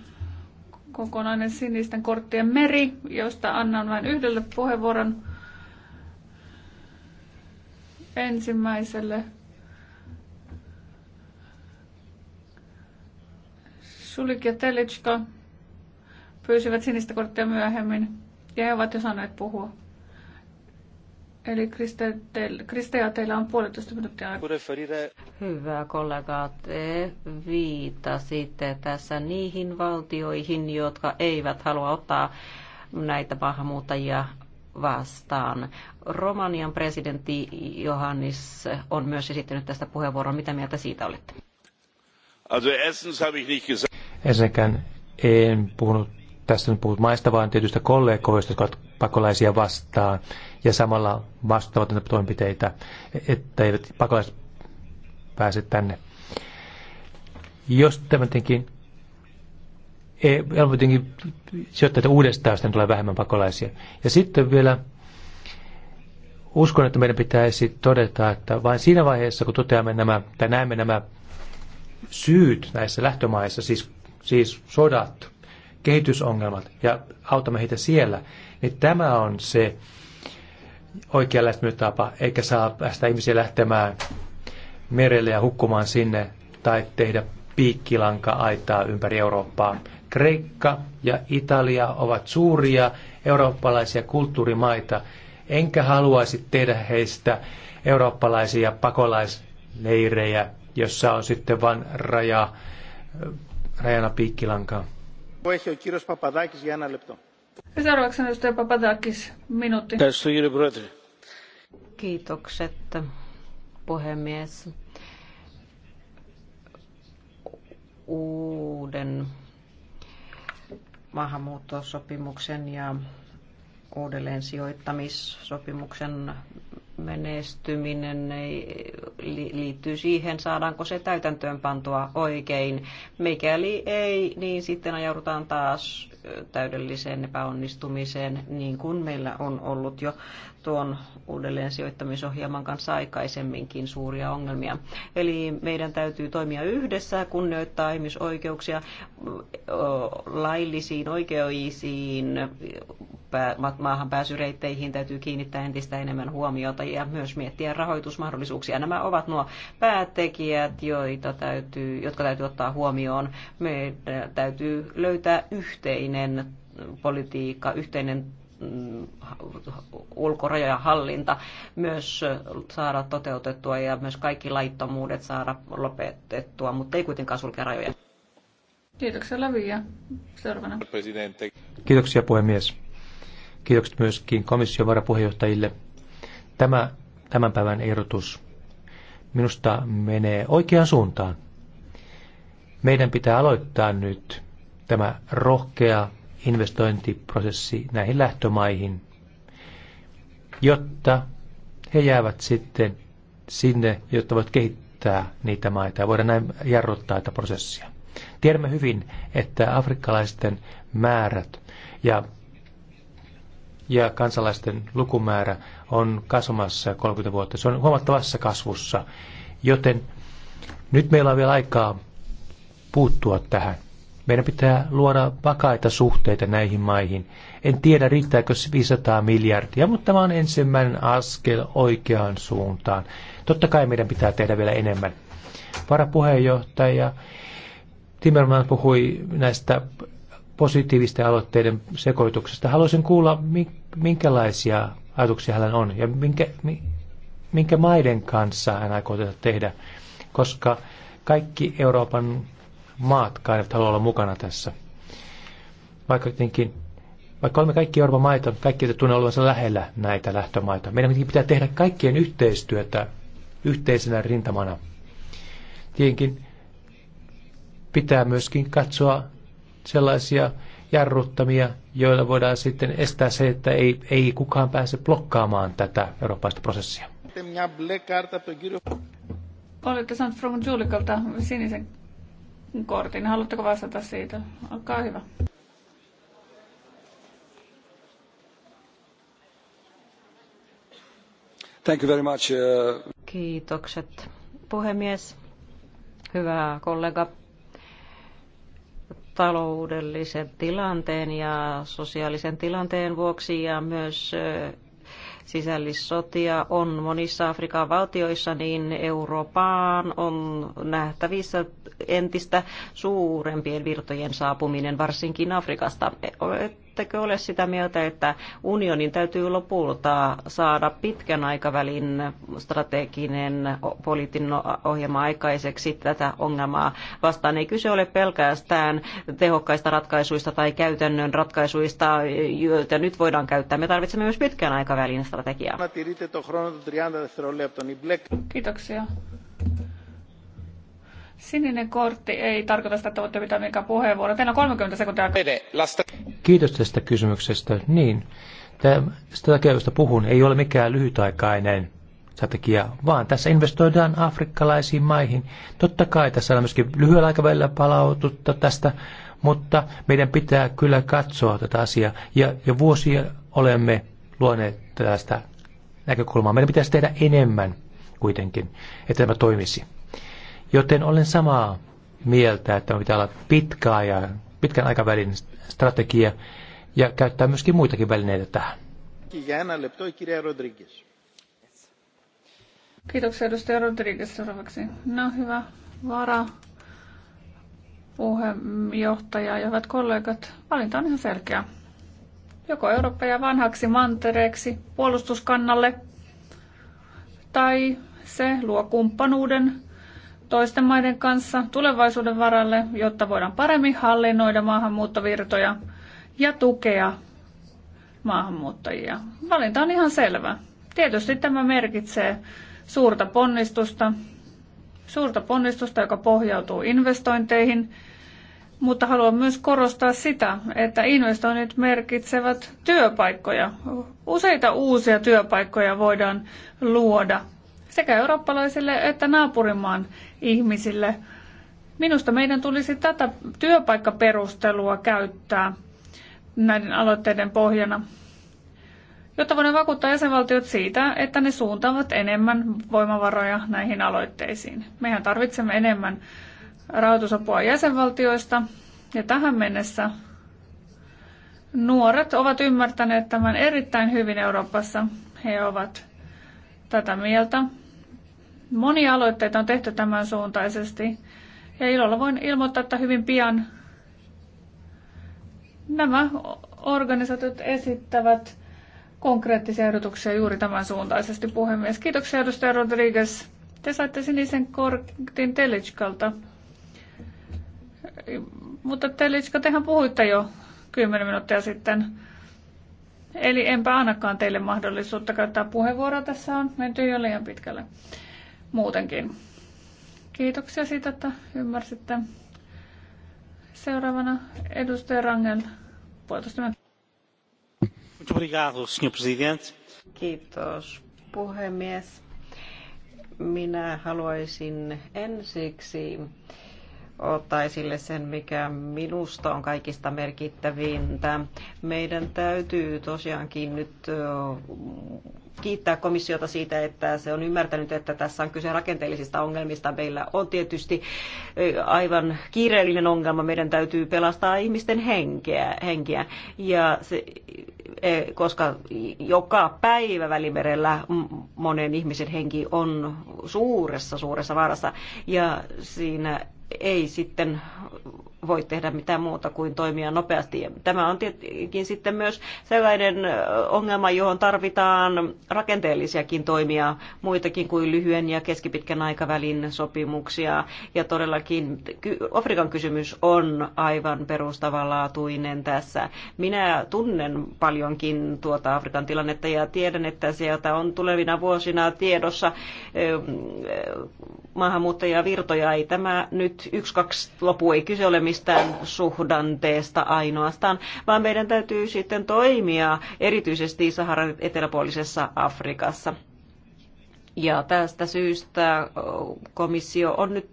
kokonainen sinisten korttien meri, josta annan vain yhdelle puheenvuoron ensimmäiselle. Sulik ja Telitska pyysivät sinistä korttia myöhemmin ja he ovat jo saaneet puhua. Eli Kriste, teillä on puolitoista minuuttia aikaa. Hyvä kollega, te viitasitte tässä niihin valtioihin, jotka eivät halua ottaa näitä maahanmuuttajia vastaan. Romanian presidentti Johannes on myös esittänyt tästä puheenvuoron. Mitä mieltä siitä olette? Also habe ich nicht gesagt. Ensinnäkään en puhunut tässä nyt maista, vaan tietystä kollegoista, jotka ovat pakolaisia vastaan ja samalla vastaamatonta toimenpiteitä, että eivät pakolaiset pääse tänne. Jos tämä tietenkin e- helpotinkin sijoittajat uudestaan, sitten tulee vähemmän pakolaisia. Ja sitten vielä uskon, että meidän pitäisi todeta, että vain siinä vaiheessa, kun toteamme nämä, tai näemme nämä syyt näissä lähtömaissa, siis, siis sodat, kehitysongelmat ja autamme heitä siellä, niin tämä on se oikea lähestymistapa, eikä saa päästä ihmisiä lähtemään merelle ja hukkumaan sinne tai tehdä piikkilanka-aitaa ympäri Eurooppaa. Kreikka ja Italia ovat suuria eurooppalaisia kulttuurimaita, enkä haluaisi tehdä heistä eurooppalaisia pakolaisleirejä, jossa on sitten vain raja, rajana piikkilankaa. Seuraavaksi Papadakis, minuutti. Kiitokset, puhemies. Uuden maahanmuuttosopimuksen ja uudelleensijoittamissopimuksen menestyminen liittyy siihen, saadaanko se täytäntöön pantua oikein. Mikäli ei, niin sitten ajaudutaan taas täydelliseen epäonnistumiseen, niin kuin meillä on ollut jo tuon uudelleen sijoittamisohjelman kanssa aikaisemminkin suuria ongelmia. Eli meidän täytyy toimia yhdessä, kunnioittaa ihmisoikeuksia laillisiin oikeisiin maahan pääsyreitteihin täytyy kiinnittää entistä enemmän huomiota ja myös miettiä rahoitusmahdollisuuksia. Nämä ovat nuo päätekijät, joita täytyy, jotka täytyy ottaa huomioon. Meidän täytyy löytää yhteinen politiikka, yhteinen mm, ulkorajoja hallinta myös saada toteutettua ja myös kaikki laittomuudet saada lopetettua, mutta ei kuitenkaan sulkea rajoja. Kiitoksia ja Seuraavana. Kiitoksia puhemies. Kiitokset myöskin komission varapuheenjohtajille. Tämä tämän päivän ehdotus minusta menee oikeaan suuntaan. Meidän pitää aloittaa nyt tämä rohkea investointiprosessi näihin lähtömaihin, jotta he jäävät sitten sinne, jotta voivat kehittää niitä maita ja voida näin jarruttaa tätä prosessia. Tiedämme hyvin, että afrikkalaisten määrät ja ja kansalaisten lukumäärä on kasvamassa 30 vuotta. Se on huomattavassa kasvussa, joten nyt meillä on vielä aikaa puuttua tähän. Meidän pitää luoda vakaita suhteita näihin maihin. En tiedä, riittääkö 500 miljardia, mutta tämä on ensimmäinen askel oikeaan suuntaan. Totta kai meidän pitää tehdä vielä enemmän. Varapuheenjohtaja Timmerman puhui näistä positiivisten aloitteiden sekoituksesta. Haluaisin kuulla, minkälaisia ajatuksia hän on ja minkä, minkä maiden kanssa hän aikoo tehdä, koska kaikki Euroopan maat kaivat halua olla mukana tässä. Vaikka tietenkin, vaikka olemme kaikki Euroopan maita, kaikki eivät tunne olevansa lähellä näitä lähtömaita. Meidän pitää tehdä kaikkien yhteistyötä yhteisenä rintamana. Tietenkin pitää myöskin katsoa sellaisia jarruttamia, joilla voidaan sitten estää se, että ei, ei kukaan pääse blokkaamaan tätä eurooppaista prosessia. Olette saanut From Julikalta sinisen kortin. Haluatteko vastata siitä? Olkaa hyvä. Thank you very much. Uh, Kiitokset puhemies. Hyvä kollega taloudellisen tilanteen ja sosiaalisen tilanteen vuoksi ja myös sisällissotia on monissa Afrikan valtioissa, niin Euroopaan on nähtävissä entistä suurempien virtojen saapuminen, varsinkin Afrikasta ettekö ole sitä mieltä, että unionin täytyy lopulta saada pitkän aikavälin strateginen poliittinen ohjelma aikaiseksi tätä ongelmaa vastaan? Ei kyse ole pelkästään tehokkaista ratkaisuista tai käytännön ratkaisuista, joita nyt voidaan käyttää. Me tarvitsemme myös pitkän aikavälin strategiaa. Kiitoksia. Sininen kortti ei tarkoita sitä, että voitte pitää mikään puheenvuoro. Teillä on 30 sekuntia Kiitos tästä kysymyksestä. Niin, tästä takia, josta puhun, ei ole mikään lyhytaikainen strategia, vaan tässä investoidaan afrikkalaisiin maihin. Totta kai tässä on myöskin lyhyellä aikavälillä palautetta tästä, mutta meidän pitää kyllä katsoa tätä asiaa. Ja jo vuosia olemme luoneet tästä näkökulmaa. Meidän pitäisi tehdä enemmän kuitenkin, että tämä toimisi. Joten olen samaa mieltä, että pitää olla pitkä ja pitkän aikavälin strategia ja käyttää myöskin muitakin välineitä tähän. Kiitoksia edustaja Rodriguez seuraavaksi. No hyvä vara puheenjohtaja ja hyvät kollegat, valinta on ihan selkeä. Joko Eurooppa ja vanhaksi mantereeksi puolustuskannalle, tai se luo kumppanuuden toisten maiden kanssa tulevaisuuden varalle, jotta voidaan paremmin hallinnoida maahanmuuttovirtoja ja tukea maahanmuuttajia. Valinta on ihan selvä. Tietysti tämä merkitsee suurta ponnistusta, suurta ponnistusta, joka pohjautuu investointeihin, mutta haluan myös korostaa sitä, että investoinnit merkitsevät työpaikkoja. Useita uusia työpaikkoja voidaan luoda sekä eurooppalaisille että naapurimaan ihmisille. Minusta meidän tulisi tätä työpaikkaperustelua käyttää näiden aloitteiden pohjana, jotta voidaan vakuuttaa jäsenvaltiot siitä, että ne suuntaavat enemmän voimavaroja näihin aloitteisiin. Mehän tarvitsemme enemmän rahoitusapua jäsenvaltioista, ja tähän mennessä nuoret ovat ymmärtäneet tämän erittäin hyvin Euroopassa. He ovat tätä mieltä Monia aloitteita on tehty tämän suuntaisesti ja ilolla voin ilmoittaa, että hyvin pian nämä organisaatiot esittävät konkreettisia ehdotuksia juuri tämän suuntaisesti, puhemies. Kiitoksia edustaja Rodriguez. Te saitte sinisen kortin Telitskalta. Mutta Telitska, tehän puhuitte jo 10 minuuttia sitten. Eli enpä annakaan teille mahdollisuutta käyttää puheenvuoroa. Tässä on menty jo liian pitkälle muutenkin. Kiitoksia siitä, että ymmärsitte. Seuraavana edustaja Rangel, puolitoista Kiitos, puhemies. Minä haluaisin ensiksi ottaa esille sen, mikä minusta on kaikista merkittävintä. Meidän täytyy tosiaankin nyt kiittää komissiota siitä, että se on ymmärtänyt, että tässä on kyse rakenteellisista ongelmista. Meillä on tietysti aivan kiireellinen ongelma. Meidän täytyy pelastaa ihmisten henkeä, henkiä. Ja se, koska joka päivä Välimerellä monen ihmisen henki on suuressa, suuressa vaarassa. Ja siinä ei sitten voi tehdä mitään muuta kuin toimia nopeasti. Tämä on tietenkin sitten myös sellainen ongelma, johon tarvitaan rakenteellisiakin toimia, muitakin kuin lyhyen ja keskipitkän aikavälin sopimuksia. Ja todellakin Afrikan kysymys on aivan perustavanlaatuinen tässä. Minä tunnen paljonkin tuota Afrikan tilannetta ja tiedän, että sieltä on tulevina vuosina tiedossa maahanmuuttajavirtoja. Ei tämä nyt yksi, kaksi lopu, ei kyse ole mistään suhdanteesta ainoastaan, vaan meidän täytyy sitten toimia erityisesti Saharan eteläpuolisessa Afrikassa. Ja tästä syystä komissio on nyt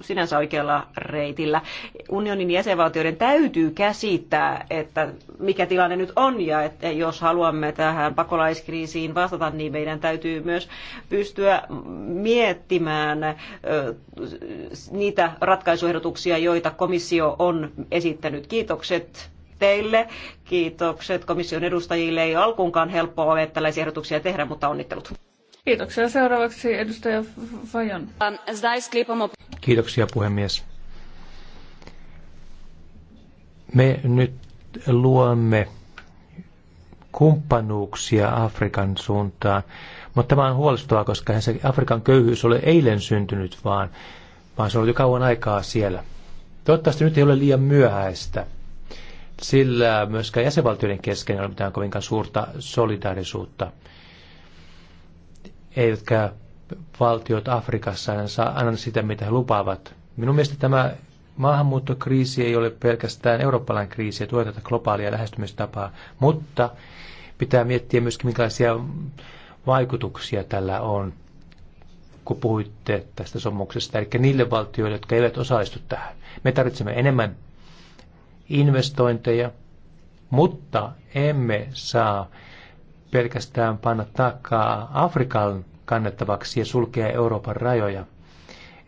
sinänsä oikealla reitillä. Unionin jäsenvaltioiden täytyy käsittää, että mikä tilanne nyt on ja että jos haluamme tähän pakolaiskriisiin vastata, niin meidän täytyy myös pystyä miettimään niitä ratkaisuehdotuksia, joita komissio on esittänyt. Kiitokset teille. Kiitokset komission edustajille. Ei alkuunkaan helppoa ole tällaisia ehdotuksia tehdä, mutta onnittelut. Kiitoksia. Seuraavaksi edustaja Fajon. Kiitoksia puhemies. Me nyt luomme kumppanuuksia Afrikan suuntaan, mutta tämä on huolestuttavaa, koska Afrikan köyhyys ole eilen syntynyt, vaan, vaan se on ollut jo kauan aikaa siellä. Toivottavasti nyt ei ole liian myöhäistä, sillä myöskään jäsenvaltioiden kesken ei ole mitään kovinkaan suurta solidaarisuutta eivätkä valtiot Afrikassa saa anna sitä, mitä he lupaavat. Minun mielestä tämä maahanmuuttokriisi ei ole pelkästään eurooppalainen kriisi ja tuo tätä globaalia lähestymistapaa, mutta pitää miettiä myöskin, minkälaisia vaikutuksia tällä on, kun puhuitte tästä sommuksesta. eli niille valtioille, jotka eivät osallistu tähän. Me tarvitsemme enemmän investointeja, mutta emme saa pelkästään panna taakkaa Afrikan kannettavaksi ja sulkea Euroopan rajoja.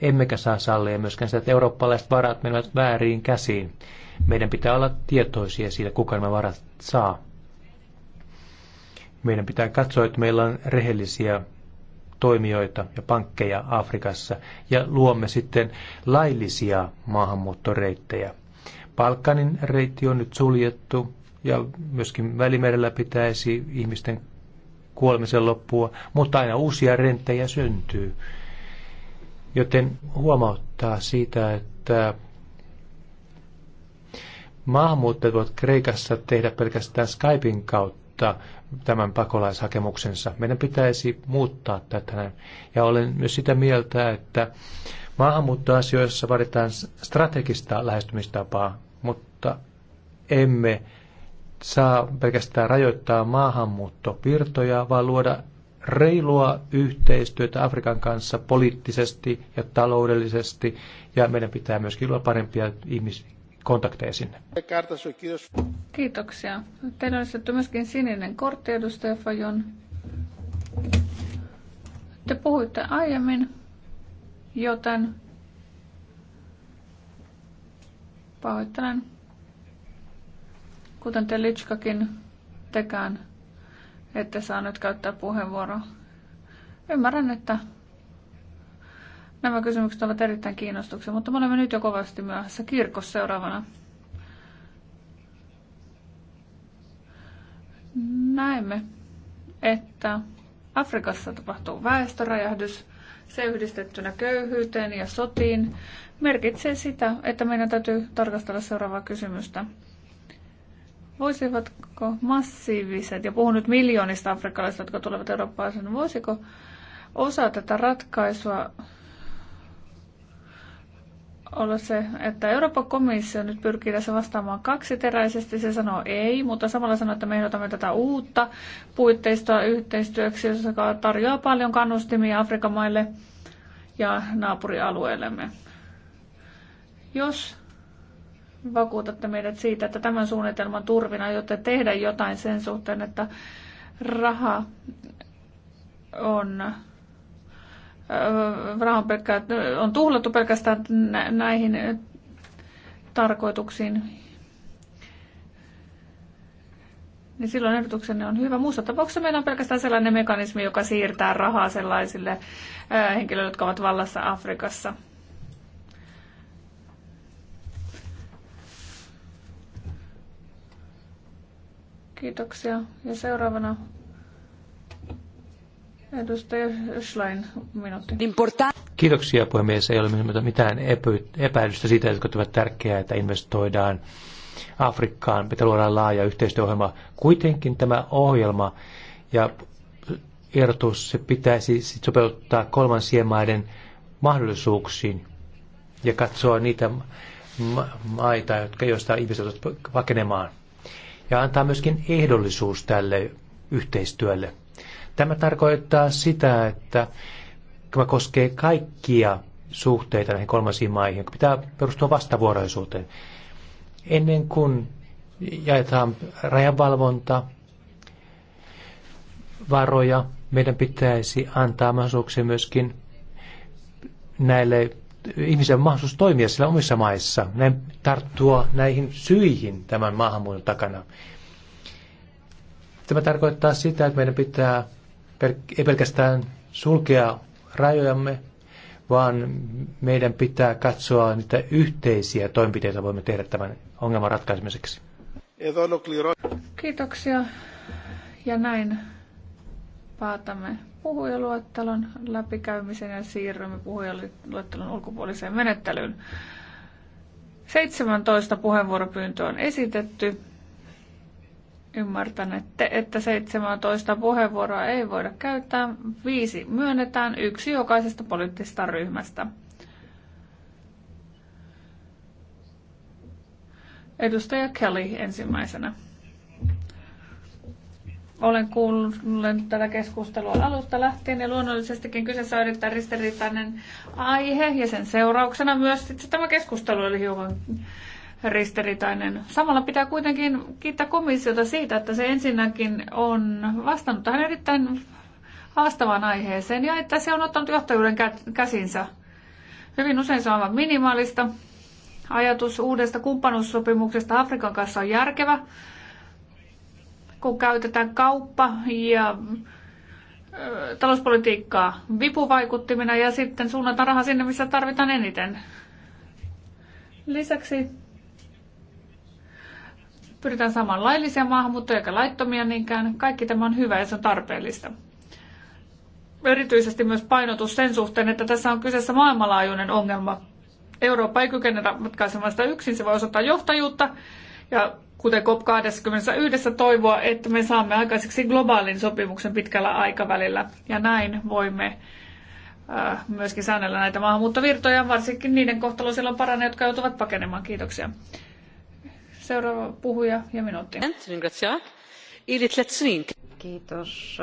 Emmekä saa sallia myöskään sitä, että eurooppalaiset varat menevät vääriin käsiin. Meidän pitää olla tietoisia siitä, kuka nämä varat saa. Meidän pitää katsoa, että meillä on rehellisiä toimijoita ja pankkeja Afrikassa ja luomme sitten laillisia maahanmuuttoreittejä. Balkanin reitti on nyt suljettu ja myöskin välimerellä pitäisi ihmisten kuolemisen loppua, mutta aina uusia renttejä syntyy. Joten huomauttaa siitä, että maahanmuuttajat voivat Kreikassa tehdä pelkästään Skypein kautta tämän pakolaishakemuksensa. Meidän pitäisi muuttaa tätä. Ja olen myös sitä mieltä, että maahanmuuttoasioissa vaaditaan strategista lähestymistapaa, mutta emme saa pelkästään rajoittaa maahanmuuttovirtoja, vaan luoda reilua yhteistyötä Afrikan kanssa poliittisesti ja taloudellisesti, ja meidän pitää myöskin luoda parempia ihmiskontakteja sinne. Kiitoksia. Teillä on sitten myöskin sininen kortti, edustaja Fajon. Te puhuitte aiemmin, joten pahoittelen kuten te Litskakin tekään, ette saa nyt käyttää puheenvuoroa. Ymmärrän, että nämä kysymykset ovat erittäin kiinnostuksia, mutta me olemme nyt jo kovasti myöhässä kirkossa seuraavana. Näemme, että Afrikassa tapahtuu väestöräjähdys. Se yhdistettynä köyhyyteen ja sotiin merkitsee sitä, että meidän täytyy tarkastella seuraavaa kysymystä voisivatko massiiviset, ja puhun nyt miljoonista afrikkalaisista, jotka tulevat Eurooppaan, niin voisiko osa tätä ratkaisua olla se, että Euroopan komissio nyt pyrkii tässä vastaamaan kaksiteräisesti. Se sanoo ei, mutta samalla sanoo, että me ehdotamme tätä uutta puitteistoa yhteistyöksi, joka tarjoaa paljon kannustimia Afrikan maille ja naapurialueillemme. Jos vakuutatte meidät siitä, että tämän suunnitelman turvina jotta tehdä jotain sen suhteen, että raha on, raha on, pelkkä, on tuhlattu pelkästään näihin tarkoituksiin. Niin silloin ehdotuksenne on hyvä. Muussa tapauksessa meillä on pelkästään sellainen mekanismi, joka siirtää rahaa sellaisille henkilöille, jotka ovat vallassa Afrikassa. Kiitoksia. Ja seuraavana edustaja Schlein, minuutti. Kiitoksia puhemies. Ei ole mitään epäilystä siitä, että ovat tärkeää, että investoidaan Afrikkaan. Pitää luoda laaja yhteistyöohjelma. Kuitenkin tämä ohjelma ja ehdotus se pitäisi sit sopeuttaa kolmansien maiden mahdollisuuksiin ja katsoa niitä maita, jotka, joista ihmiset pakenemaan ja antaa myöskin ehdollisuus tälle yhteistyölle. Tämä tarkoittaa sitä, että tämä koskee kaikkia suhteita näihin kolmansiin maihin, jotka pitää perustua vastavuoroisuuteen. Ennen kuin jaetaan rajanvalvonta, varoja, meidän pitäisi antaa mahdollisuuksia myöskin näille ihmisen mahdollisuus toimia siellä omissa maissa, näin tarttua näihin syihin tämän maahanmuuton takana. Tämä tarkoittaa sitä, että meidän pitää ei pelkästään sulkea rajojamme, vaan meidän pitää katsoa niitä yhteisiä toimenpiteitä, voimme tehdä tämän ongelman ratkaisemiseksi. Kiitoksia. Ja näin päätämme puhujaluettelon läpikäymisen ja siirrymme puhujaluettelon ulkopuoliseen menettelyyn. 17 puheenvuoropyyntöä on esitetty. Ymmärtänette, että 17 puheenvuoroa ei voida käyttää. Viisi myönnetään, yksi jokaisesta poliittisesta ryhmästä. Edustaja Kelly ensimmäisenä. Olen kuullut tätä keskustelua alusta lähtien ja luonnollisestikin kyseessä on erittäin ristiriitainen aihe ja sen seurauksena myös itse tämä keskustelu oli hiukan ristiriitainen. Samalla pitää kuitenkin kiittää komissiota siitä, että se ensinnäkin on vastannut tähän erittäin haastavaan aiheeseen ja että se on ottanut johtajuuden käsinsä. Hyvin usein se on aivan minimaalista. Ajatus uudesta kumppanuussopimuksesta Afrikan kanssa on järkevä kun käytetään kauppa- ja talouspolitiikkaa vipuvaikuttimina ja sitten suunnataan raha sinne, missä tarvitaan eniten. Lisäksi pyritään saamaan laillisia maahanmuuttoja eikä laittomia niinkään. Kaikki tämä on hyvä ja se on tarpeellista. Erityisesti myös painotus sen suhteen, että tässä on kyseessä maailmanlaajuinen ongelma. Eurooppa ei kykene ratkaisemaan sitä yksin, se voi osoittaa johtajuutta ja kuten COP21, toivoa, että me saamme aikaiseksi globaalin sopimuksen pitkällä aikavälillä. Ja näin voimme äh, myöskin säännellä näitä maahanmuuttovirtoja, varsinkin niiden kohtalo silloin paranee, jotka joutuvat pakenemaan. Kiitoksia. Seuraava puhuja ja minuutti. Kiitos.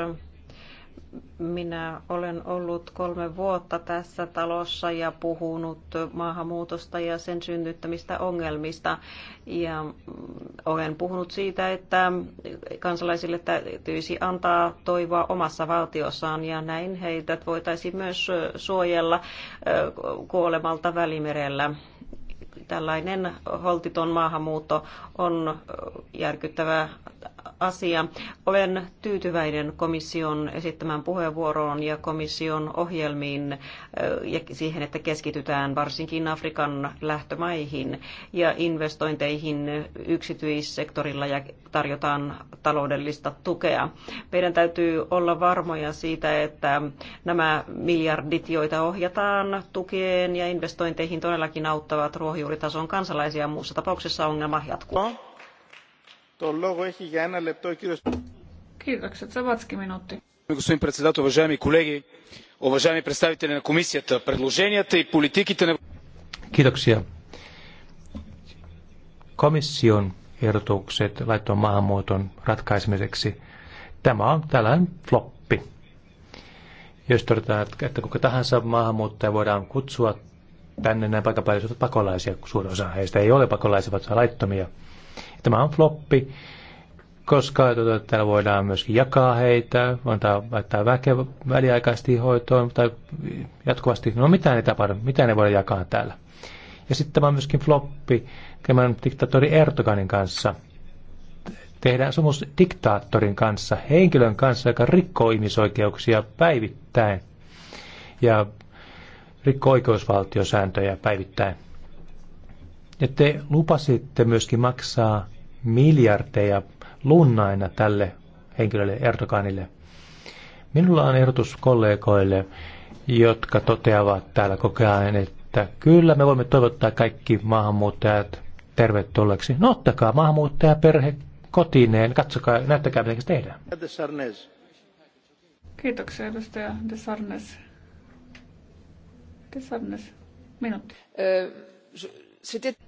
Minä olen ollut kolme vuotta tässä talossa ja puhunut maahanmuutosta ja sen synnyttämistä ongelmista. Ja olen puhunut siitä, että kansalaisille täytyisi antaa toivoa omassa valtiossaan ja näin heitä voitaisiin myös suojella kuolemalta välimerellä tällainen holtiton maahanmuutto on järkyttävä asia. Olen tyytyväinen komission esittämään puheenvuoroon ja komission ohjelmiin ja siihen, että keskitytään varsinkin Afrikan lähtömaihin ja investointeihin yksityissektorilla ja tarjotaan taloudellista tukea. Meidän täytyy olla varmoja siitä, että nämä miljardit, joita ohjataan tukeen ja investointeihin, todellakin auttavat ruohonjuuritason kansalaisia. Muussa tapauksessa ongelma jatkuu. Tuon logo minuutti. Господин председател, уважаеми колеги, уважаеми представители на комисията, предложенията и политиките на... Kiitoksia. Komission ehdotukset laittoman maahanmuuton ratkaisemiseksi. Tämä on tällainen floppi. Jos todetaan, että kuka tahansa maahanmuuttaja voidaan kutsua tänne näin paikan päälle, pakolaisia, kun suurin osa heistä ei ole pakolaisia, vaan laittomia Tämä on floppi, koska tuota, täällä voidaan myöskin jakaa heitä, antaa, laittaa väkeä väliaikaisesti hoitoon tai jatkuvasti. No mitä ne tapahtuu, mitä ne voidaan jakaa täällä. Ja sitten tämä on myöskin floppi tämän diktaattori Erdoganin kanssa. Tehdään sumus diktaattorin kanssa, henkilön kanssa, joka rikkoo ihmisoikeuksia päivittäin ja rikkoo oikeusvaltiosääntöjä päivittäin. Ja te lupasitte myöskin maksaa miljardeja lunnaina tälle henkilölle Erdoganille. Minulla on ehdotus kollegoille, jotka toteavat täällä koko ajan, että kyllä me voimme toivottaa kaikki maahanmuuttajat tervetulleeksi. No ottakaa maahanmuuttajaperhe kotineen, katsokaa, näyttäkää mitä tehdään. Kiitoksia edustaja De Sarnes. De Sarnes, minuutti.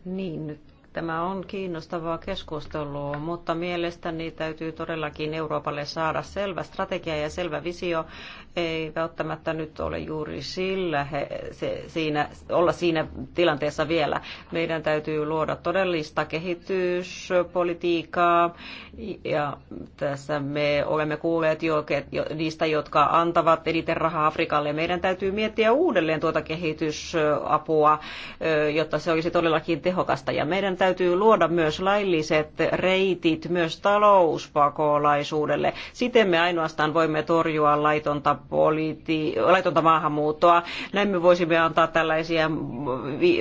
Niin, tämä on kiinnostavaa keskustelua, mutta mielestäni täytyy todellakin Euroopalle saada selvä strategia ja selvä visio ei välttämättä nyt ole juuri sillä he, se, siinä, olla siinä tilanteessa vielä. Meidän täytyy luoda todellista kehityspolitiikkaa ja tässä me olemme kuulleet jo, jo niistä, jotka antavat eniten rahaa Afrikalle. Meidän täytyy miettiä uudelleen tuota kehitysapua, jotta se olisi todellakin tehokasta ja meidän täytyy luoda myös lailliset reitit myös talouspakolaisuudelle. Siten me ainoastaan voimme torjua laitonta politi- laitonta maahanmuuttoa. Näin me voisimme antaa tällaisia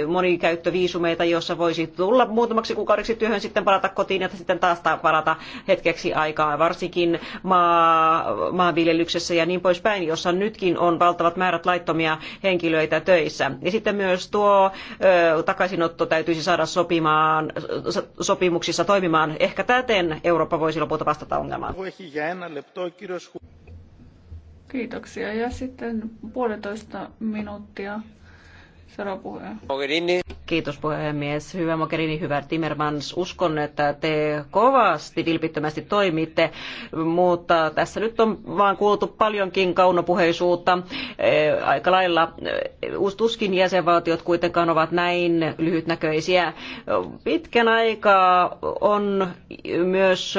monikäyttöviisumeita, jossa voisi tulla muutamaksi kuukaudeksi työhön, sitten palata kotiin ja sitten taas palata hetkeksi aikaa, varsinkin maa, maanviljelyksessä ja niin poispäin, jossa nytkin on valtavat määrät laittomia henkilöitä töissä. Ja sitten myös tuo ö, takaisinotto täytyisi saada sopimaan, sopimuksissa toimimaan. Ehkä täten Eurooppa voisi lopulta vastata ongelmaan. Kiitoksia. Ja sitten puolitoista minuuttia Kiitos puhemies. Hyvä Mogherini, hyvä Timmermans. Uskon, että te kovasti vilpittömästi toimitte, mutta tässä nyt on vaan kuultu paljonkin kaunopuheisuutta. Eh, aika lailla eh, tuskin jäsenvaltiot kuitenkaan ovat näin lyhytnäköisiä. Pitkän aikaa on myös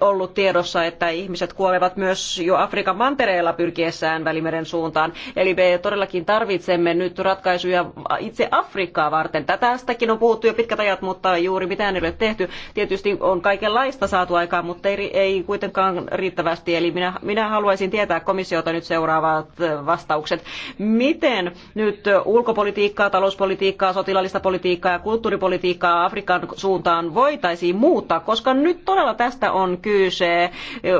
ollut tiedossa, että ihmiset kuolevat myös jo Afrikan mantereella pyrkiessään Välimeren suuntaan. Eli me todellakin tarvitsemme nyt ratkaisuja ratkaisuja itse Afrikkaa varten. Tästäkin on puhuttu jo pitkät ajat, mutta juuri mitään ei ole tehty. Tietysti on kaikenlaista saatu aikaan, mutta ei, ei kuitenkaan riittävästi. Eli minä, minä haluaisin tietää komissiota nyt seuraavat vastaukset. Miten nyt ulkopolitiikkaa, talouspolitiikkaa, sotilaallista politiikkaa ja kulttuuripolitiikkaa Afrikan suuntaan voitaisiin muuttaa, koska nyt todella tästä on kyse. E,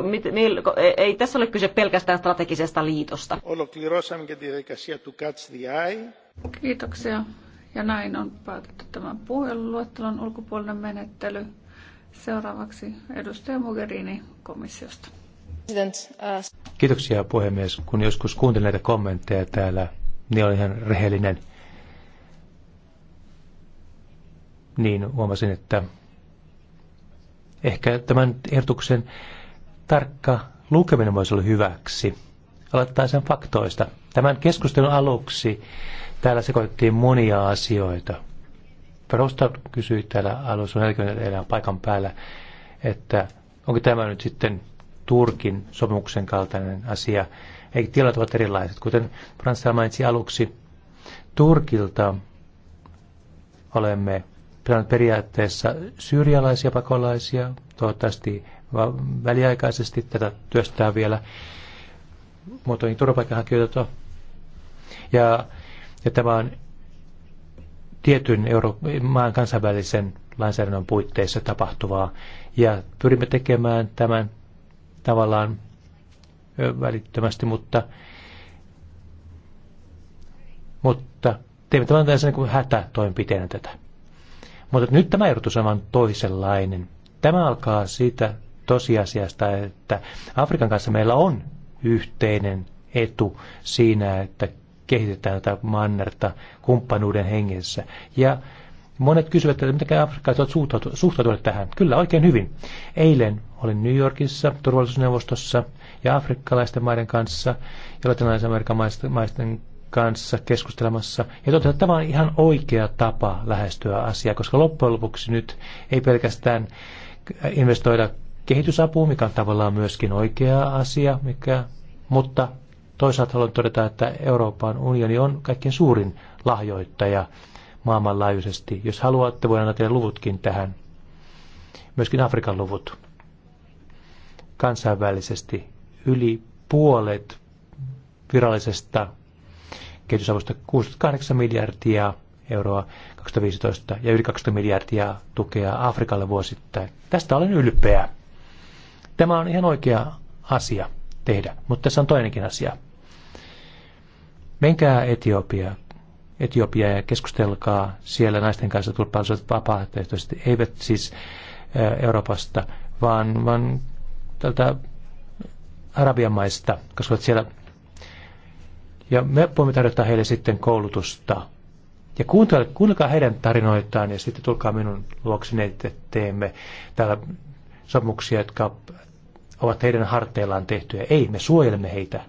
ei tässä ole kyse pelkästään strategisesta liitosta. Olo, και Kiitoksia. Ja näin on päätetty tämän puheluettelon ulkopuolinen menettely. Seuraavaksi edustaja Mogherini komissiosta. Uh, Kiitoksia puhemies. Kun joskus kuuntelin näitä kommentteja täällä, niin olin ihan rehellinen. Niin huomasin, että ehkä tämän ehdotuksen tarkka lukeminen voisi olla hyväksi. Aloittaa sen faktoista. Tämän keskustelun aluksi Täällä sekoittiin monia asioita. Perosta kysyi täällä alussa 40 elää paikan päällä, että onko tämä nyt sitten Turkin sopimuksen kaltainen asia. Eikä tilat ovat erilaiset. Kuten Frans mainitsi aluksi, Turkilta olemme periaatteessa syyrialaisia pakolaisia, toivottavasti väliaikaisesti tätä työstää vielä muotoihin turvapaikanhakijoita. Ja ja tämä on tietyn Euro- maan kansainvälisen lainsäädännön puitteissa tapahtuvaa. Ja pyrimme tekemään tämän tavallaan välittömästi, mutta, mutta teemme tämän tällaisen niin hätätoimenpiteenä tätä. Mutta nyt tämä ehdotus on vain toisenlainen. Tämä alkaa siitä tosiasiasta, että Afrikan kanssa meillä on yhteinen etu siinä, että kehitetään tätä mannerta kumppanuuden hengessä. Ja monet kysyvät, että miten afrikkalaiset ovat suhtautuneet, tähän. Kyllä, oikein hyvin. Eilen olin New Yorkissa turvallisuusneuvostossa ja afrikkalaisten maiden kanssa ja latinalaisen Amerikan maisten kanssa keskustelemassa. Ja totta että tämä on ihan oikea tapa lähestyä asiaa, koska loppujen lopuksi nyt ei pelkästään investoida kehitysapuun, mikä on tavallaan myöskin oikea asia, mikä, mutta Toisaalta haluan todeta, että Euroopan unioni on kaikkein suurin lahjoittaja maailmanlaajuisesti. Jos haluatte, voin antaa teille luvutkin tähän. Myöskin Afrikan luvut. Kansainvälisesti yli puolet virallisesta kehitysavusta 68 miljardia euroa 2015 ja yli 20 miljardia tukea Afrikalle vuosittain. Tästä olen ylpeä. Tämä on ihan oikea asia tehdä, mutta tässä on toinenkin asia. Menkää Etiopia, Etiopia ja keskustelkaa siellä naisten kanssa tulppaisuudet vapaaehtoisesti, eivät siis Euroopasta, vaan, vaan tältä Arabian maista, koska olet siellä. Ja me voimme tarjota heille sitten koulutusta. Ja kuunnelkaa heidän tarinoitaan ja sitten tulkaa minun luokseni, niin että teemme täällä sopimuksia, jotka ovat heidän harteillaan tehtyjä. Ei, me suojelemme heitä.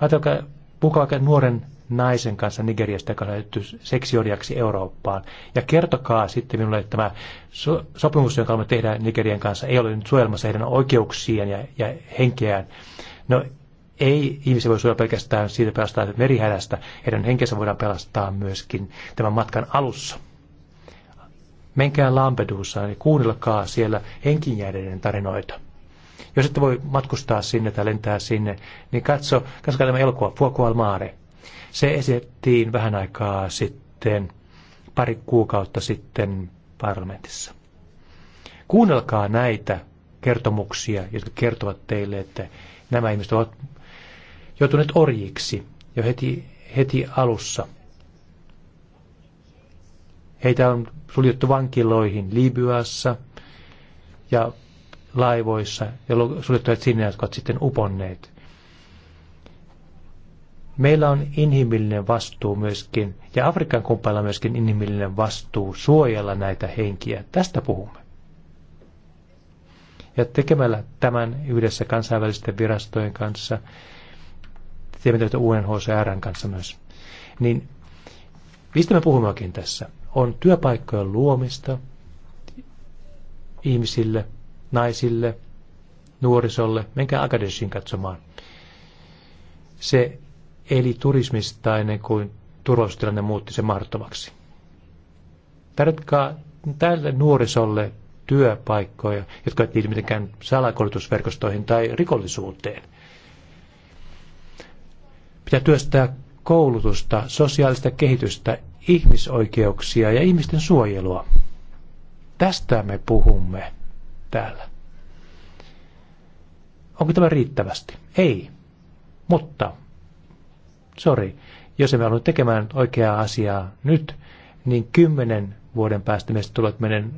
Ajatelkaa puhukaa nuoren naisen kanssa Nigeriasta, joka on löytyy seksiorjaksi Eurooppaan. Ja kertokaa sitten minulle, että tämä so- sopimus, jonka me tehdään Nigerian kanssa, ei ole nyt suojelmassa heidän oikeuksien ja, ja henkeään. No ei ihmisiä voi suojella pelkästään siitä pelastaa että merihädästä. Heidän henkensä voidaan pelastaa myöskin tämän matkan alussa. Menkää Lampedusaan ja kuunnelkaa siellä henkinjäädeiden tarinoita. Jos et voi matkustaa sinne tai lentää sinne, niin katso tämä elokuva Fuoco al Mare. Se esitettiin vähän aikaa sitten, pari kuukautta sitten parlamentissa. Kuunnelkaa näitä kertomuksia, jotka kertovat teille, että nämä ihmiset ovat joutuneet orjiksi jo heti, heti alussa. Heitä on suljettu vankiloihin Libyassa ja laivoissa ja suljettuneet sinne, jotka ovat sitten uponneet. Meillä on inhimillinen vastuu myöskin, ja Afrikan kumppailla myöskin inhimillinen vastuu suojella näitä henkiä. Tästä puhumme. Ja tekemällä tämän yhdessä kansainvälisten virastojen kanssa, teemme työtä UNHCRn kanssa myös, niin mistä me puhummekin tässä? On työpaikkojen luomista ihmisille – naisille, nuorisolle, menkää Akadeshin katsomaan. Se eli turismista ennen kuin turvallisuustilanne muutti sen mahdottomaksi. Tarjotkaa tälle nuorisolle työpaikkoja, jotka eivät liity mitenkään salakoulutusverkostoihin tai rikollisuuteen. Pitää työstää koulutusta, sosiaalista kehitystä, ihmisoikeuksia ja ihmisten suojelua. Tästä me puhumme täällä. Onko tämä riittävästi? Ei. Mutta, sorry, jos emme halua tekemään oikeaa asiaa nyt, niin kymmenen vuoden päästä meistä tulevat menen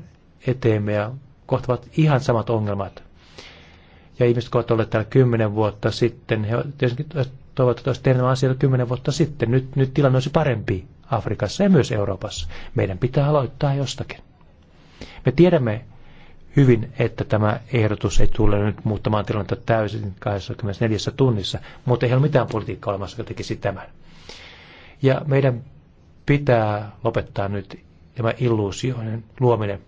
eteemme ja kohtavat ihan samat ongelmat. Ja ihmiset, ovat olleet täällä kymmenen vuotta sitten, he tietysti toivovat, että olisi tehnyt nämä asiat kymmenen vuotta sitten. Nyt, nyt tilanne olisi parempi Afrikassa ja myös Euroopassa. Meidän pitää aloittaa jostakin. Me tiedämme, hyvin, että tämä ehdotus ei tule nyt muuttamaan tilannetta täysin 24 tunnissa, mutta ei ole mitään politiikkaa olemassa, joka tekisi tämän. Ja meidän pitää lopettaa nyt tämä illuusioiden luominen.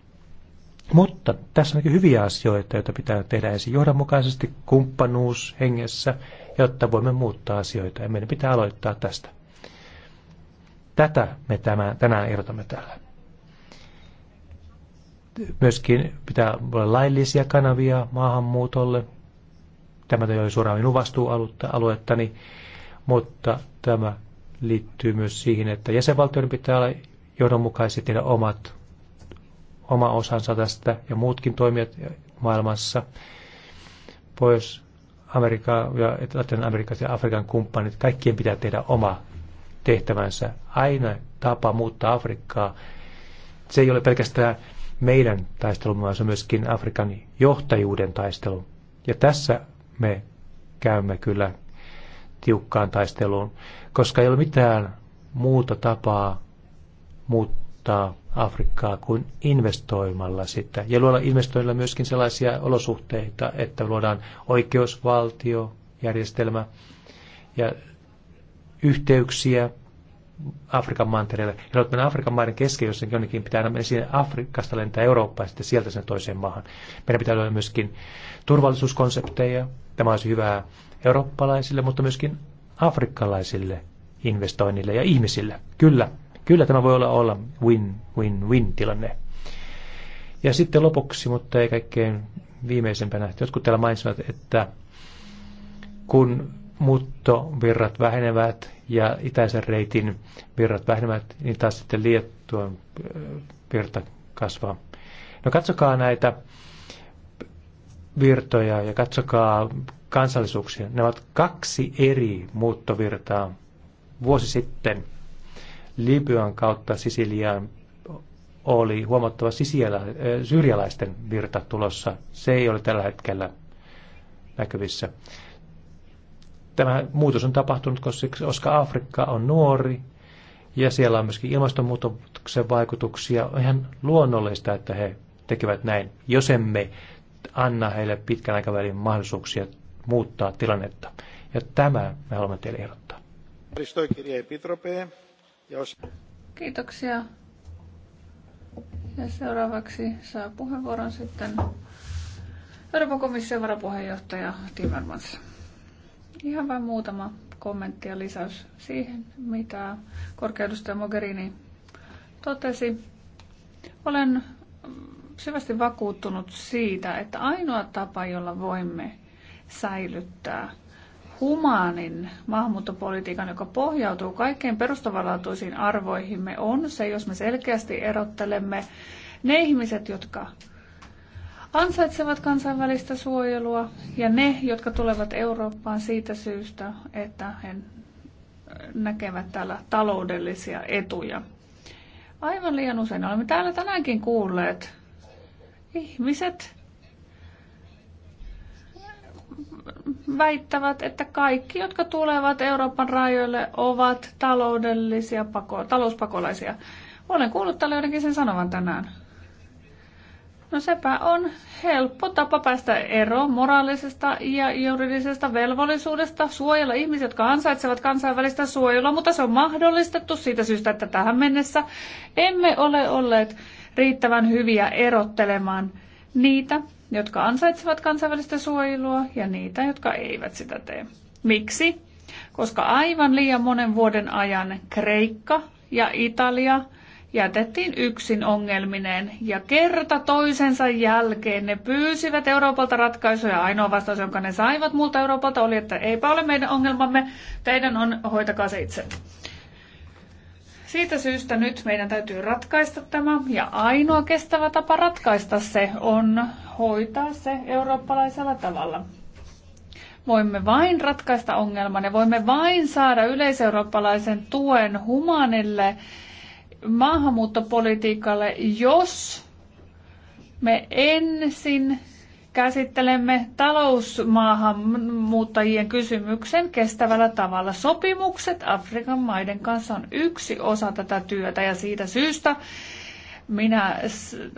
Mutta tässä on hyviä asioita, joita pitää tehdä ensin johdonmukaisesti kumppanuus hengessä, jotta voimme muuttaa asioita ja meidän pitää aloittaa tästä. Tätä me tämän, tänään erotamme täällä. Myöskin pitää olla laillisia kanavia maahanmuutolle. Tämä ei ole suoraan minun vastuualuettani, mutta tämä liittyy myös siihen, että jäsenvaltioiden pitää olla johdonmukaiset tehdä omat, oma osansa tästä ja muutkin toimijat maailmassa. Pois Amerikka ja Latinan Amerikan ja Afrikan kumppanit, kaikkien pitää tehdä oma tehtävänsä. Aina tapa muuttaa Afrikkaa. Se ei ole pelkästään meidän taistelumme, vaan se on myöskin Afrikan johtajuuden taistelu. Ja tässä me käymme kyllä tiukkaan taisteluun, koska ei ole mitään muuta tapaa muuttaa Afrikkaa kuin investoimalla sitä. Ja luoda investoinnilla myöskin sellaisia olosuhteita, että luodaan oikeusvaltiojärjestelmä ja yhteyksiä Afrikan mantereelle. Ja olet mennä Afrikan maiden kesken, jos jonnekin pitää mennä sinne Afrikasta lentää Eurooppaan ja sitten sieltä sinne toiseen maahan. Meidän pitää olla myöskin turvallisuuskonsepteja. Tämä olisi hyvää eurooppalaisille, mutta myöskin afrikkalaisille investoinnille ja ihmisille. Kyllä, kyllä tämä voi olla, olla win-win-win tilanne. Ja sitten lopuksi, mutta ei kaikkein viimeisempänä, jotkut täällä mainitsivat, että kun muuttovirrat vähenevät ja itäisen reitin virrat vähenevät, niin taas sitten Liettuan äh, virta kasvaa. No katsokaa näitä virtoja ja katsokaa kansallisuuksia. Ne ovat kaksi eri muuttovirtaa. Vuosi sitten Libyan kautta Sisiliaan oli huomattava sisielä, äh, syrjäläisten virta tulossa. Se ei ole tällä hetkellä näkyvissä tämä muutos on tapahtunut, koska Afrikka on nuori ja siellä on myöskin ilmastonmuutoksen vaikutuksia. On ihan luonnollista, että he tekevät näin, jos emme anna heille pitkän aikavälin mahdollisuuksia muuttaa tilannetta. Ja tämä me haluamme teille ehdottaa. Kiitoksia. Ja seuraavaksi saa puheenvuoron sitten Euroopan komission varapuheenjohtaja Timmermans. Ihan vain muutama kommentti ja lisäys siihen, mitä korkeudustaja Mogherini totesi. Olen syvästi vakuuttunut siitä, että ainoa tapa, jolla voimme säilyttää humaanin maahanmuuttopolitiikan, joka pohjautuu kaikkein perustavanlaatuisiin arvoihimme, on se, jos me selkeästi erottelemme ne ihmiset, jotka ansaitsevat kansainvälistä suojelua ja ne, jotka tulevat Eurooppaan siitä syystä, että he näkevät täällä taloudellisia etuja. Aivan liian usein olemme täällä tänäänkin kuulleet ihmiset väittävät, että kaikki, jotka tulevat Euroopan rajoille, ovat taloudellisia pako- talouspakolaisia. Olen kuullut täällä joidenkin sen sanovan tänään. No sepä on helppo tapa päästä eroon moraalisesta ja juridisesta velvollisuudesta suojella ihmisiä, jotka ansaitsevat kansainvälistä suojelua, mutta se on mahdollistettu siitä syystä, että tähän mennessä emme ole olleet riittävän hyviä erottelemaan niitä, jotka ansaitsevat kansainvälistä suojelua ja niitä, jotka eivät sitä tee. Miksi? Koska aivan liian monen vuoden ajan Kreikka ja Italia – jätettiin yksin ongelmineen ja kerta toisensa jälkeen ne pyysivät Euroopalta ratkaisuja. Ainoa vastaus, jonka ne saivat muulta Euroopalta oli, että eipä ole meidän ongelmamme, teidän on hoitakaa se itse. Siitä syystä nyt meidän täytyy ratkaista tämä ja ainoa kestävä tapa ratkaista se on hoitaa se eurooppalaisella tavalla. Voimme vain ratkaista ongelman ja voimme vain saada yleiseurooppalaisen tuen humanille maahanmuuttopolitiikalle, jos me ensin käsittelemme talousmaahanmuuttajien kysymyksen kestävällä tavalla. Sopimukset Afrikan maiden kanssa on yksi osa tätä työtä ja siitä syystä minä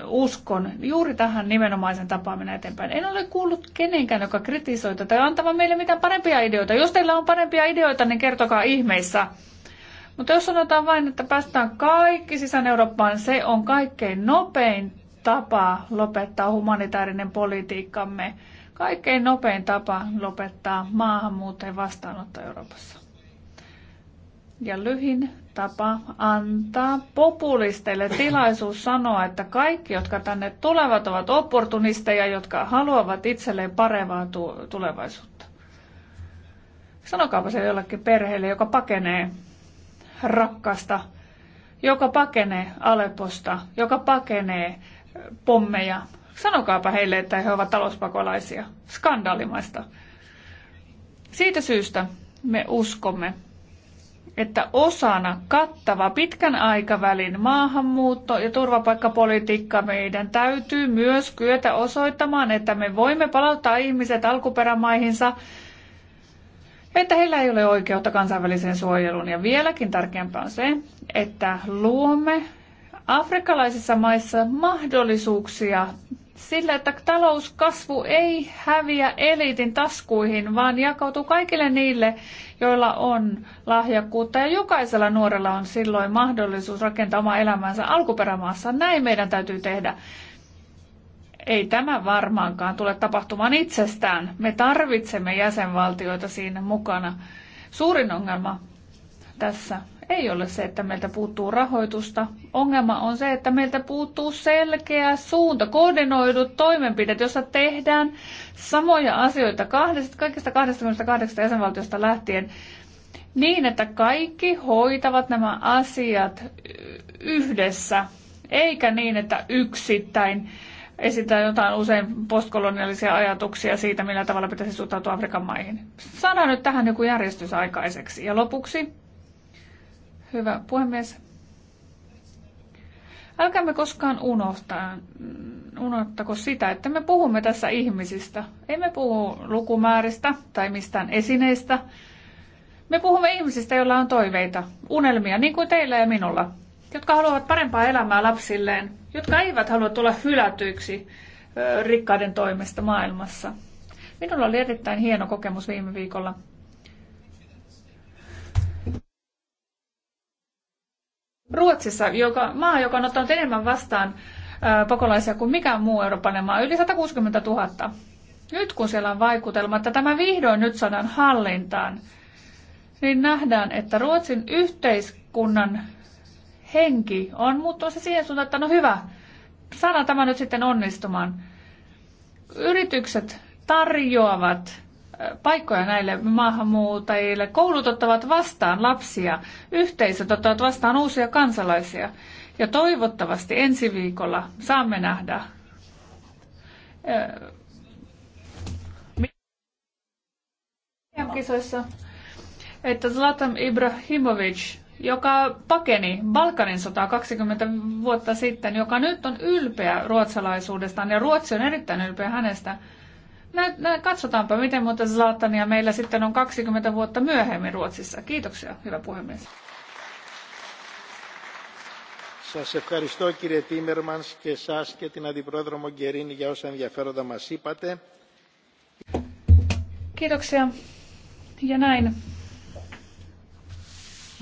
uskon juuri tähän nimenomaisen tapaan mennä eteenpäin. En ole kuullut kenenkään, joka kritisoi tätä antavan meille mitään parempia ideoita. Jos teillä on parempia ideoita, niin kertokaa ihmeissä. Mutta jos sanotaan vain, että päästään kaikki sisään Eurooppaan, se on kaikkein nopein tapa lopettaa humanitaarinen politiikkamme. Kaikkein nopein tapa lopettaa maahanmuuteen vastaanotto Euroopassa. Ja lyhin tapa antaa populisteille tilaisuus sanoa, että kaikki, jotka tänne tulevat, ovat opportunisteja, jotka haluavat itselleen parempaa tulevaisuutta. Sanokaapa se jollekin perheelle, joka pakenee rakkaasta, joka pakenee Aleposta, joka pakenee pommeja. Sanokaapa heille, että he ovat talouspakolaisia. Skandaalimaista. Siitä syystä me uskomme, että osana kattava pitkän aikavälin maahanmuutto- ja turvapaikkapolitiikka meidän täytyy myös kyetä osoittamaan, että me voimme palauttaa ihmiset alkuperämaihinsa että heillä ei ole oikeutta kansainväliseen suojeluun. Ja vieläkin tärkeämpää on se, että luomme afrikkalaisissa maissa mahdollisuuksia sillä, että talouskasvu ei häviä eliitin taskuihin, vaan jakautuu kaikille niille, joilla on lahjakkuutta. Ja jokaisella nuorella on silloin mahdollisuus rakentaa oma elämänsä alkuperämaassa. Näin meidän täytyy tehdä ei tämä varmaankaan tule tapahtumaan itsestään. Me tarvitsemme jäsenvaltioita siinä mukana. Suurin ongelma tässä ei ole se, että meiltä puuttuu rahoitusta. Ongelma on se, että meiltä puuttuu selkeä suunta, koordinoidut toimenpiteet, joissa tehdään samoja asioita kahdesta, kaikista 28 jäsenvaltiosta lähtien niin, että kaikki hoitavat nämä asiat yhdessä, eikä niin, että yksittäin esittää jotain usein postkolonialisia ajatuksia siitä, millä tavalla pitäisi suhtautua Afrikan maihin. Saadaan nyt tähän joku järjestys aikaiseksi. Ja lopuksi, hyvä puhemies, älkäämme koskaan unohtaa, unohtako sitä, että me puhumme tässä ihmisistä. Emme puhu lukumääristä tai mistään esineistä. Me puhumme ihmisistä, joilla on toiveita, unelmia, niin kuin teillä ja minulla jotka haluavat parempaa elämää lapsilleen, jotka eivät halua tulla hylätyiksi rikkaiden toimesta maailmassa. Minulla oli erittäin hieno kokemus viime viikolla. Ruotsissa, joka, maa, joka on ottanut enemmän vastaan pakolaisia kuin mikään muu Euroopan maa, yli 160 000. Nyt kun siellä on vaikutelma, että tämä vihdoin nyt saadaan hallintaan, niin nähdään, että Ruotsin yhteiskunnan henki on se siihen suuntaan, että no hyvä, saadaan tämä nyt sitten onnistumaan. Yritykset tarjoavat äh, paikkoja näille maahanmuuttajille, koulut ottavat vastaan lapsia, yhteisöt ottavat vastaan uusia kansalaisia. Ja toivottavasti ensi viikolla saamme nähdä äh, kisoissa, että Zlatan Ibrahimovic joka pakeni Balkanin sotaa 20 vuotta sitten, joka nyt on ylpeä ruotsalaisuudestaan ja Ruotsi on erittäin ylpeä hänestä. Nä, nä, katsotaanpa, miten monta Zlatania meillä sitten on 20 vuotta myöhemmin Ruotsissa. Kiitoksia, hyvä puhemies. Σας ευχαριστώ κύριε Τίμερμανς και σας και την Αντιπρόεδρο Μογκερίνη για όσα ενδιαφέροντα μας είπατε. Kiitoksia. Ja näin